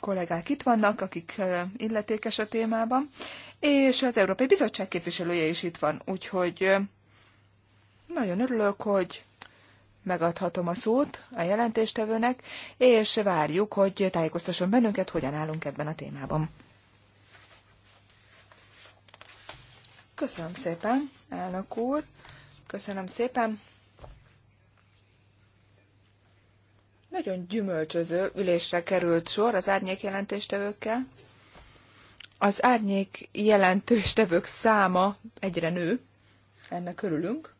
Speaker 1: kollégák itt vannak, akik illetékes a témában, és az Európai Bizottság képviselője is itt van, úgyhogy nagyon örülök, hogy megadhatom a szót a jelentéstevőnek, és várjuk, hogy tájékoztasson bennünket, hogyan állunk ebben a témában. Köszönöm szépen, elnök úr. Köszönöm szépen. Nagyon gyümölcsöző ülésre került sor az árnyék jelentéstevőkkel. Az árnyék jelentőstevők száma egyre nő, ennek körülünk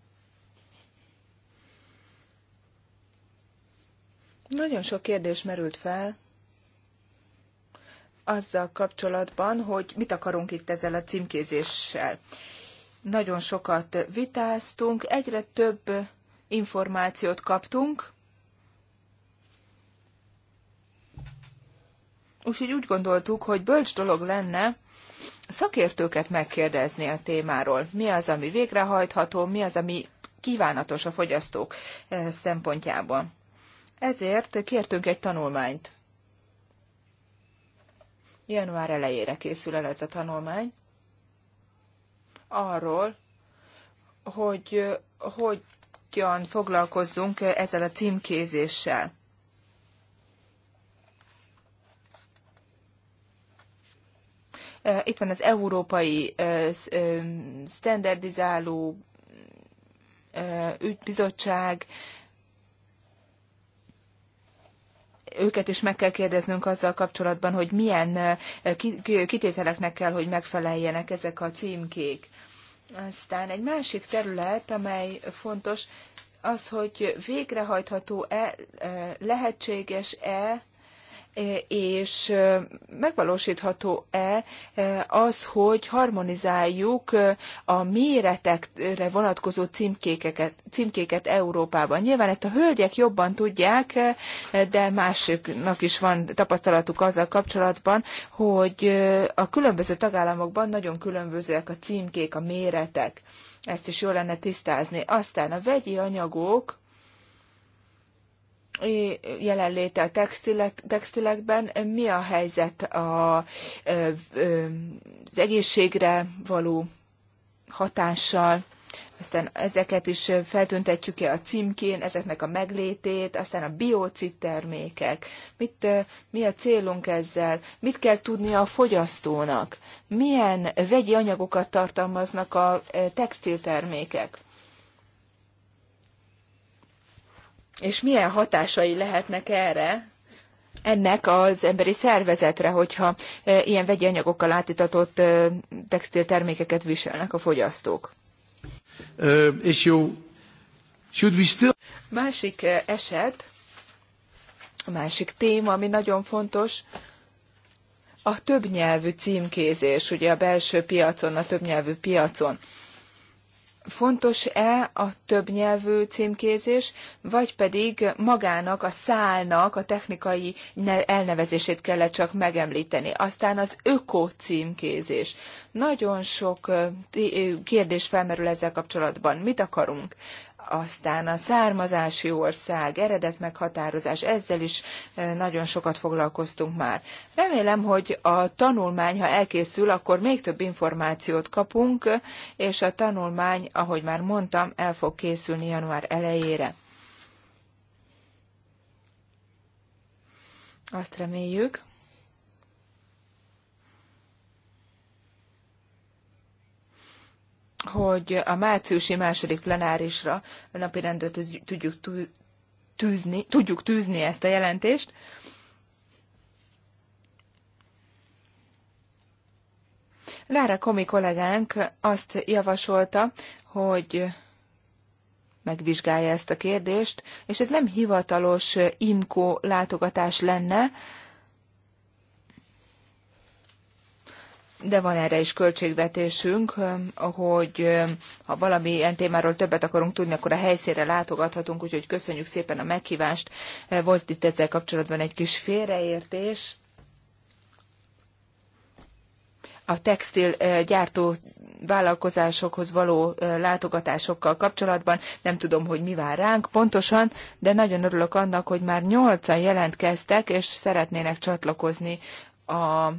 Speaker 1: Nagyon sok kérdés merült fel azzal kapcsolatban, hogy mit akarunk itt ezzel a címkézéssel. Nagyon sokat vitáztunk, egyre több információt kaptunk, Úgyhogy úgy gondoltuk, hogy bölcs dolog lenne szakértőket megkérdezni a témáról. Mi az, ami végrehajtható, mi az, ami kívánatos a fogyasztók eh, szempontjából. Ezért kértünk egy tanulmányt. Január elejére készül el ez a tanulmány. Arról, hogy eh, hogyan foglalkozzunk eh, ezzel a címkézéssel. Itt van az európai standardizáló ügybizottság, őket is meg kell kérdeznünk azzal kapcsolatban, hogy milyen kitételeknek kell, hogy megfeleljenek ezek a címkék. Aztán egy másik terület, amely fontos, az, hogy végrehajtható-e, lehetséges-e E, és e, megvalósítható-e e, az, hogy harmonizáljuk a méretekre vonatkozó címkéket, címkéket Európában. Nyilván ezt a hölgyek jobban tudják, de másoknak is van tapasztalatuk azzal kapcsolatban, hogy a különböző tagállamokban nagyon különbözőek a címkék, a méretek. Ezt is jó lenne tisztázni. Aztán a vegyi anyagok, jelenléte a textilek, textilekben, mi a helyzet a, az egészségre való hatással, aztán ezeket is feltüntetjük-e a címkén, ezeknek a meglétét, aztán a biocid termékek. Mit, mi a célunk ezzel? Mit kell tudnia a fogyasztónak? Milyen vegyi anyagokat tartalmaznak a textiltermékek? és milyen hatásai lehetnek erre, ennek az emberi szervezetre, hogyha e, ilyen vegyi anyagokkal e, textil textiltermékeket viselnek a fogyasztók. és jó, should we still... Másik e, eset, a másik téma, ami nagyon fontos, a többnyelvű címkézés, ugye a belső piacon, a többnyelvű piacon fontos-e a többnyelvű címkézés, vagy pedig magának, a szálnak a technikai elnevezését kellett csak megemlíteni. Aztán az öko címkézés. Nagyon sok eh, eh, kérdés felmerül ezzel kapcsolatban. Mit akarunk? aztán a származási ország, eredet meghatározás, ezzel is nagyon sokat foglalkoztunk már. Remélem, hogy a tanulmány, ha elkészül, akkor még több információt kapunk, és a tanulmány, ahogy már mondtam, el fog készülni január elejére. Azt reméljük, hogy a márciusi második plenárisra napirendre tudjuk tűzni, tudjuk tűzni ezt a jelentést. Lára Komi kollégánk azt javasolta, hogy megvizsgálja ezt a kérdést, és ez nem hivatalos IMCO látogatás lenne, de van erre is költségvetésünk, hogy ha valamilyen témáról többet akarunk tudni, akkor a helyszínre látogathatunk, úgyhogy köszönjük szépen a meghívást. Volt itt ezzel kapcsolatban egy kis félreértés. A textil gyártó vállalkozásokhoz való látogatásokkal kapcsolatban. Nem tudom, hogy mi vár ránk pontosan, de nagyon örülök annak, hogy már nyolcan jelentkeztek, és szeretnének csatlakozni a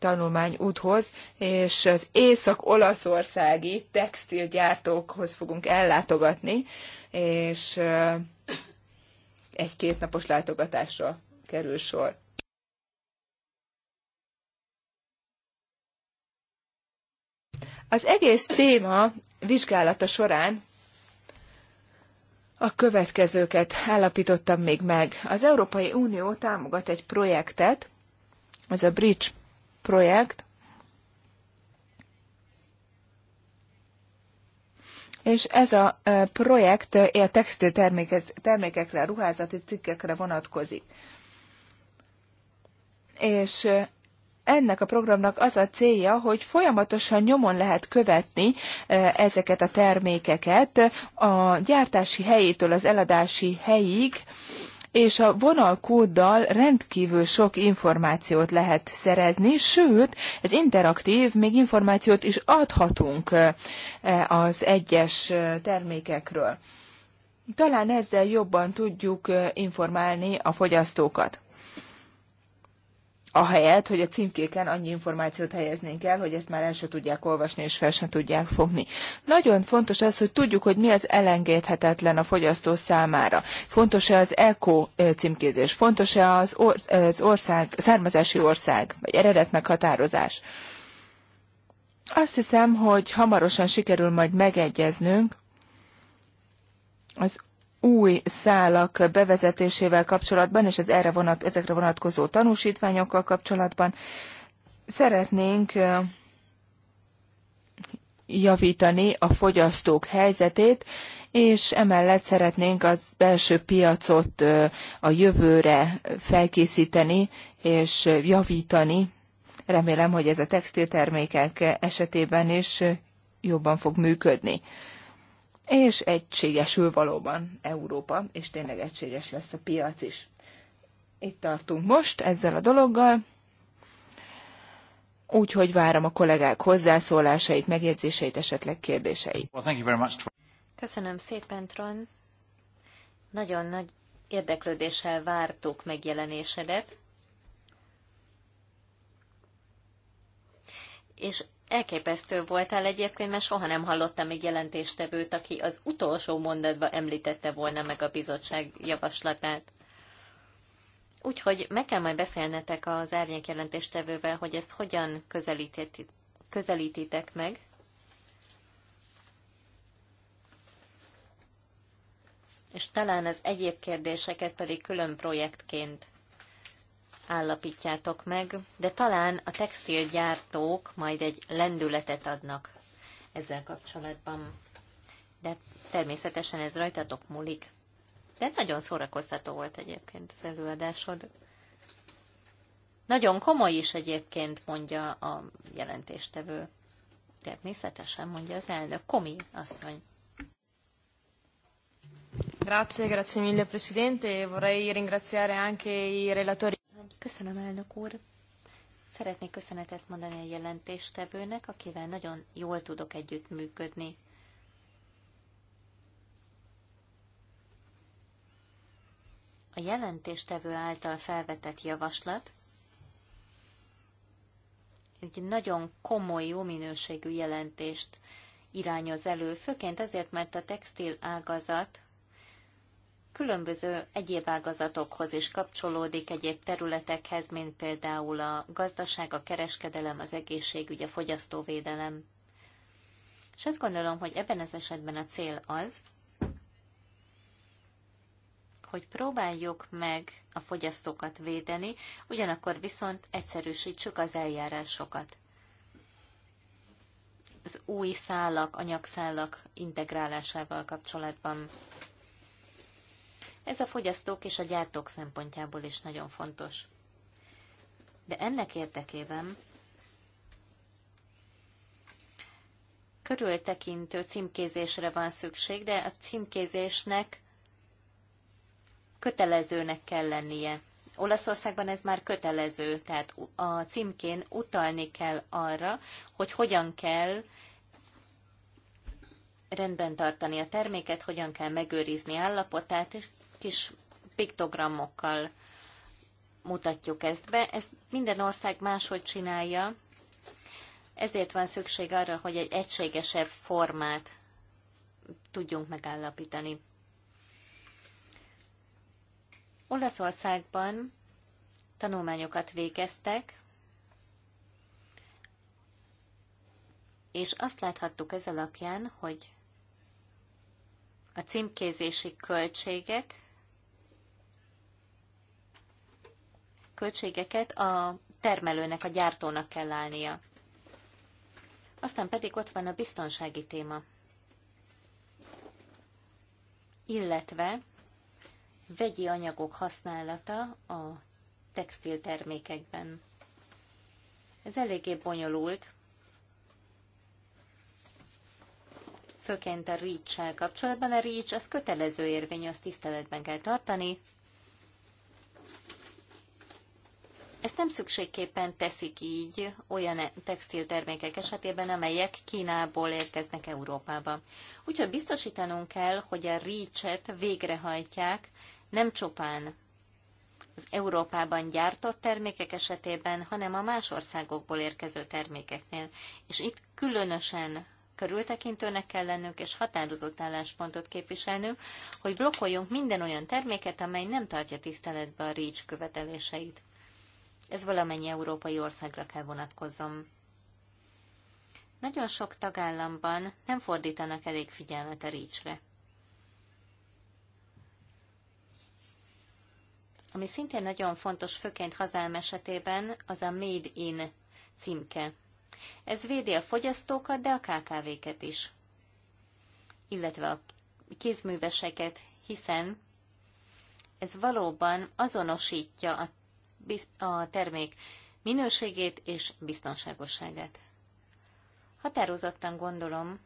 Speaker 1: tanulmány úthoz, és az észak-olaszországi textilgyártókhoz fogunk ellátogatni, és egy két napos látogatásra kerül sor. Az egész téma vizsgálata során a következőket állapítottam még meg. Az Európai Unió támogat egy projektet, ez a Bridge projekt, és ez a projekt a textil termékekre, ruházati cikkekre vonatkozik. És ennek a programnak az a célja, hogy folyamatosan nyomon lehet követni ezeket a termékeket a gyártási helyétől az eladási helyig, és a vonalkóddal rendkívül sok információt lehet szerezni, sőt, ez interaktív, még információt is adhatunk e, az egyes e, termékekről. Talán ezzel jobban tudjuk e, informálni a fogyasztókat ahelyett, hogy a címkéken annyi információt helyeznénk el, hogy ezt már el se tudják olvasni és fel se tudják fogni. Nagyon fontos az, hogy tudjuk, hogy mi az elengedhetetlen a fogyasztó számára. Fontos-e az ECO címkézés? Fontos-e az, or- az ország, származási ország, vagy eredet meghatározás? Azt hiszem, hogy hamarosan sikerül majd megegyeznünk az új szálak bevezetésével kapcsolatban, és az erre vonat, ezekre vonatkozó tanúsítványokkal kapcsolatban szeretnénk javítani a fogyasztók helyzetét, és emellett szeretnénk az belső piacot a jövőre felkészíteni és javítani. Remélem, hogy ez a textiltermékek esetében is jobban fog működni és egységesül valóban Európa, és tényleg egységes lesz a piac is. Itt tartunk most ezzel a dologgal, úgyhogy várom a kollégák hozzászólásait, megjegyzéseit, esetleg kérdéseit.
Speaker 2: Köszönöm szépen, Tron. Nagyon nagy érdeklődéssel vártuk megjelenésedet. És Elképesztő voltál egyébként, mert soha nem hallottam még jelentéstevőt, aki az utolsó mondatban említette volna meg a bizottság javaslatát. Úgyhogy meg kell majd beszélnetek az árnyék jelentéstevővel, hogy ezt hogyan közelítitek meg. És talán az egyéb kérdéseket pedig külön projektként állapítjátok meg, de talán a textilgyártók majd egy lendületet adnak ezzel kapcsolatban. De természetesen ez rajtatok múlik. De nagyon szórakoztató volt egyébként az előadásod. Nagyon komoly is egyébként, mondja a jelentéstevő. Természetesen, mondja az elnök. Komi asszony. Grazie, grazie mille Presidente. Vorrei ringraziare anche i relatori. Köszönöm, elnök úr. Szeretnék köszönetet mondani a jelentéstevőnek, akivel nagyon jól tudok együttműködni. A jelentéstevő által felvetett javaslat egy nagyon komoly, jó minőségű jelentést irányoz elő, főként azért, mert a textil ágazat különböző egyéb ágazatokhoz is kapcsolódik, egyéb területekhez, mint például a gazdaság, a kereskedelem, az egészségügy, a fogyasztóvédelem. És azt gondolom, hogy ebben az esetben a cél az, hogy próbáljuk meg a fogyasztókat védeni, ugyanakkor viszont egyszerűsítsük az eljárásokat. Az új szálak, anyagszálak integrálásával kapcsolatban. Ez a fogyasztók és a gyártók szempontjából is nagyon fontos. De ennek érdekében körültekintő címkézésre van szükség, de a címkézésnek kötelezőnek kell lennie. Olaszországban ez már kötelező, tehát a címkén utalni kell arra, hogy hogyan kell rendben tartani a terméket, hogyan kell megőrizni állapotát, és kis piktogramokkal mutatjuk ezt be. Ez minden ország máshogy csinálja, ezért van szükség arra, hogy egy egységesebb formát tudjunk megállapítani. Olaszországban tanulmányokat végeztek, és azt láthattuk ez alapján, hogy a címkézési költségek költségeket a termelőnek, a gyártónak kell állnia. Aztán pedig ott van a biztonsági téma. Illetve vegyi anyagok használata a textiltermékekben. Ez eléggé bonyolult, főként a reach kapcsolatban. A REACH az kötelező érvényű, azt tiszteletben kell tartani, Ezt nem szükségképpen teszik így olyan e- textiltermékek esetében, amelyek Kínából érkeznek Európába. Úgyhogy biztosítanunk kell, hogy a REACH-et végrehajtják, nem csupán az Európában gyártott termékek esetében, hanem a más országokból érkező termékeknél. És itt különösen körültekintőnek kell lennünk, és határozott álláspontot képviselnünk, hogy blokkoljunk minden olyan terméket, amely nem tartja tiszteletbe a REACH követeléseit ez valamennyi európai országra kell vonatkozzon. Nagyon sok tagállamban nem fordítanak elég figyelmet a ricsre. Ami szintén nagyon fontos, főként hazám esetében, az a Made in címke. Ez védi a fogyasztókat, de a KKV-ket is, illetve a kézműveseket, hiszen ez valóban azonosítja a a termék minőségét és biztonságosságát. Határozottan gondolom,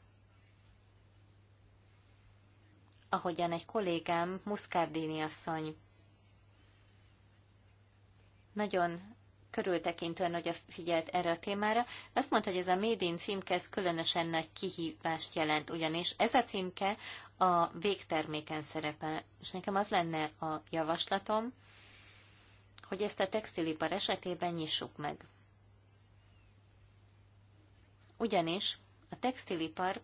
Speaker 2: ahogyan egy kollégám, Muscardini asszony, nagyon körültekintően hogy figyelt erre a témára, azt mondta, hogy ez a Made in ez különösen nagy kihívást jelent, ugyanis ez a címke a végterméken szerepel. És nekem az lenne a javaslatom, hogy ezt a textilipar esetében nyissuk meg. Ugyanis a textilipar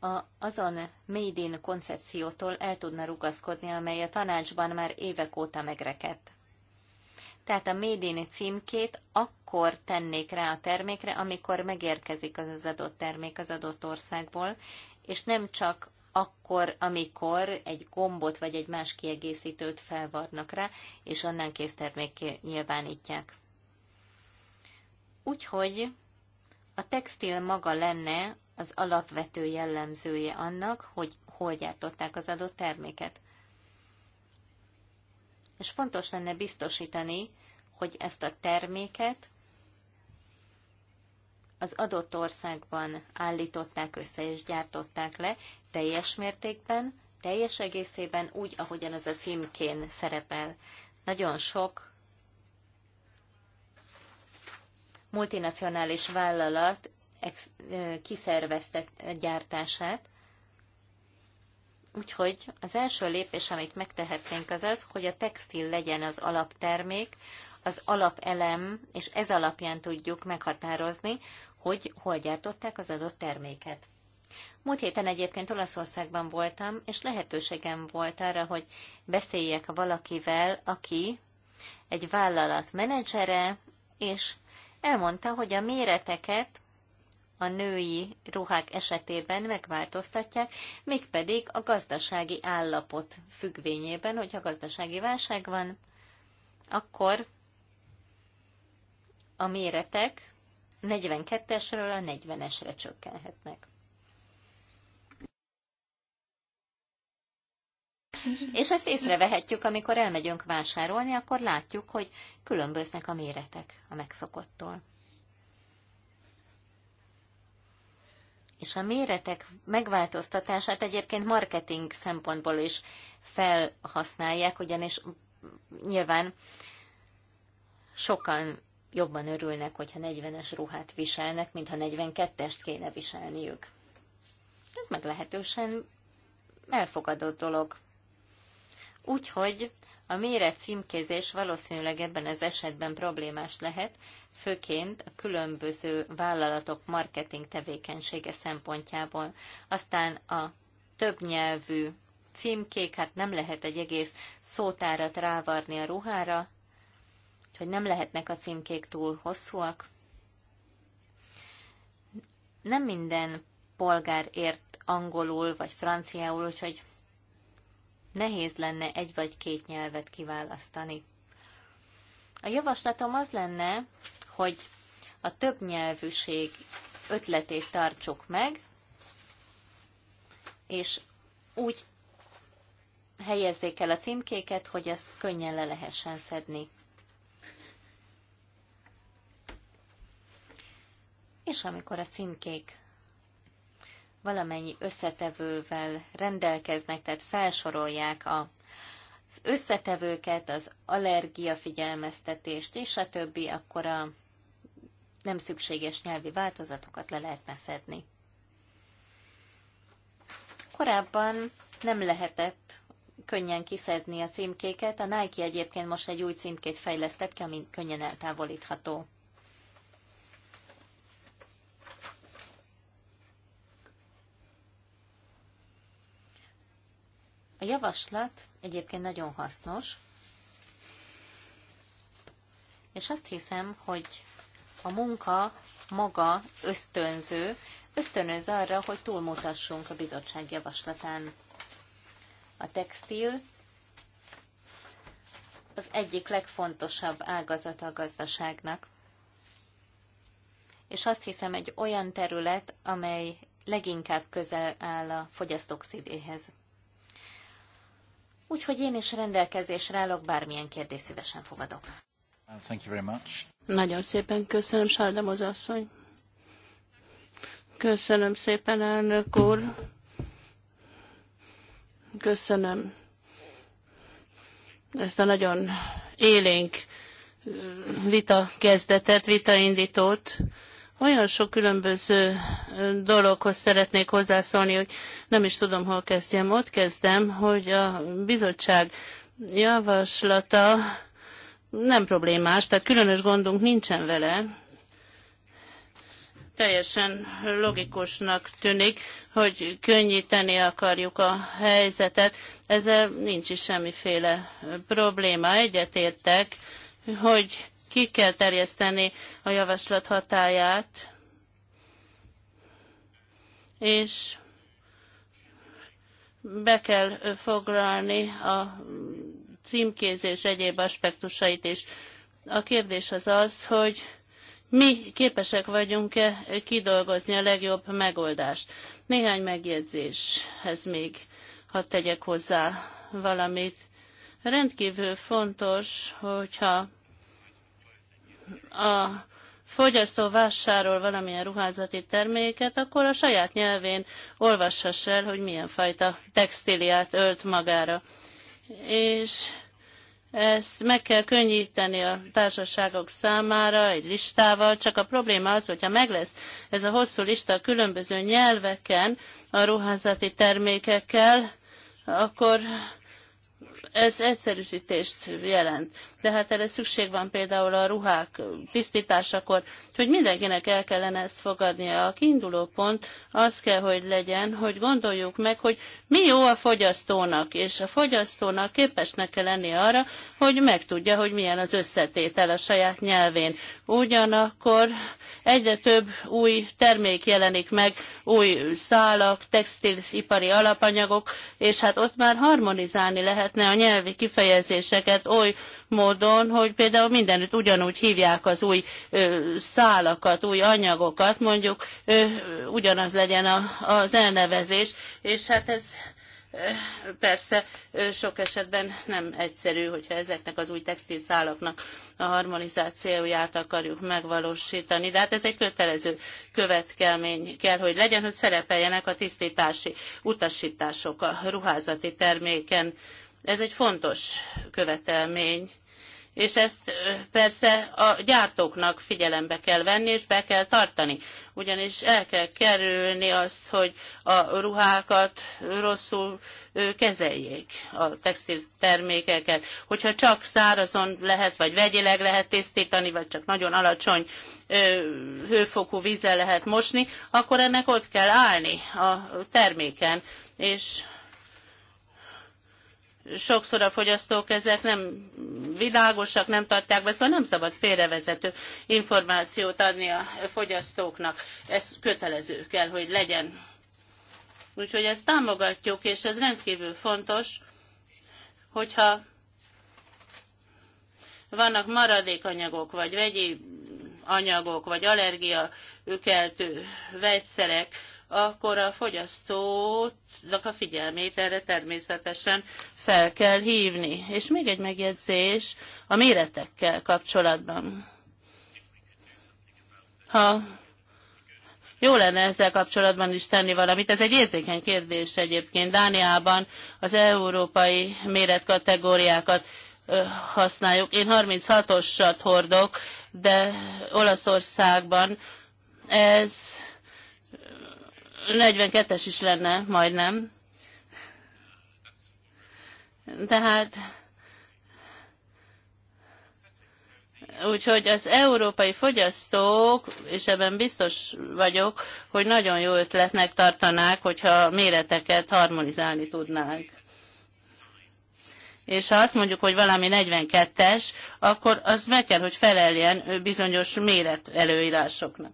Speaker 2: a, azon Made in koncepciótól el tudna rugaszkodni, amely a tanácsban már évek óta megrekedt. Tehát a Made in címkét akkor tennék rá a termékre, amikor megérkezik az, az adott termék az adott országból, és nem csak akkor, amikor egy gombot vagy egy más kiegészítőt felvarnak rá, és onnan késztermékké nyilvánítják. Úgyhogy a textil maga lenne az alapvető jellemzője annak, hogy hol gyártották az adott terméket. És fontos lenne biztosítani, hogy ezt a terméket az adott országban állították össze és gyártották le teljes mértékben, teljes egészében úgy, ahogyan az a címkén szerepel. Nagyon sok multinacionális vállalat kiszervezte gyártását. Úgyhogy az első lépés, amit megtehetnénk, az az, hogy a textil legyen az alaptermék, az alapelem, és ez alapján tudjuk meghatározni, hogy hol gyártották az adott terméket. Múlt héten egyébként Olaszországban voltam, és lehetőségem volt arra, hogy beszéljek valakivel, aki egy vállalat menedzsere, és elmondta, hogy a méreteket a női ruhák esetében megváltoztatják, mégpedig a gazdasági állapot függvényében, hogyha gazdasági válság van, akkor a méretek 42-esről a 40-esre csökkenhetnek. És ezt észrevehetjük, amikor elmegyünk vásárolni, akkor látjuk, hogy különböznek a méretek a megszokottól. És a méretek megváltoztatását egyébként marketing szempontból is felhasználják, ugyanis nyilván sokan jobban örülnek, hogyha 40-es ruhát viselnek, mintha 42-est kéne viselniük. Ez meglehetősen elfogadott dolog. Úgyhogy a méret címkézés valószínűleg ebben az esetben problémás lehet, főként a különböző vállalatok marketing tevékenysége szempontjából. Aztán a többnyelvű címkék, hát nem lehet egy egész szótárat rávarni a ruhára, úgyhogy nem lehetnek a címkék túl hosszúak. Nem minden polgár ért angolul vagy franciául, úgyhogy nehéz lenne egy vagy két nyelvet kiválasztani. A javaslatom az lenne, hogy a többnyelvűség ötletét tartsuk meg, és úgy helyezzék el a címkéket, hogy ezt könnyen le lehessen szedni. és amikor a címkék valamennyi összetevővel rendelkeznek, tehát felsorolják a az összetevőket, az allergia figyelmeztetést és a többi, akkor a nem szükséges nyelvi változatokat le lehetne szedni. Korábban nem lehetett könnyen kiszedni a címkéket, a Nike egyébként most egy új címkét fejlesztett ki, ami könnyen eltávolítható. A javaslat egyébként nagyon hasznos, és azt hiszem, hogy a munka maga ösztönző, ösztönöz arra, hogy túlmutassunk a bizottság javaslatán. A textil az egyik legfontosabb ágazata a gazdaságnak. És azt hiszem egy olyan terület, amely leginkább közel áll a fogyasztók szívéhez úgyhogy én is rendelkezésre állok, bármilyen kérdés szívesen fogadok. Thank you very much.
Speaker 3: Nagyon szépen köszönöm, az asszony. Köszönöm szépen, elnök úr. Köszönöm ezt a nagyon élénk vita kezdetet, vita indítót. Olyan sok különböző dologhoz szeretnék hozzászólni, hogy nem is tudom, hol kezdjem. Ott kezdem, hogy a bizottság javaslata nem problémás, tehát különös gondunk nincsen vele. Teljesen logikusnak tűnik, hogy könnyíteni akarjuk a helyzetet. Ezzel nincs is semmiféle probléma. Egyetértek, hogy ki kell terjeszteni a javaslat hatáját, és be kell foglalni a címkézés egyéb aspektusait is. A kérdés az az, hogy mi képesek vagyunk-e kidolgozni a legjobb megoldást. Néhány megjegyzéshez még, ha tegyek hozzá valamit. Rendkívül fontos, hogyha a fogyasztó vásárol valamilyen ruházati terméket, akkor a saját nyelvén olvashass el, hogy milyen fajta textíliát ölt magára. És ezt meg kell könnyíteni a társaságok számára egy listával, csak a probléma az, hogyha meg lesz ez a hosszú lista a különböző nyelveken a ruházati termékekkel, akkor ez egyszerűsítést jelent de hát erre szükség van például a ruhák tisztításakor, hogy mindenkinek el kellene ezt fogadnia. A kiinduló pont az kell, hogy legyen, hogy gondoljuk meg, hogy mi jó a fogyasztónak, és a fogyasztónak képesnek kell lenni arra, hogy megtudja, hogy milyen az összetétel a saját nyelvén. Ugyanakkor egyre több új termék jelenik meg, új szálak, textilipari alapanyagok, és hát ott már harmonizálni lehetne a nyelvi kifejezéseket oly módon, módon, hogy például mindenütt ugyanúgy hívják az új szálakat, új anyagokat, mondjuk ugyanaz legyen az elnevezés, és hát ez Persze sok esetben nem egyszerű, hogyha ezeknek az új szálaknak a harmonizációját akarjuk megvalósítani, de hát ez egy kötelező következmény, kell, hogy legyen, hogy szerepeljenek a tisztítási utasítások a ruházati terméken. Ez egy fontos követelmény és ezt persze a gyártóknak figyelembe kell venni, és be kell tartani. Ugyanis el kell kerülni azt, hogy a ruhákat rosszul kezeljék, a textil termékeket. Hogyha csak szárazon lehet, vagy vegyileg lehet tisztítani, vagy csak nagyon alacsony hőfokú vízzel lehet mosni, akkor ennek ott kell állni a terméken, és sokszor a fogyasztók ezek nem világosak, nem tartják be, szóval nem szabad félrevezető információt adni a fogyasztóknak. Ez kötelező kell, hogy legyen. Úgyhogy ezt támogatjuk, és ez rendkívül fontos, hogyha vannak maradékanyagok, vagy vegyi anyagok, vagy allergia, eltő vegyszerek, akkor a fogyasztónak a figyelmét erre természetesen fel kell hívni. És még egy megjegyzés a méretekkel kapcsolatban. Ha jó lenne ezzel kapcsolatban is tenni valamit. Ez egy érzékeny kérdés egyébként. Dániában az európai méretkategóriákat használjuk. Én 36-osat hordok, de Olaszországban ez 42-es is lenne, majdnem. Tehát Úgyhogy az európai fogyasztók, és ebben biztos vagyok, hogy nagyon jó ötletnek tartanák, hogyha méreteket harmonizálni tudnánk. És ha azt mondjuk, hogy valami 42-es, akkor az meg kell, hogy feleljen bizonyos méret előírásoknak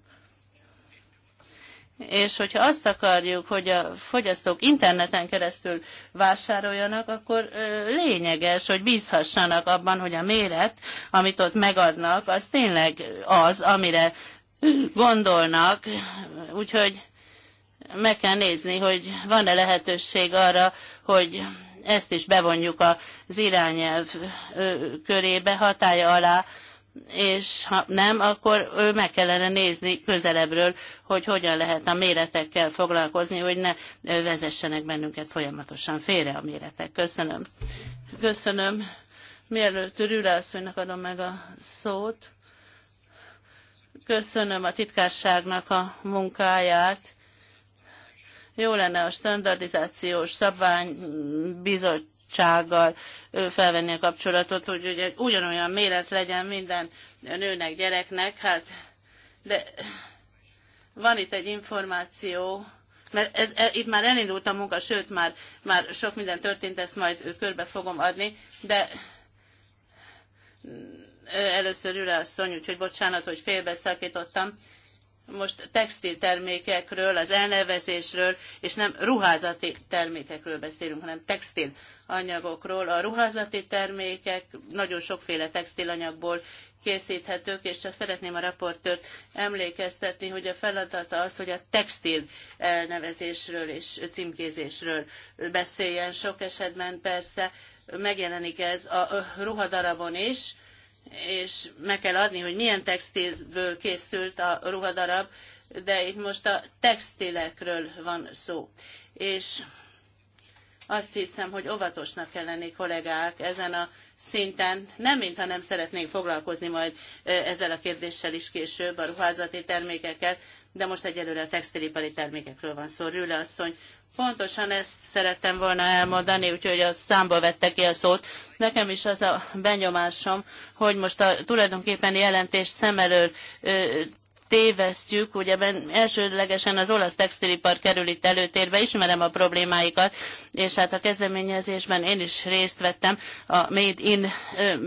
Speaker 3: és hogyha azt akarjuk, hogy a fogyasztók interneten keresztül vásároljanak, akkor lényeges, hogy bízhassanak abban, hogy a méret, amit ott megadnak, az tényleg az, amire gondolnak. Úgyhogy meg kell nézni, hogy van-e lehetőség arra, hogy ezt is bevonjuk az irányelv körébe, hatája alá, és ha nem, akkor meg kellene nézni közelebbről, hogy hogyan lehet a méretekkel foglalkozni, hogy ne vezessenek bennünket folyamatosan félre a méretek. Köszönöm. Köszönöm. Mielőtt Rüle asszonynak adom meg a szót, köszönöm a titkárságnak a munkáját. Jó lenne a standardizációs szabványbizottság bizottsággal felvenni a kapcsolatot, hogy ugye ugyanolyan méret legyen minden nőnek, gyereknek, hát de van itt egy információ, mert ez, ez, itt már elindult a munka, sőt, már, már sok minden történt, ezt majd körbe fogom adni, de először a szony, úgyhogy bocsánat, hogy félbeszakítottam most textiltermékekről, az elnevezésről, és nem ruházati termékekről beszélünk, hanem textil anyagokról. A ruházati termékek nagyon sokféle textilanyagból készíthetők, és csak szeretném a raportőrt emlékeztetni, hogy a feladata az, hogy a textil elnevezésről és címkézésről beszéljen. Sok esetben persze megjelenik ez a ruhadarabon is, és meg kell adni, hogy milyen textilből készült a ruhadarab, de itt most a textilekről van szó. És azt hiszem, hogy óvatosnak kell lenni kollégák ezen a szinten, nem mintha nem szeretnénk foglalkozni majd ezzel a kérdéssel is később, a ruházati termékekkel, de most egyelőre a textilipari termékekről van szó. Rüle asszony Pontosan ezt szerettem volna elmondani, úgyhogy a számba vette ki a szót. Nekem is az a benyomásom, hogy most a tulajdonképpen jelentést szem elől tévesztjük, ugye ben elsődlegesen az olasz textilipar kerül itt előtérbe, ismerem a problémáikat, és hát a kezdeményezésben én is részt vettem a Made in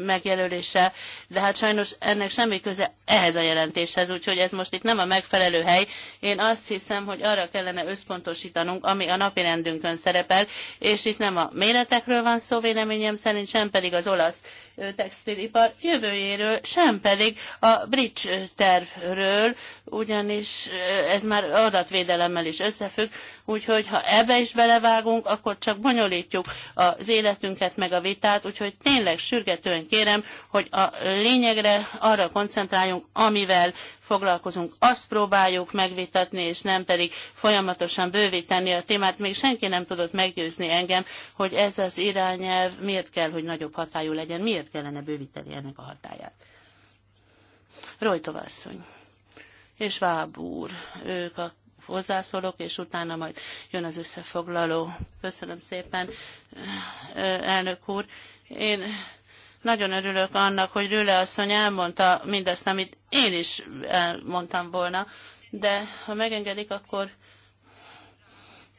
Speaker 3: megjelöléssel, de hát sajnos ennek semmi köze ehhez a jelentéshez, úgyhogy ez most itt nem a megfelelő hely. Én azt hiszem, hogy arra kellene összpontosítanunk, ami a napi rendünkön szerepel, és itt nem a méretekről van szó véleményem szerint, sem pedig az olasz textilipar jövőjéről, sem pedig a bridge tervről, ugyanis ez már adatvédelemmel is összefügg, úgyhogy ha ebbe is belevágunk, akkor csak bonyolítjuk az életünket meg a vitát, úgyhogy tényleg sürgetően kérem, hogy a lényegre arra koncentráljunk, amivel foglalkozunk, azt próbáljuk megvitatni, és nem pedig folyamatosan bővíteni a témát. Még senki nem tudott meggyőzni engem, hogy ez az irányelv miért kell, hogy nagyobb hatályú legyen, miért kellene bővíteni ennek a hatáját. Rojtovasszony és Váb úr, ők a hozzászólok, és utána majd jön az összefoglaló. Köszönöm szépen, elnök úr. Én nagyon örülök annak, hogy Rüle asszony elmondta mindazt, amit én is elmondtam volna, de ha megengedik, akkor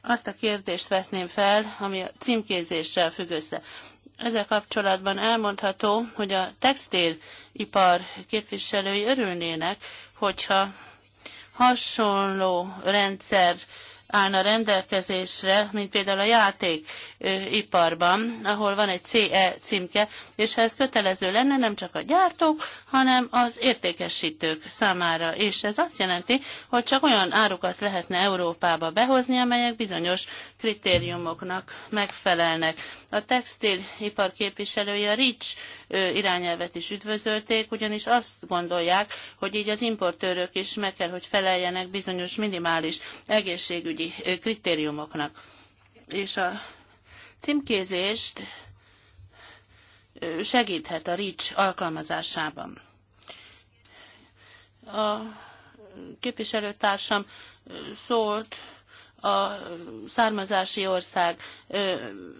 Speaker 3: azt a kérdést vetném fel, ami a címkézéssel függ össze. Ezzel kapcsolatban elmondható, hogy a textilipar képviselői örülnének, hogyha hasonló rendszer állna rendelkezésre, mint például a játékiparban, ahol van egy CE címke, és ha ez kötelező lenne nem csak a gyártók, hanem az értékesítők számára. És ez azt jelenti, hogy csak olyan árukat lehetne Európába behozni, amelyek bizonyos kritériumoknak megfelelnek. A textilipar képviselője a RICS irányelvet is üdvözölték, ugyanis azt gondolják, hogy így az importőrök is meg kell, hogy feleljenek bizonyos minimális egészségügyi minőségi kritériumoknak. És a címkézést segíthet a REACH alkalmazásában. A képviselőtársam szólt a származási ország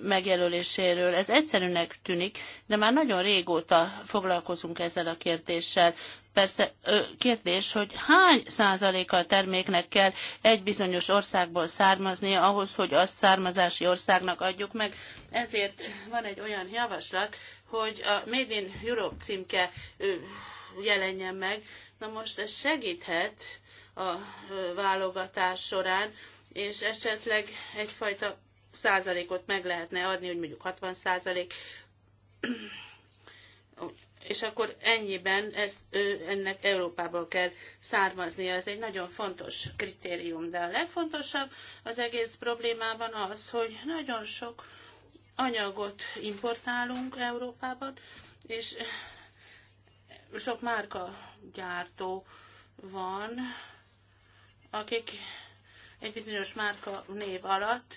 Speaker 3: megjelöléséről. Ez egyszerűnek tűnik, de már nagyon régóta foglalkozunk ezzel a kérdéssel persze kérdés, hogy hány százaléka a terméknek kell egy bizonyos országból származnia ahhoz, hogy azt származási országnak adjuk meg. Ezért van egy olyan javaslat, hogy a Made in Europe címke jelenjen meg. Na most ez segíthet a válogatás során, és esetleg egyfajta százalékot meg lehetne adni, hogy mondjuk 60 százalék és akkor ennyiben ez, ennek Európából kell származnia. Ez egy nagyon fontos kritérium, de a legfontosabb az egész problémában az, hogy nagyon sok anyagot importálunk Európában, és sok márka gyártó van, akik egy bizonyos márka név alatt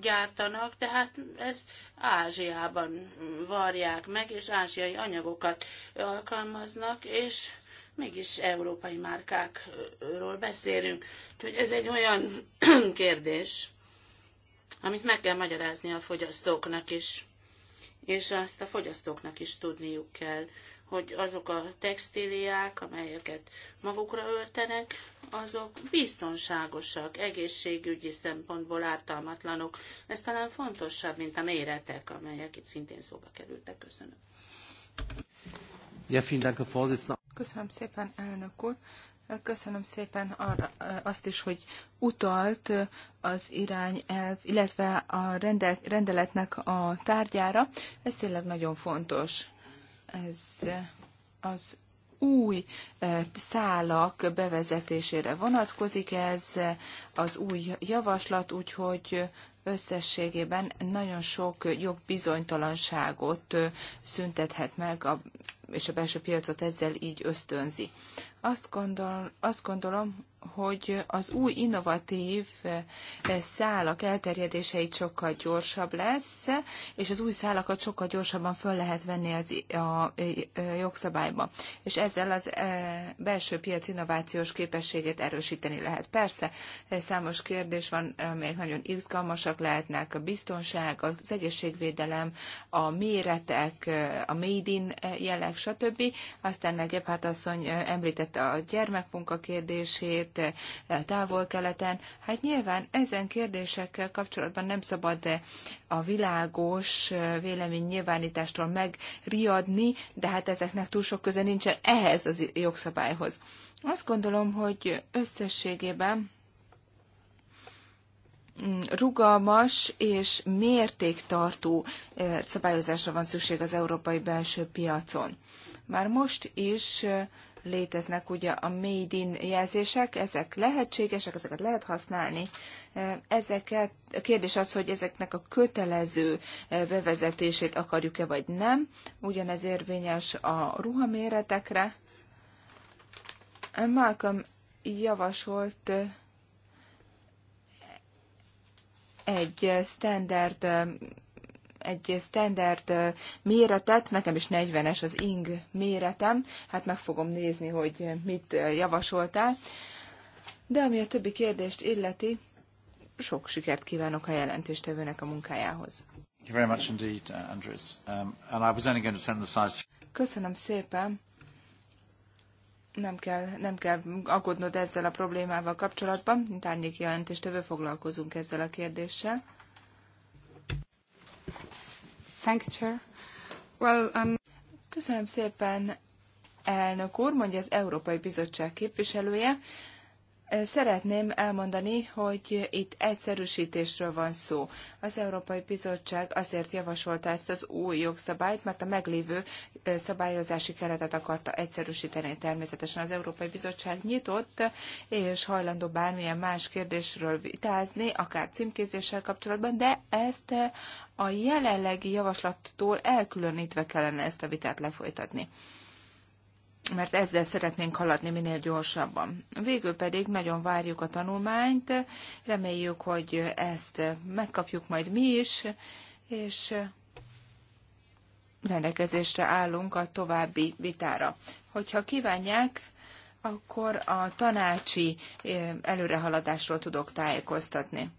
Speaker 3: gyártanak, de hát ez Ázsiában varják meg, és ázsiai anyagokat alkalmaznak, és mégis európai márkákról beszélünk. Úgyhogy ez egy olyan kérdés, amit meg kell magyarázni a fogyasztóknak is, és azt a fogyasztóknak is tudniuk kell, hogy azok a textíliák, amelyeket magukra öltenek, azok biztonságosak, egészségügyi szempontból ártalmatlanok. Ez talán fontosabb, mint a méretek, amelyek itt szintén szóba kerültek. Köszönöm.
Speaker 1: Ja, Köszönöm szépen, elnök úr. Köszönöm szépen arra, eh, azt is, hogy utalt eh, az irány, illetve a rendeletnek a tárgyára. Ez tényleg nagyon fontos. Ez az új eh, szálak bevezetésére vonatkozik ez az új javaslat, úgyhogy összességében nagyon sok jogbizonytalanságot eh, szüntethet meg, a, és a belső piacot ezzel így ösztönzi. Azt, gondol, azt gondolom, hogy az új innovatív eh, szálak elterjedéseit sokkal gyorsabb lesz, és az új szálakat sokkal gyorsabban föl lehet venni az, a, eh, jogszabályba. És ezzel az eh, belső piac innovációs képességét erősíteni lehet. Persze, számos kérdés van, amelyek nagyon izgalmasak lehetnek, a biztonság, az egészségvédelem, a méretek, a made in jelek, stb. Aztán Gebhardt asszony említette a gyermekmunka kérdését, itt eh, távol-keleten. Hát nyilván ezen kérdésekkel kapcsolatban nem szabad eh, a világos eh, vélemény nyilvánítástól megriadni, de hát ezeknek túl sok köze nincsen ehhez az jogszabályhoz. Azt gondolom, hogy összességében mm, rugalmas és mértéktartó szabályozásra van szükség az európai belső piacon. Már most is léteznek ugye a made in jelzések, ezek lehetségesek, ezeket lehet használni. Ezeket, a kérdés az, hogy ezeknek a kötelező bevezetését akarjuk-e vagy nem. Ugyanez érvényes a ruhaméretekre. Malcolm javasolt egy standard egy standard méretet, nekem is 40-es az ing méretem, hát meg fogom nézni, hogy mit javasoltál. De ami a többi kérdést illeti, sok sikert kívánok a jelentéstevőnek a munkájához. Uh, um, Köszönöm szépen. Nem kell, nem kell aggódnod ezzel a problémával kapcsolatban. Mint árnyék jelentéstevő foglalkozunk ezzel a kérdéssel. Thank you, Chair. Well, um... Köszönöm szépen, elnök úr, mondja az Európai Bizottság képviselője. Szeretném elmondani, hogy itt egyszerűsítésről van szó. Az Európai Bizottság azért javasolta ezt az új jogszabályt, mert a meglévő szabályozási keretet akarta egyszerűsíteni. Természetesen az Európai Bizottság nyitott és hajlandó bármilyen más kérdésről vitázni, akár címkézéssel kapcsolatban, de ezt a jelenlegi javaslattól elkülönítve kellene ezt a vitát lefolytatni mert ezzel szeretnénk haladni minél gyorsabban. Végül pedig nagyon várjuk a tanulmányt, reméljük, hogy ezt megkapjuk majd mi is, és rendelkezésre állunk a további vitára. Hogyha kívánják, akkor a tanácsi eh, előrehaladásról tudok tájékoztatni.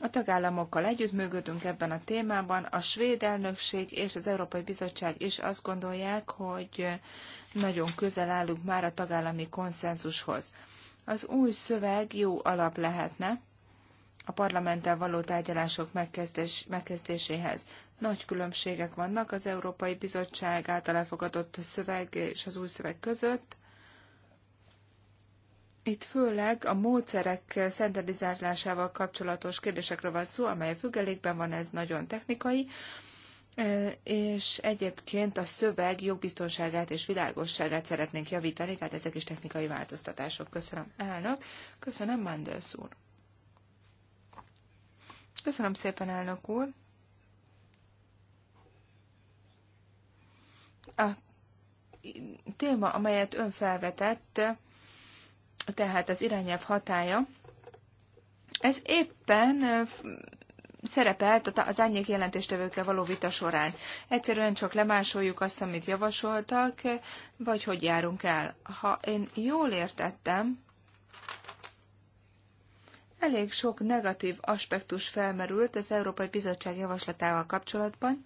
Speaker 1: A tagállamokkal együtt működünk ebben a témában. A svéd elnökség és az Európai Bizottság is azt gondolják, hogy nagyon közel állunk már a tagállami konszenzushoz. Az új szöveg jó alap lehetne a parlamenttel való tárgyalások megkezdés, megkezdéséhez. Nagy különbségek vannak az Európai Bizottság által elfogadott szöveg és az új szöveg között. Itt főleg a módszerek standardizálásával kapcsolatos kérdésekről van szó, amely a függelékben van, ez nagyon technikai, e, és egyébként a szöveg jogbiztonságát és világosságát szeretnénk javítani, tehát ezek is technikai változtatások. Köszönöm elnök, köszönöm Mandels úr. Köszönöm szépen, elnök úr. A téma, amelyet ön felvetett, tehát az irányelv hatája, ez éppen szerepelt az árnyék jelentéstevőkkel való vita során. Egyszerűen csak lemásoljuk azt, amit javasoltak, vagy hogy járunk el. Ha én jól értettem, elég sok negatív aspektus felmerült az Európai Bizottság javaslatával kapcsolatban,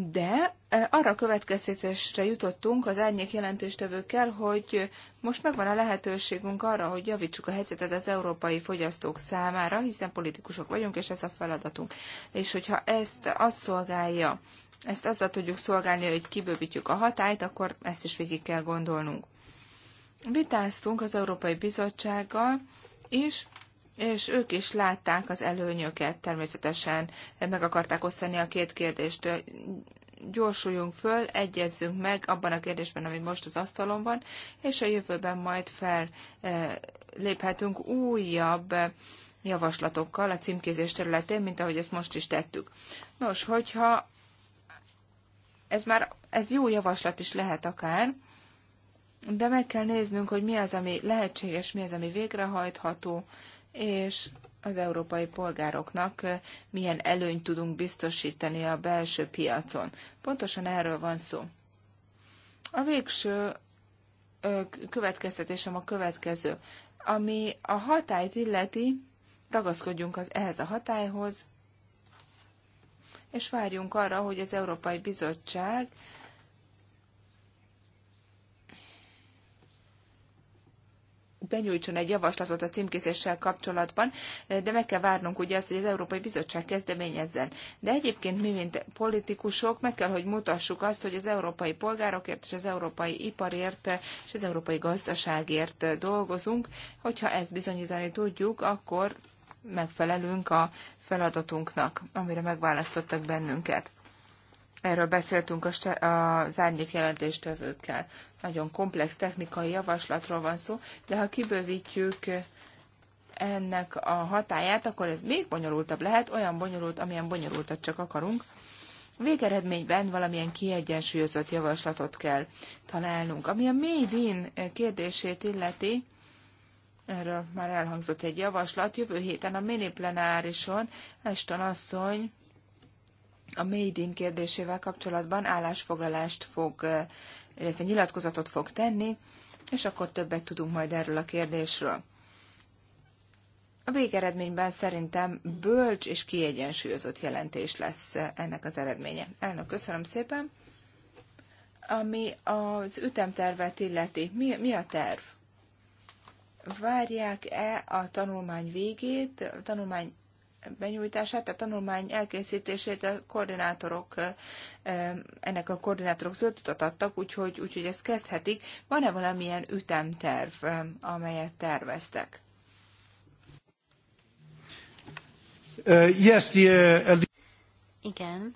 Speaker 1: de e, arra következtetésre jutottunk az árnyék jelentéstevőkkel, hogy most megvan a lehetőségünk arra, hogy javítsuk a helyzetet az európai fogyasztók számára, hiszen politikusok vagyunk, és ez a feladatunk. És hogyha ezt azt szolgálja, ezt azzal tudjuk szolgálni, hogy kibővítjük a hatályt, akkor ezt is végig kell gondolnunk. Vitáztunk az Európai Bizottsággal, és és ők is látták az előnyöket, természetesen meg akarták osztani a két kérdést. Gyorsuljunk föl, egyezzünk meg abban a kérdésben, ami most az asztalon van, és a jövőben majd fel eh, léphetünk újabb javaslatokkal a címkézés területén, mint ahogy ezt most is tettük. Nos, hogyha ez már ez jó javaslat is lehet akár, de meg kell néznünk, hogy mi az, ami lehetséges, mi az, ami végrehajtható, és az európai polgároknak milyen előnyt tudunk biztosítani a belső piacon. Pontosan erről van szó. A végső következtetésem a következő. Ami a hatályt illeti, ragaszkodjunk az ehhez a hatályhoz, és várjunk arra, hogy az Európai Bizottság benyújtson egy javaslatot a címkézéssel kapcsolatban, de meg kell várnunk ugye azt, hogy az Európai Bizottság kezdeményezzen. De egyébként mi, mint politikusok, meg kell, hogy mutassuk azt, hogy az európai polgárokért és az európai iparért és az európai gazdaságért dolgozunk. Hogyha ezt bizonyítani tudjuk, akkor megfelelünk a feladatunknak, amire megválasztottak bennünket. Erről beszéltünk a, a árnyék jelentéstevőkkel. Nagyon komplex technikai javaslatról van szó, de ha kibővítjük ennek a hatáját, akkor ez még bonyolultabb lehet, olyan bonyolult, amilyen bonyolultat csak akarunk. Végeredményben valamilyen kiegyensúlyozott javaslatot kell találnunk. Ami a Made in kérdését illeti, erről már elhangzott egy javaslat, jövő héten a plenárison Eston asszony a Made in kérdésével kapcsolatban állásfoglalást fog, illetve nyilatkozatot fog tenni, és akkor többet tudunk majd erről a kérdésről. A végeredményben szerintem bölcs és kiegyensúlyozott jelentés lesz ennek az eredménye. Elnök, köszönöm szépen. Ami az ütemtervet illeti, mi, mi a terv? Várják-e a tanulmány végét, a tanulmány benyújtását, a tanulmány elkészítését a koordinátorok, ennek a koordinátorok zöldutat adtak, úgyhogy, úgyhogy ezt kezdhetik. Van-e valamilyen ütemterv, amelyet terveztek?
Speaker 2: Uh, yes, the, uh, Igen.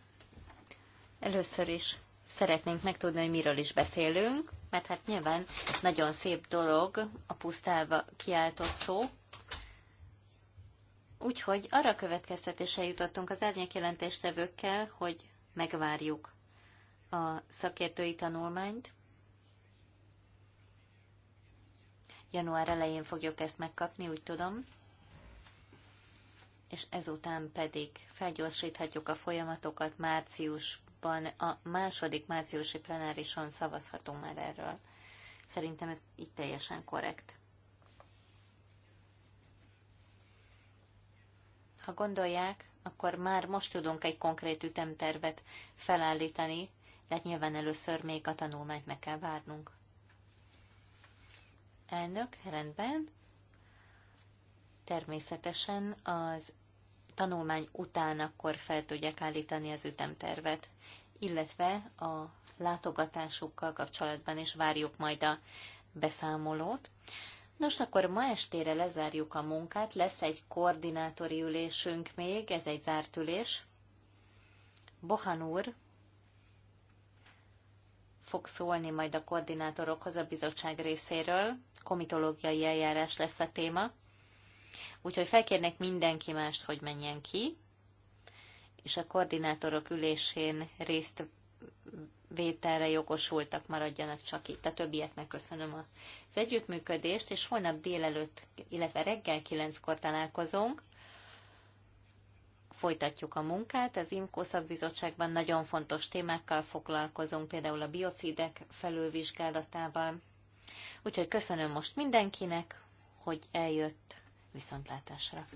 Speaker 2: Először is szeretnénk megtudni, hogy miről is beszélünk, mert hát nyilván nagyon szép dolog a pusztába kiáltott szó, Úgyhogy arra következtetése jutottunk az árnyékjelentéstevőkkel, hogy megvárjuk a szakértői tanulmányt. Január elején fogjuk ezt megkapni, úgy tudom. És ezután pedig felgyorsíthatjuk a folyamatokat márciusban, a második márciusi plenárison szavazhatunk már erről. Szerintem ez így teljesen korrekt. Ha gondolják, akkor már most tudunk egy konkrét ütemtervet felállítani, de hát nyilván először még a tanulmányt meg kell várnunk. Elnök, rendben. Természetesen az tanulmány után akkor fel tudják állítani az ütemtervet, illetve a látogatásukkal kapcsolatban is várjuk majd a beszámolót. Nos, akkor ma estére lezárjuk a munkát, lesz egy koordinátori ülésünk még, ez egy zárt ülés. Bohan úr fog szólni majd a koordinátorokhoz a bizottság részéről, komitológiai eljárás lesz a téma. Úgyhogy felkérnek mindenki mást, hogy menjen ki, és a koordinátorok ülésén részt vételre jogosultak maradjanak csak itt. A többieknek köszönöm az együttműködést, és holnap délelőtt, illetve reggel kilenckor találkozunk. Folytatjuk a munkát. Az IMKO szakbizottságban nagyon fontos témákkal foglalkozunk, például a biocidek felülvizsgálatával. Úgyhogy köszönöm most mindenkinek, hogy eljött viszontlátásra.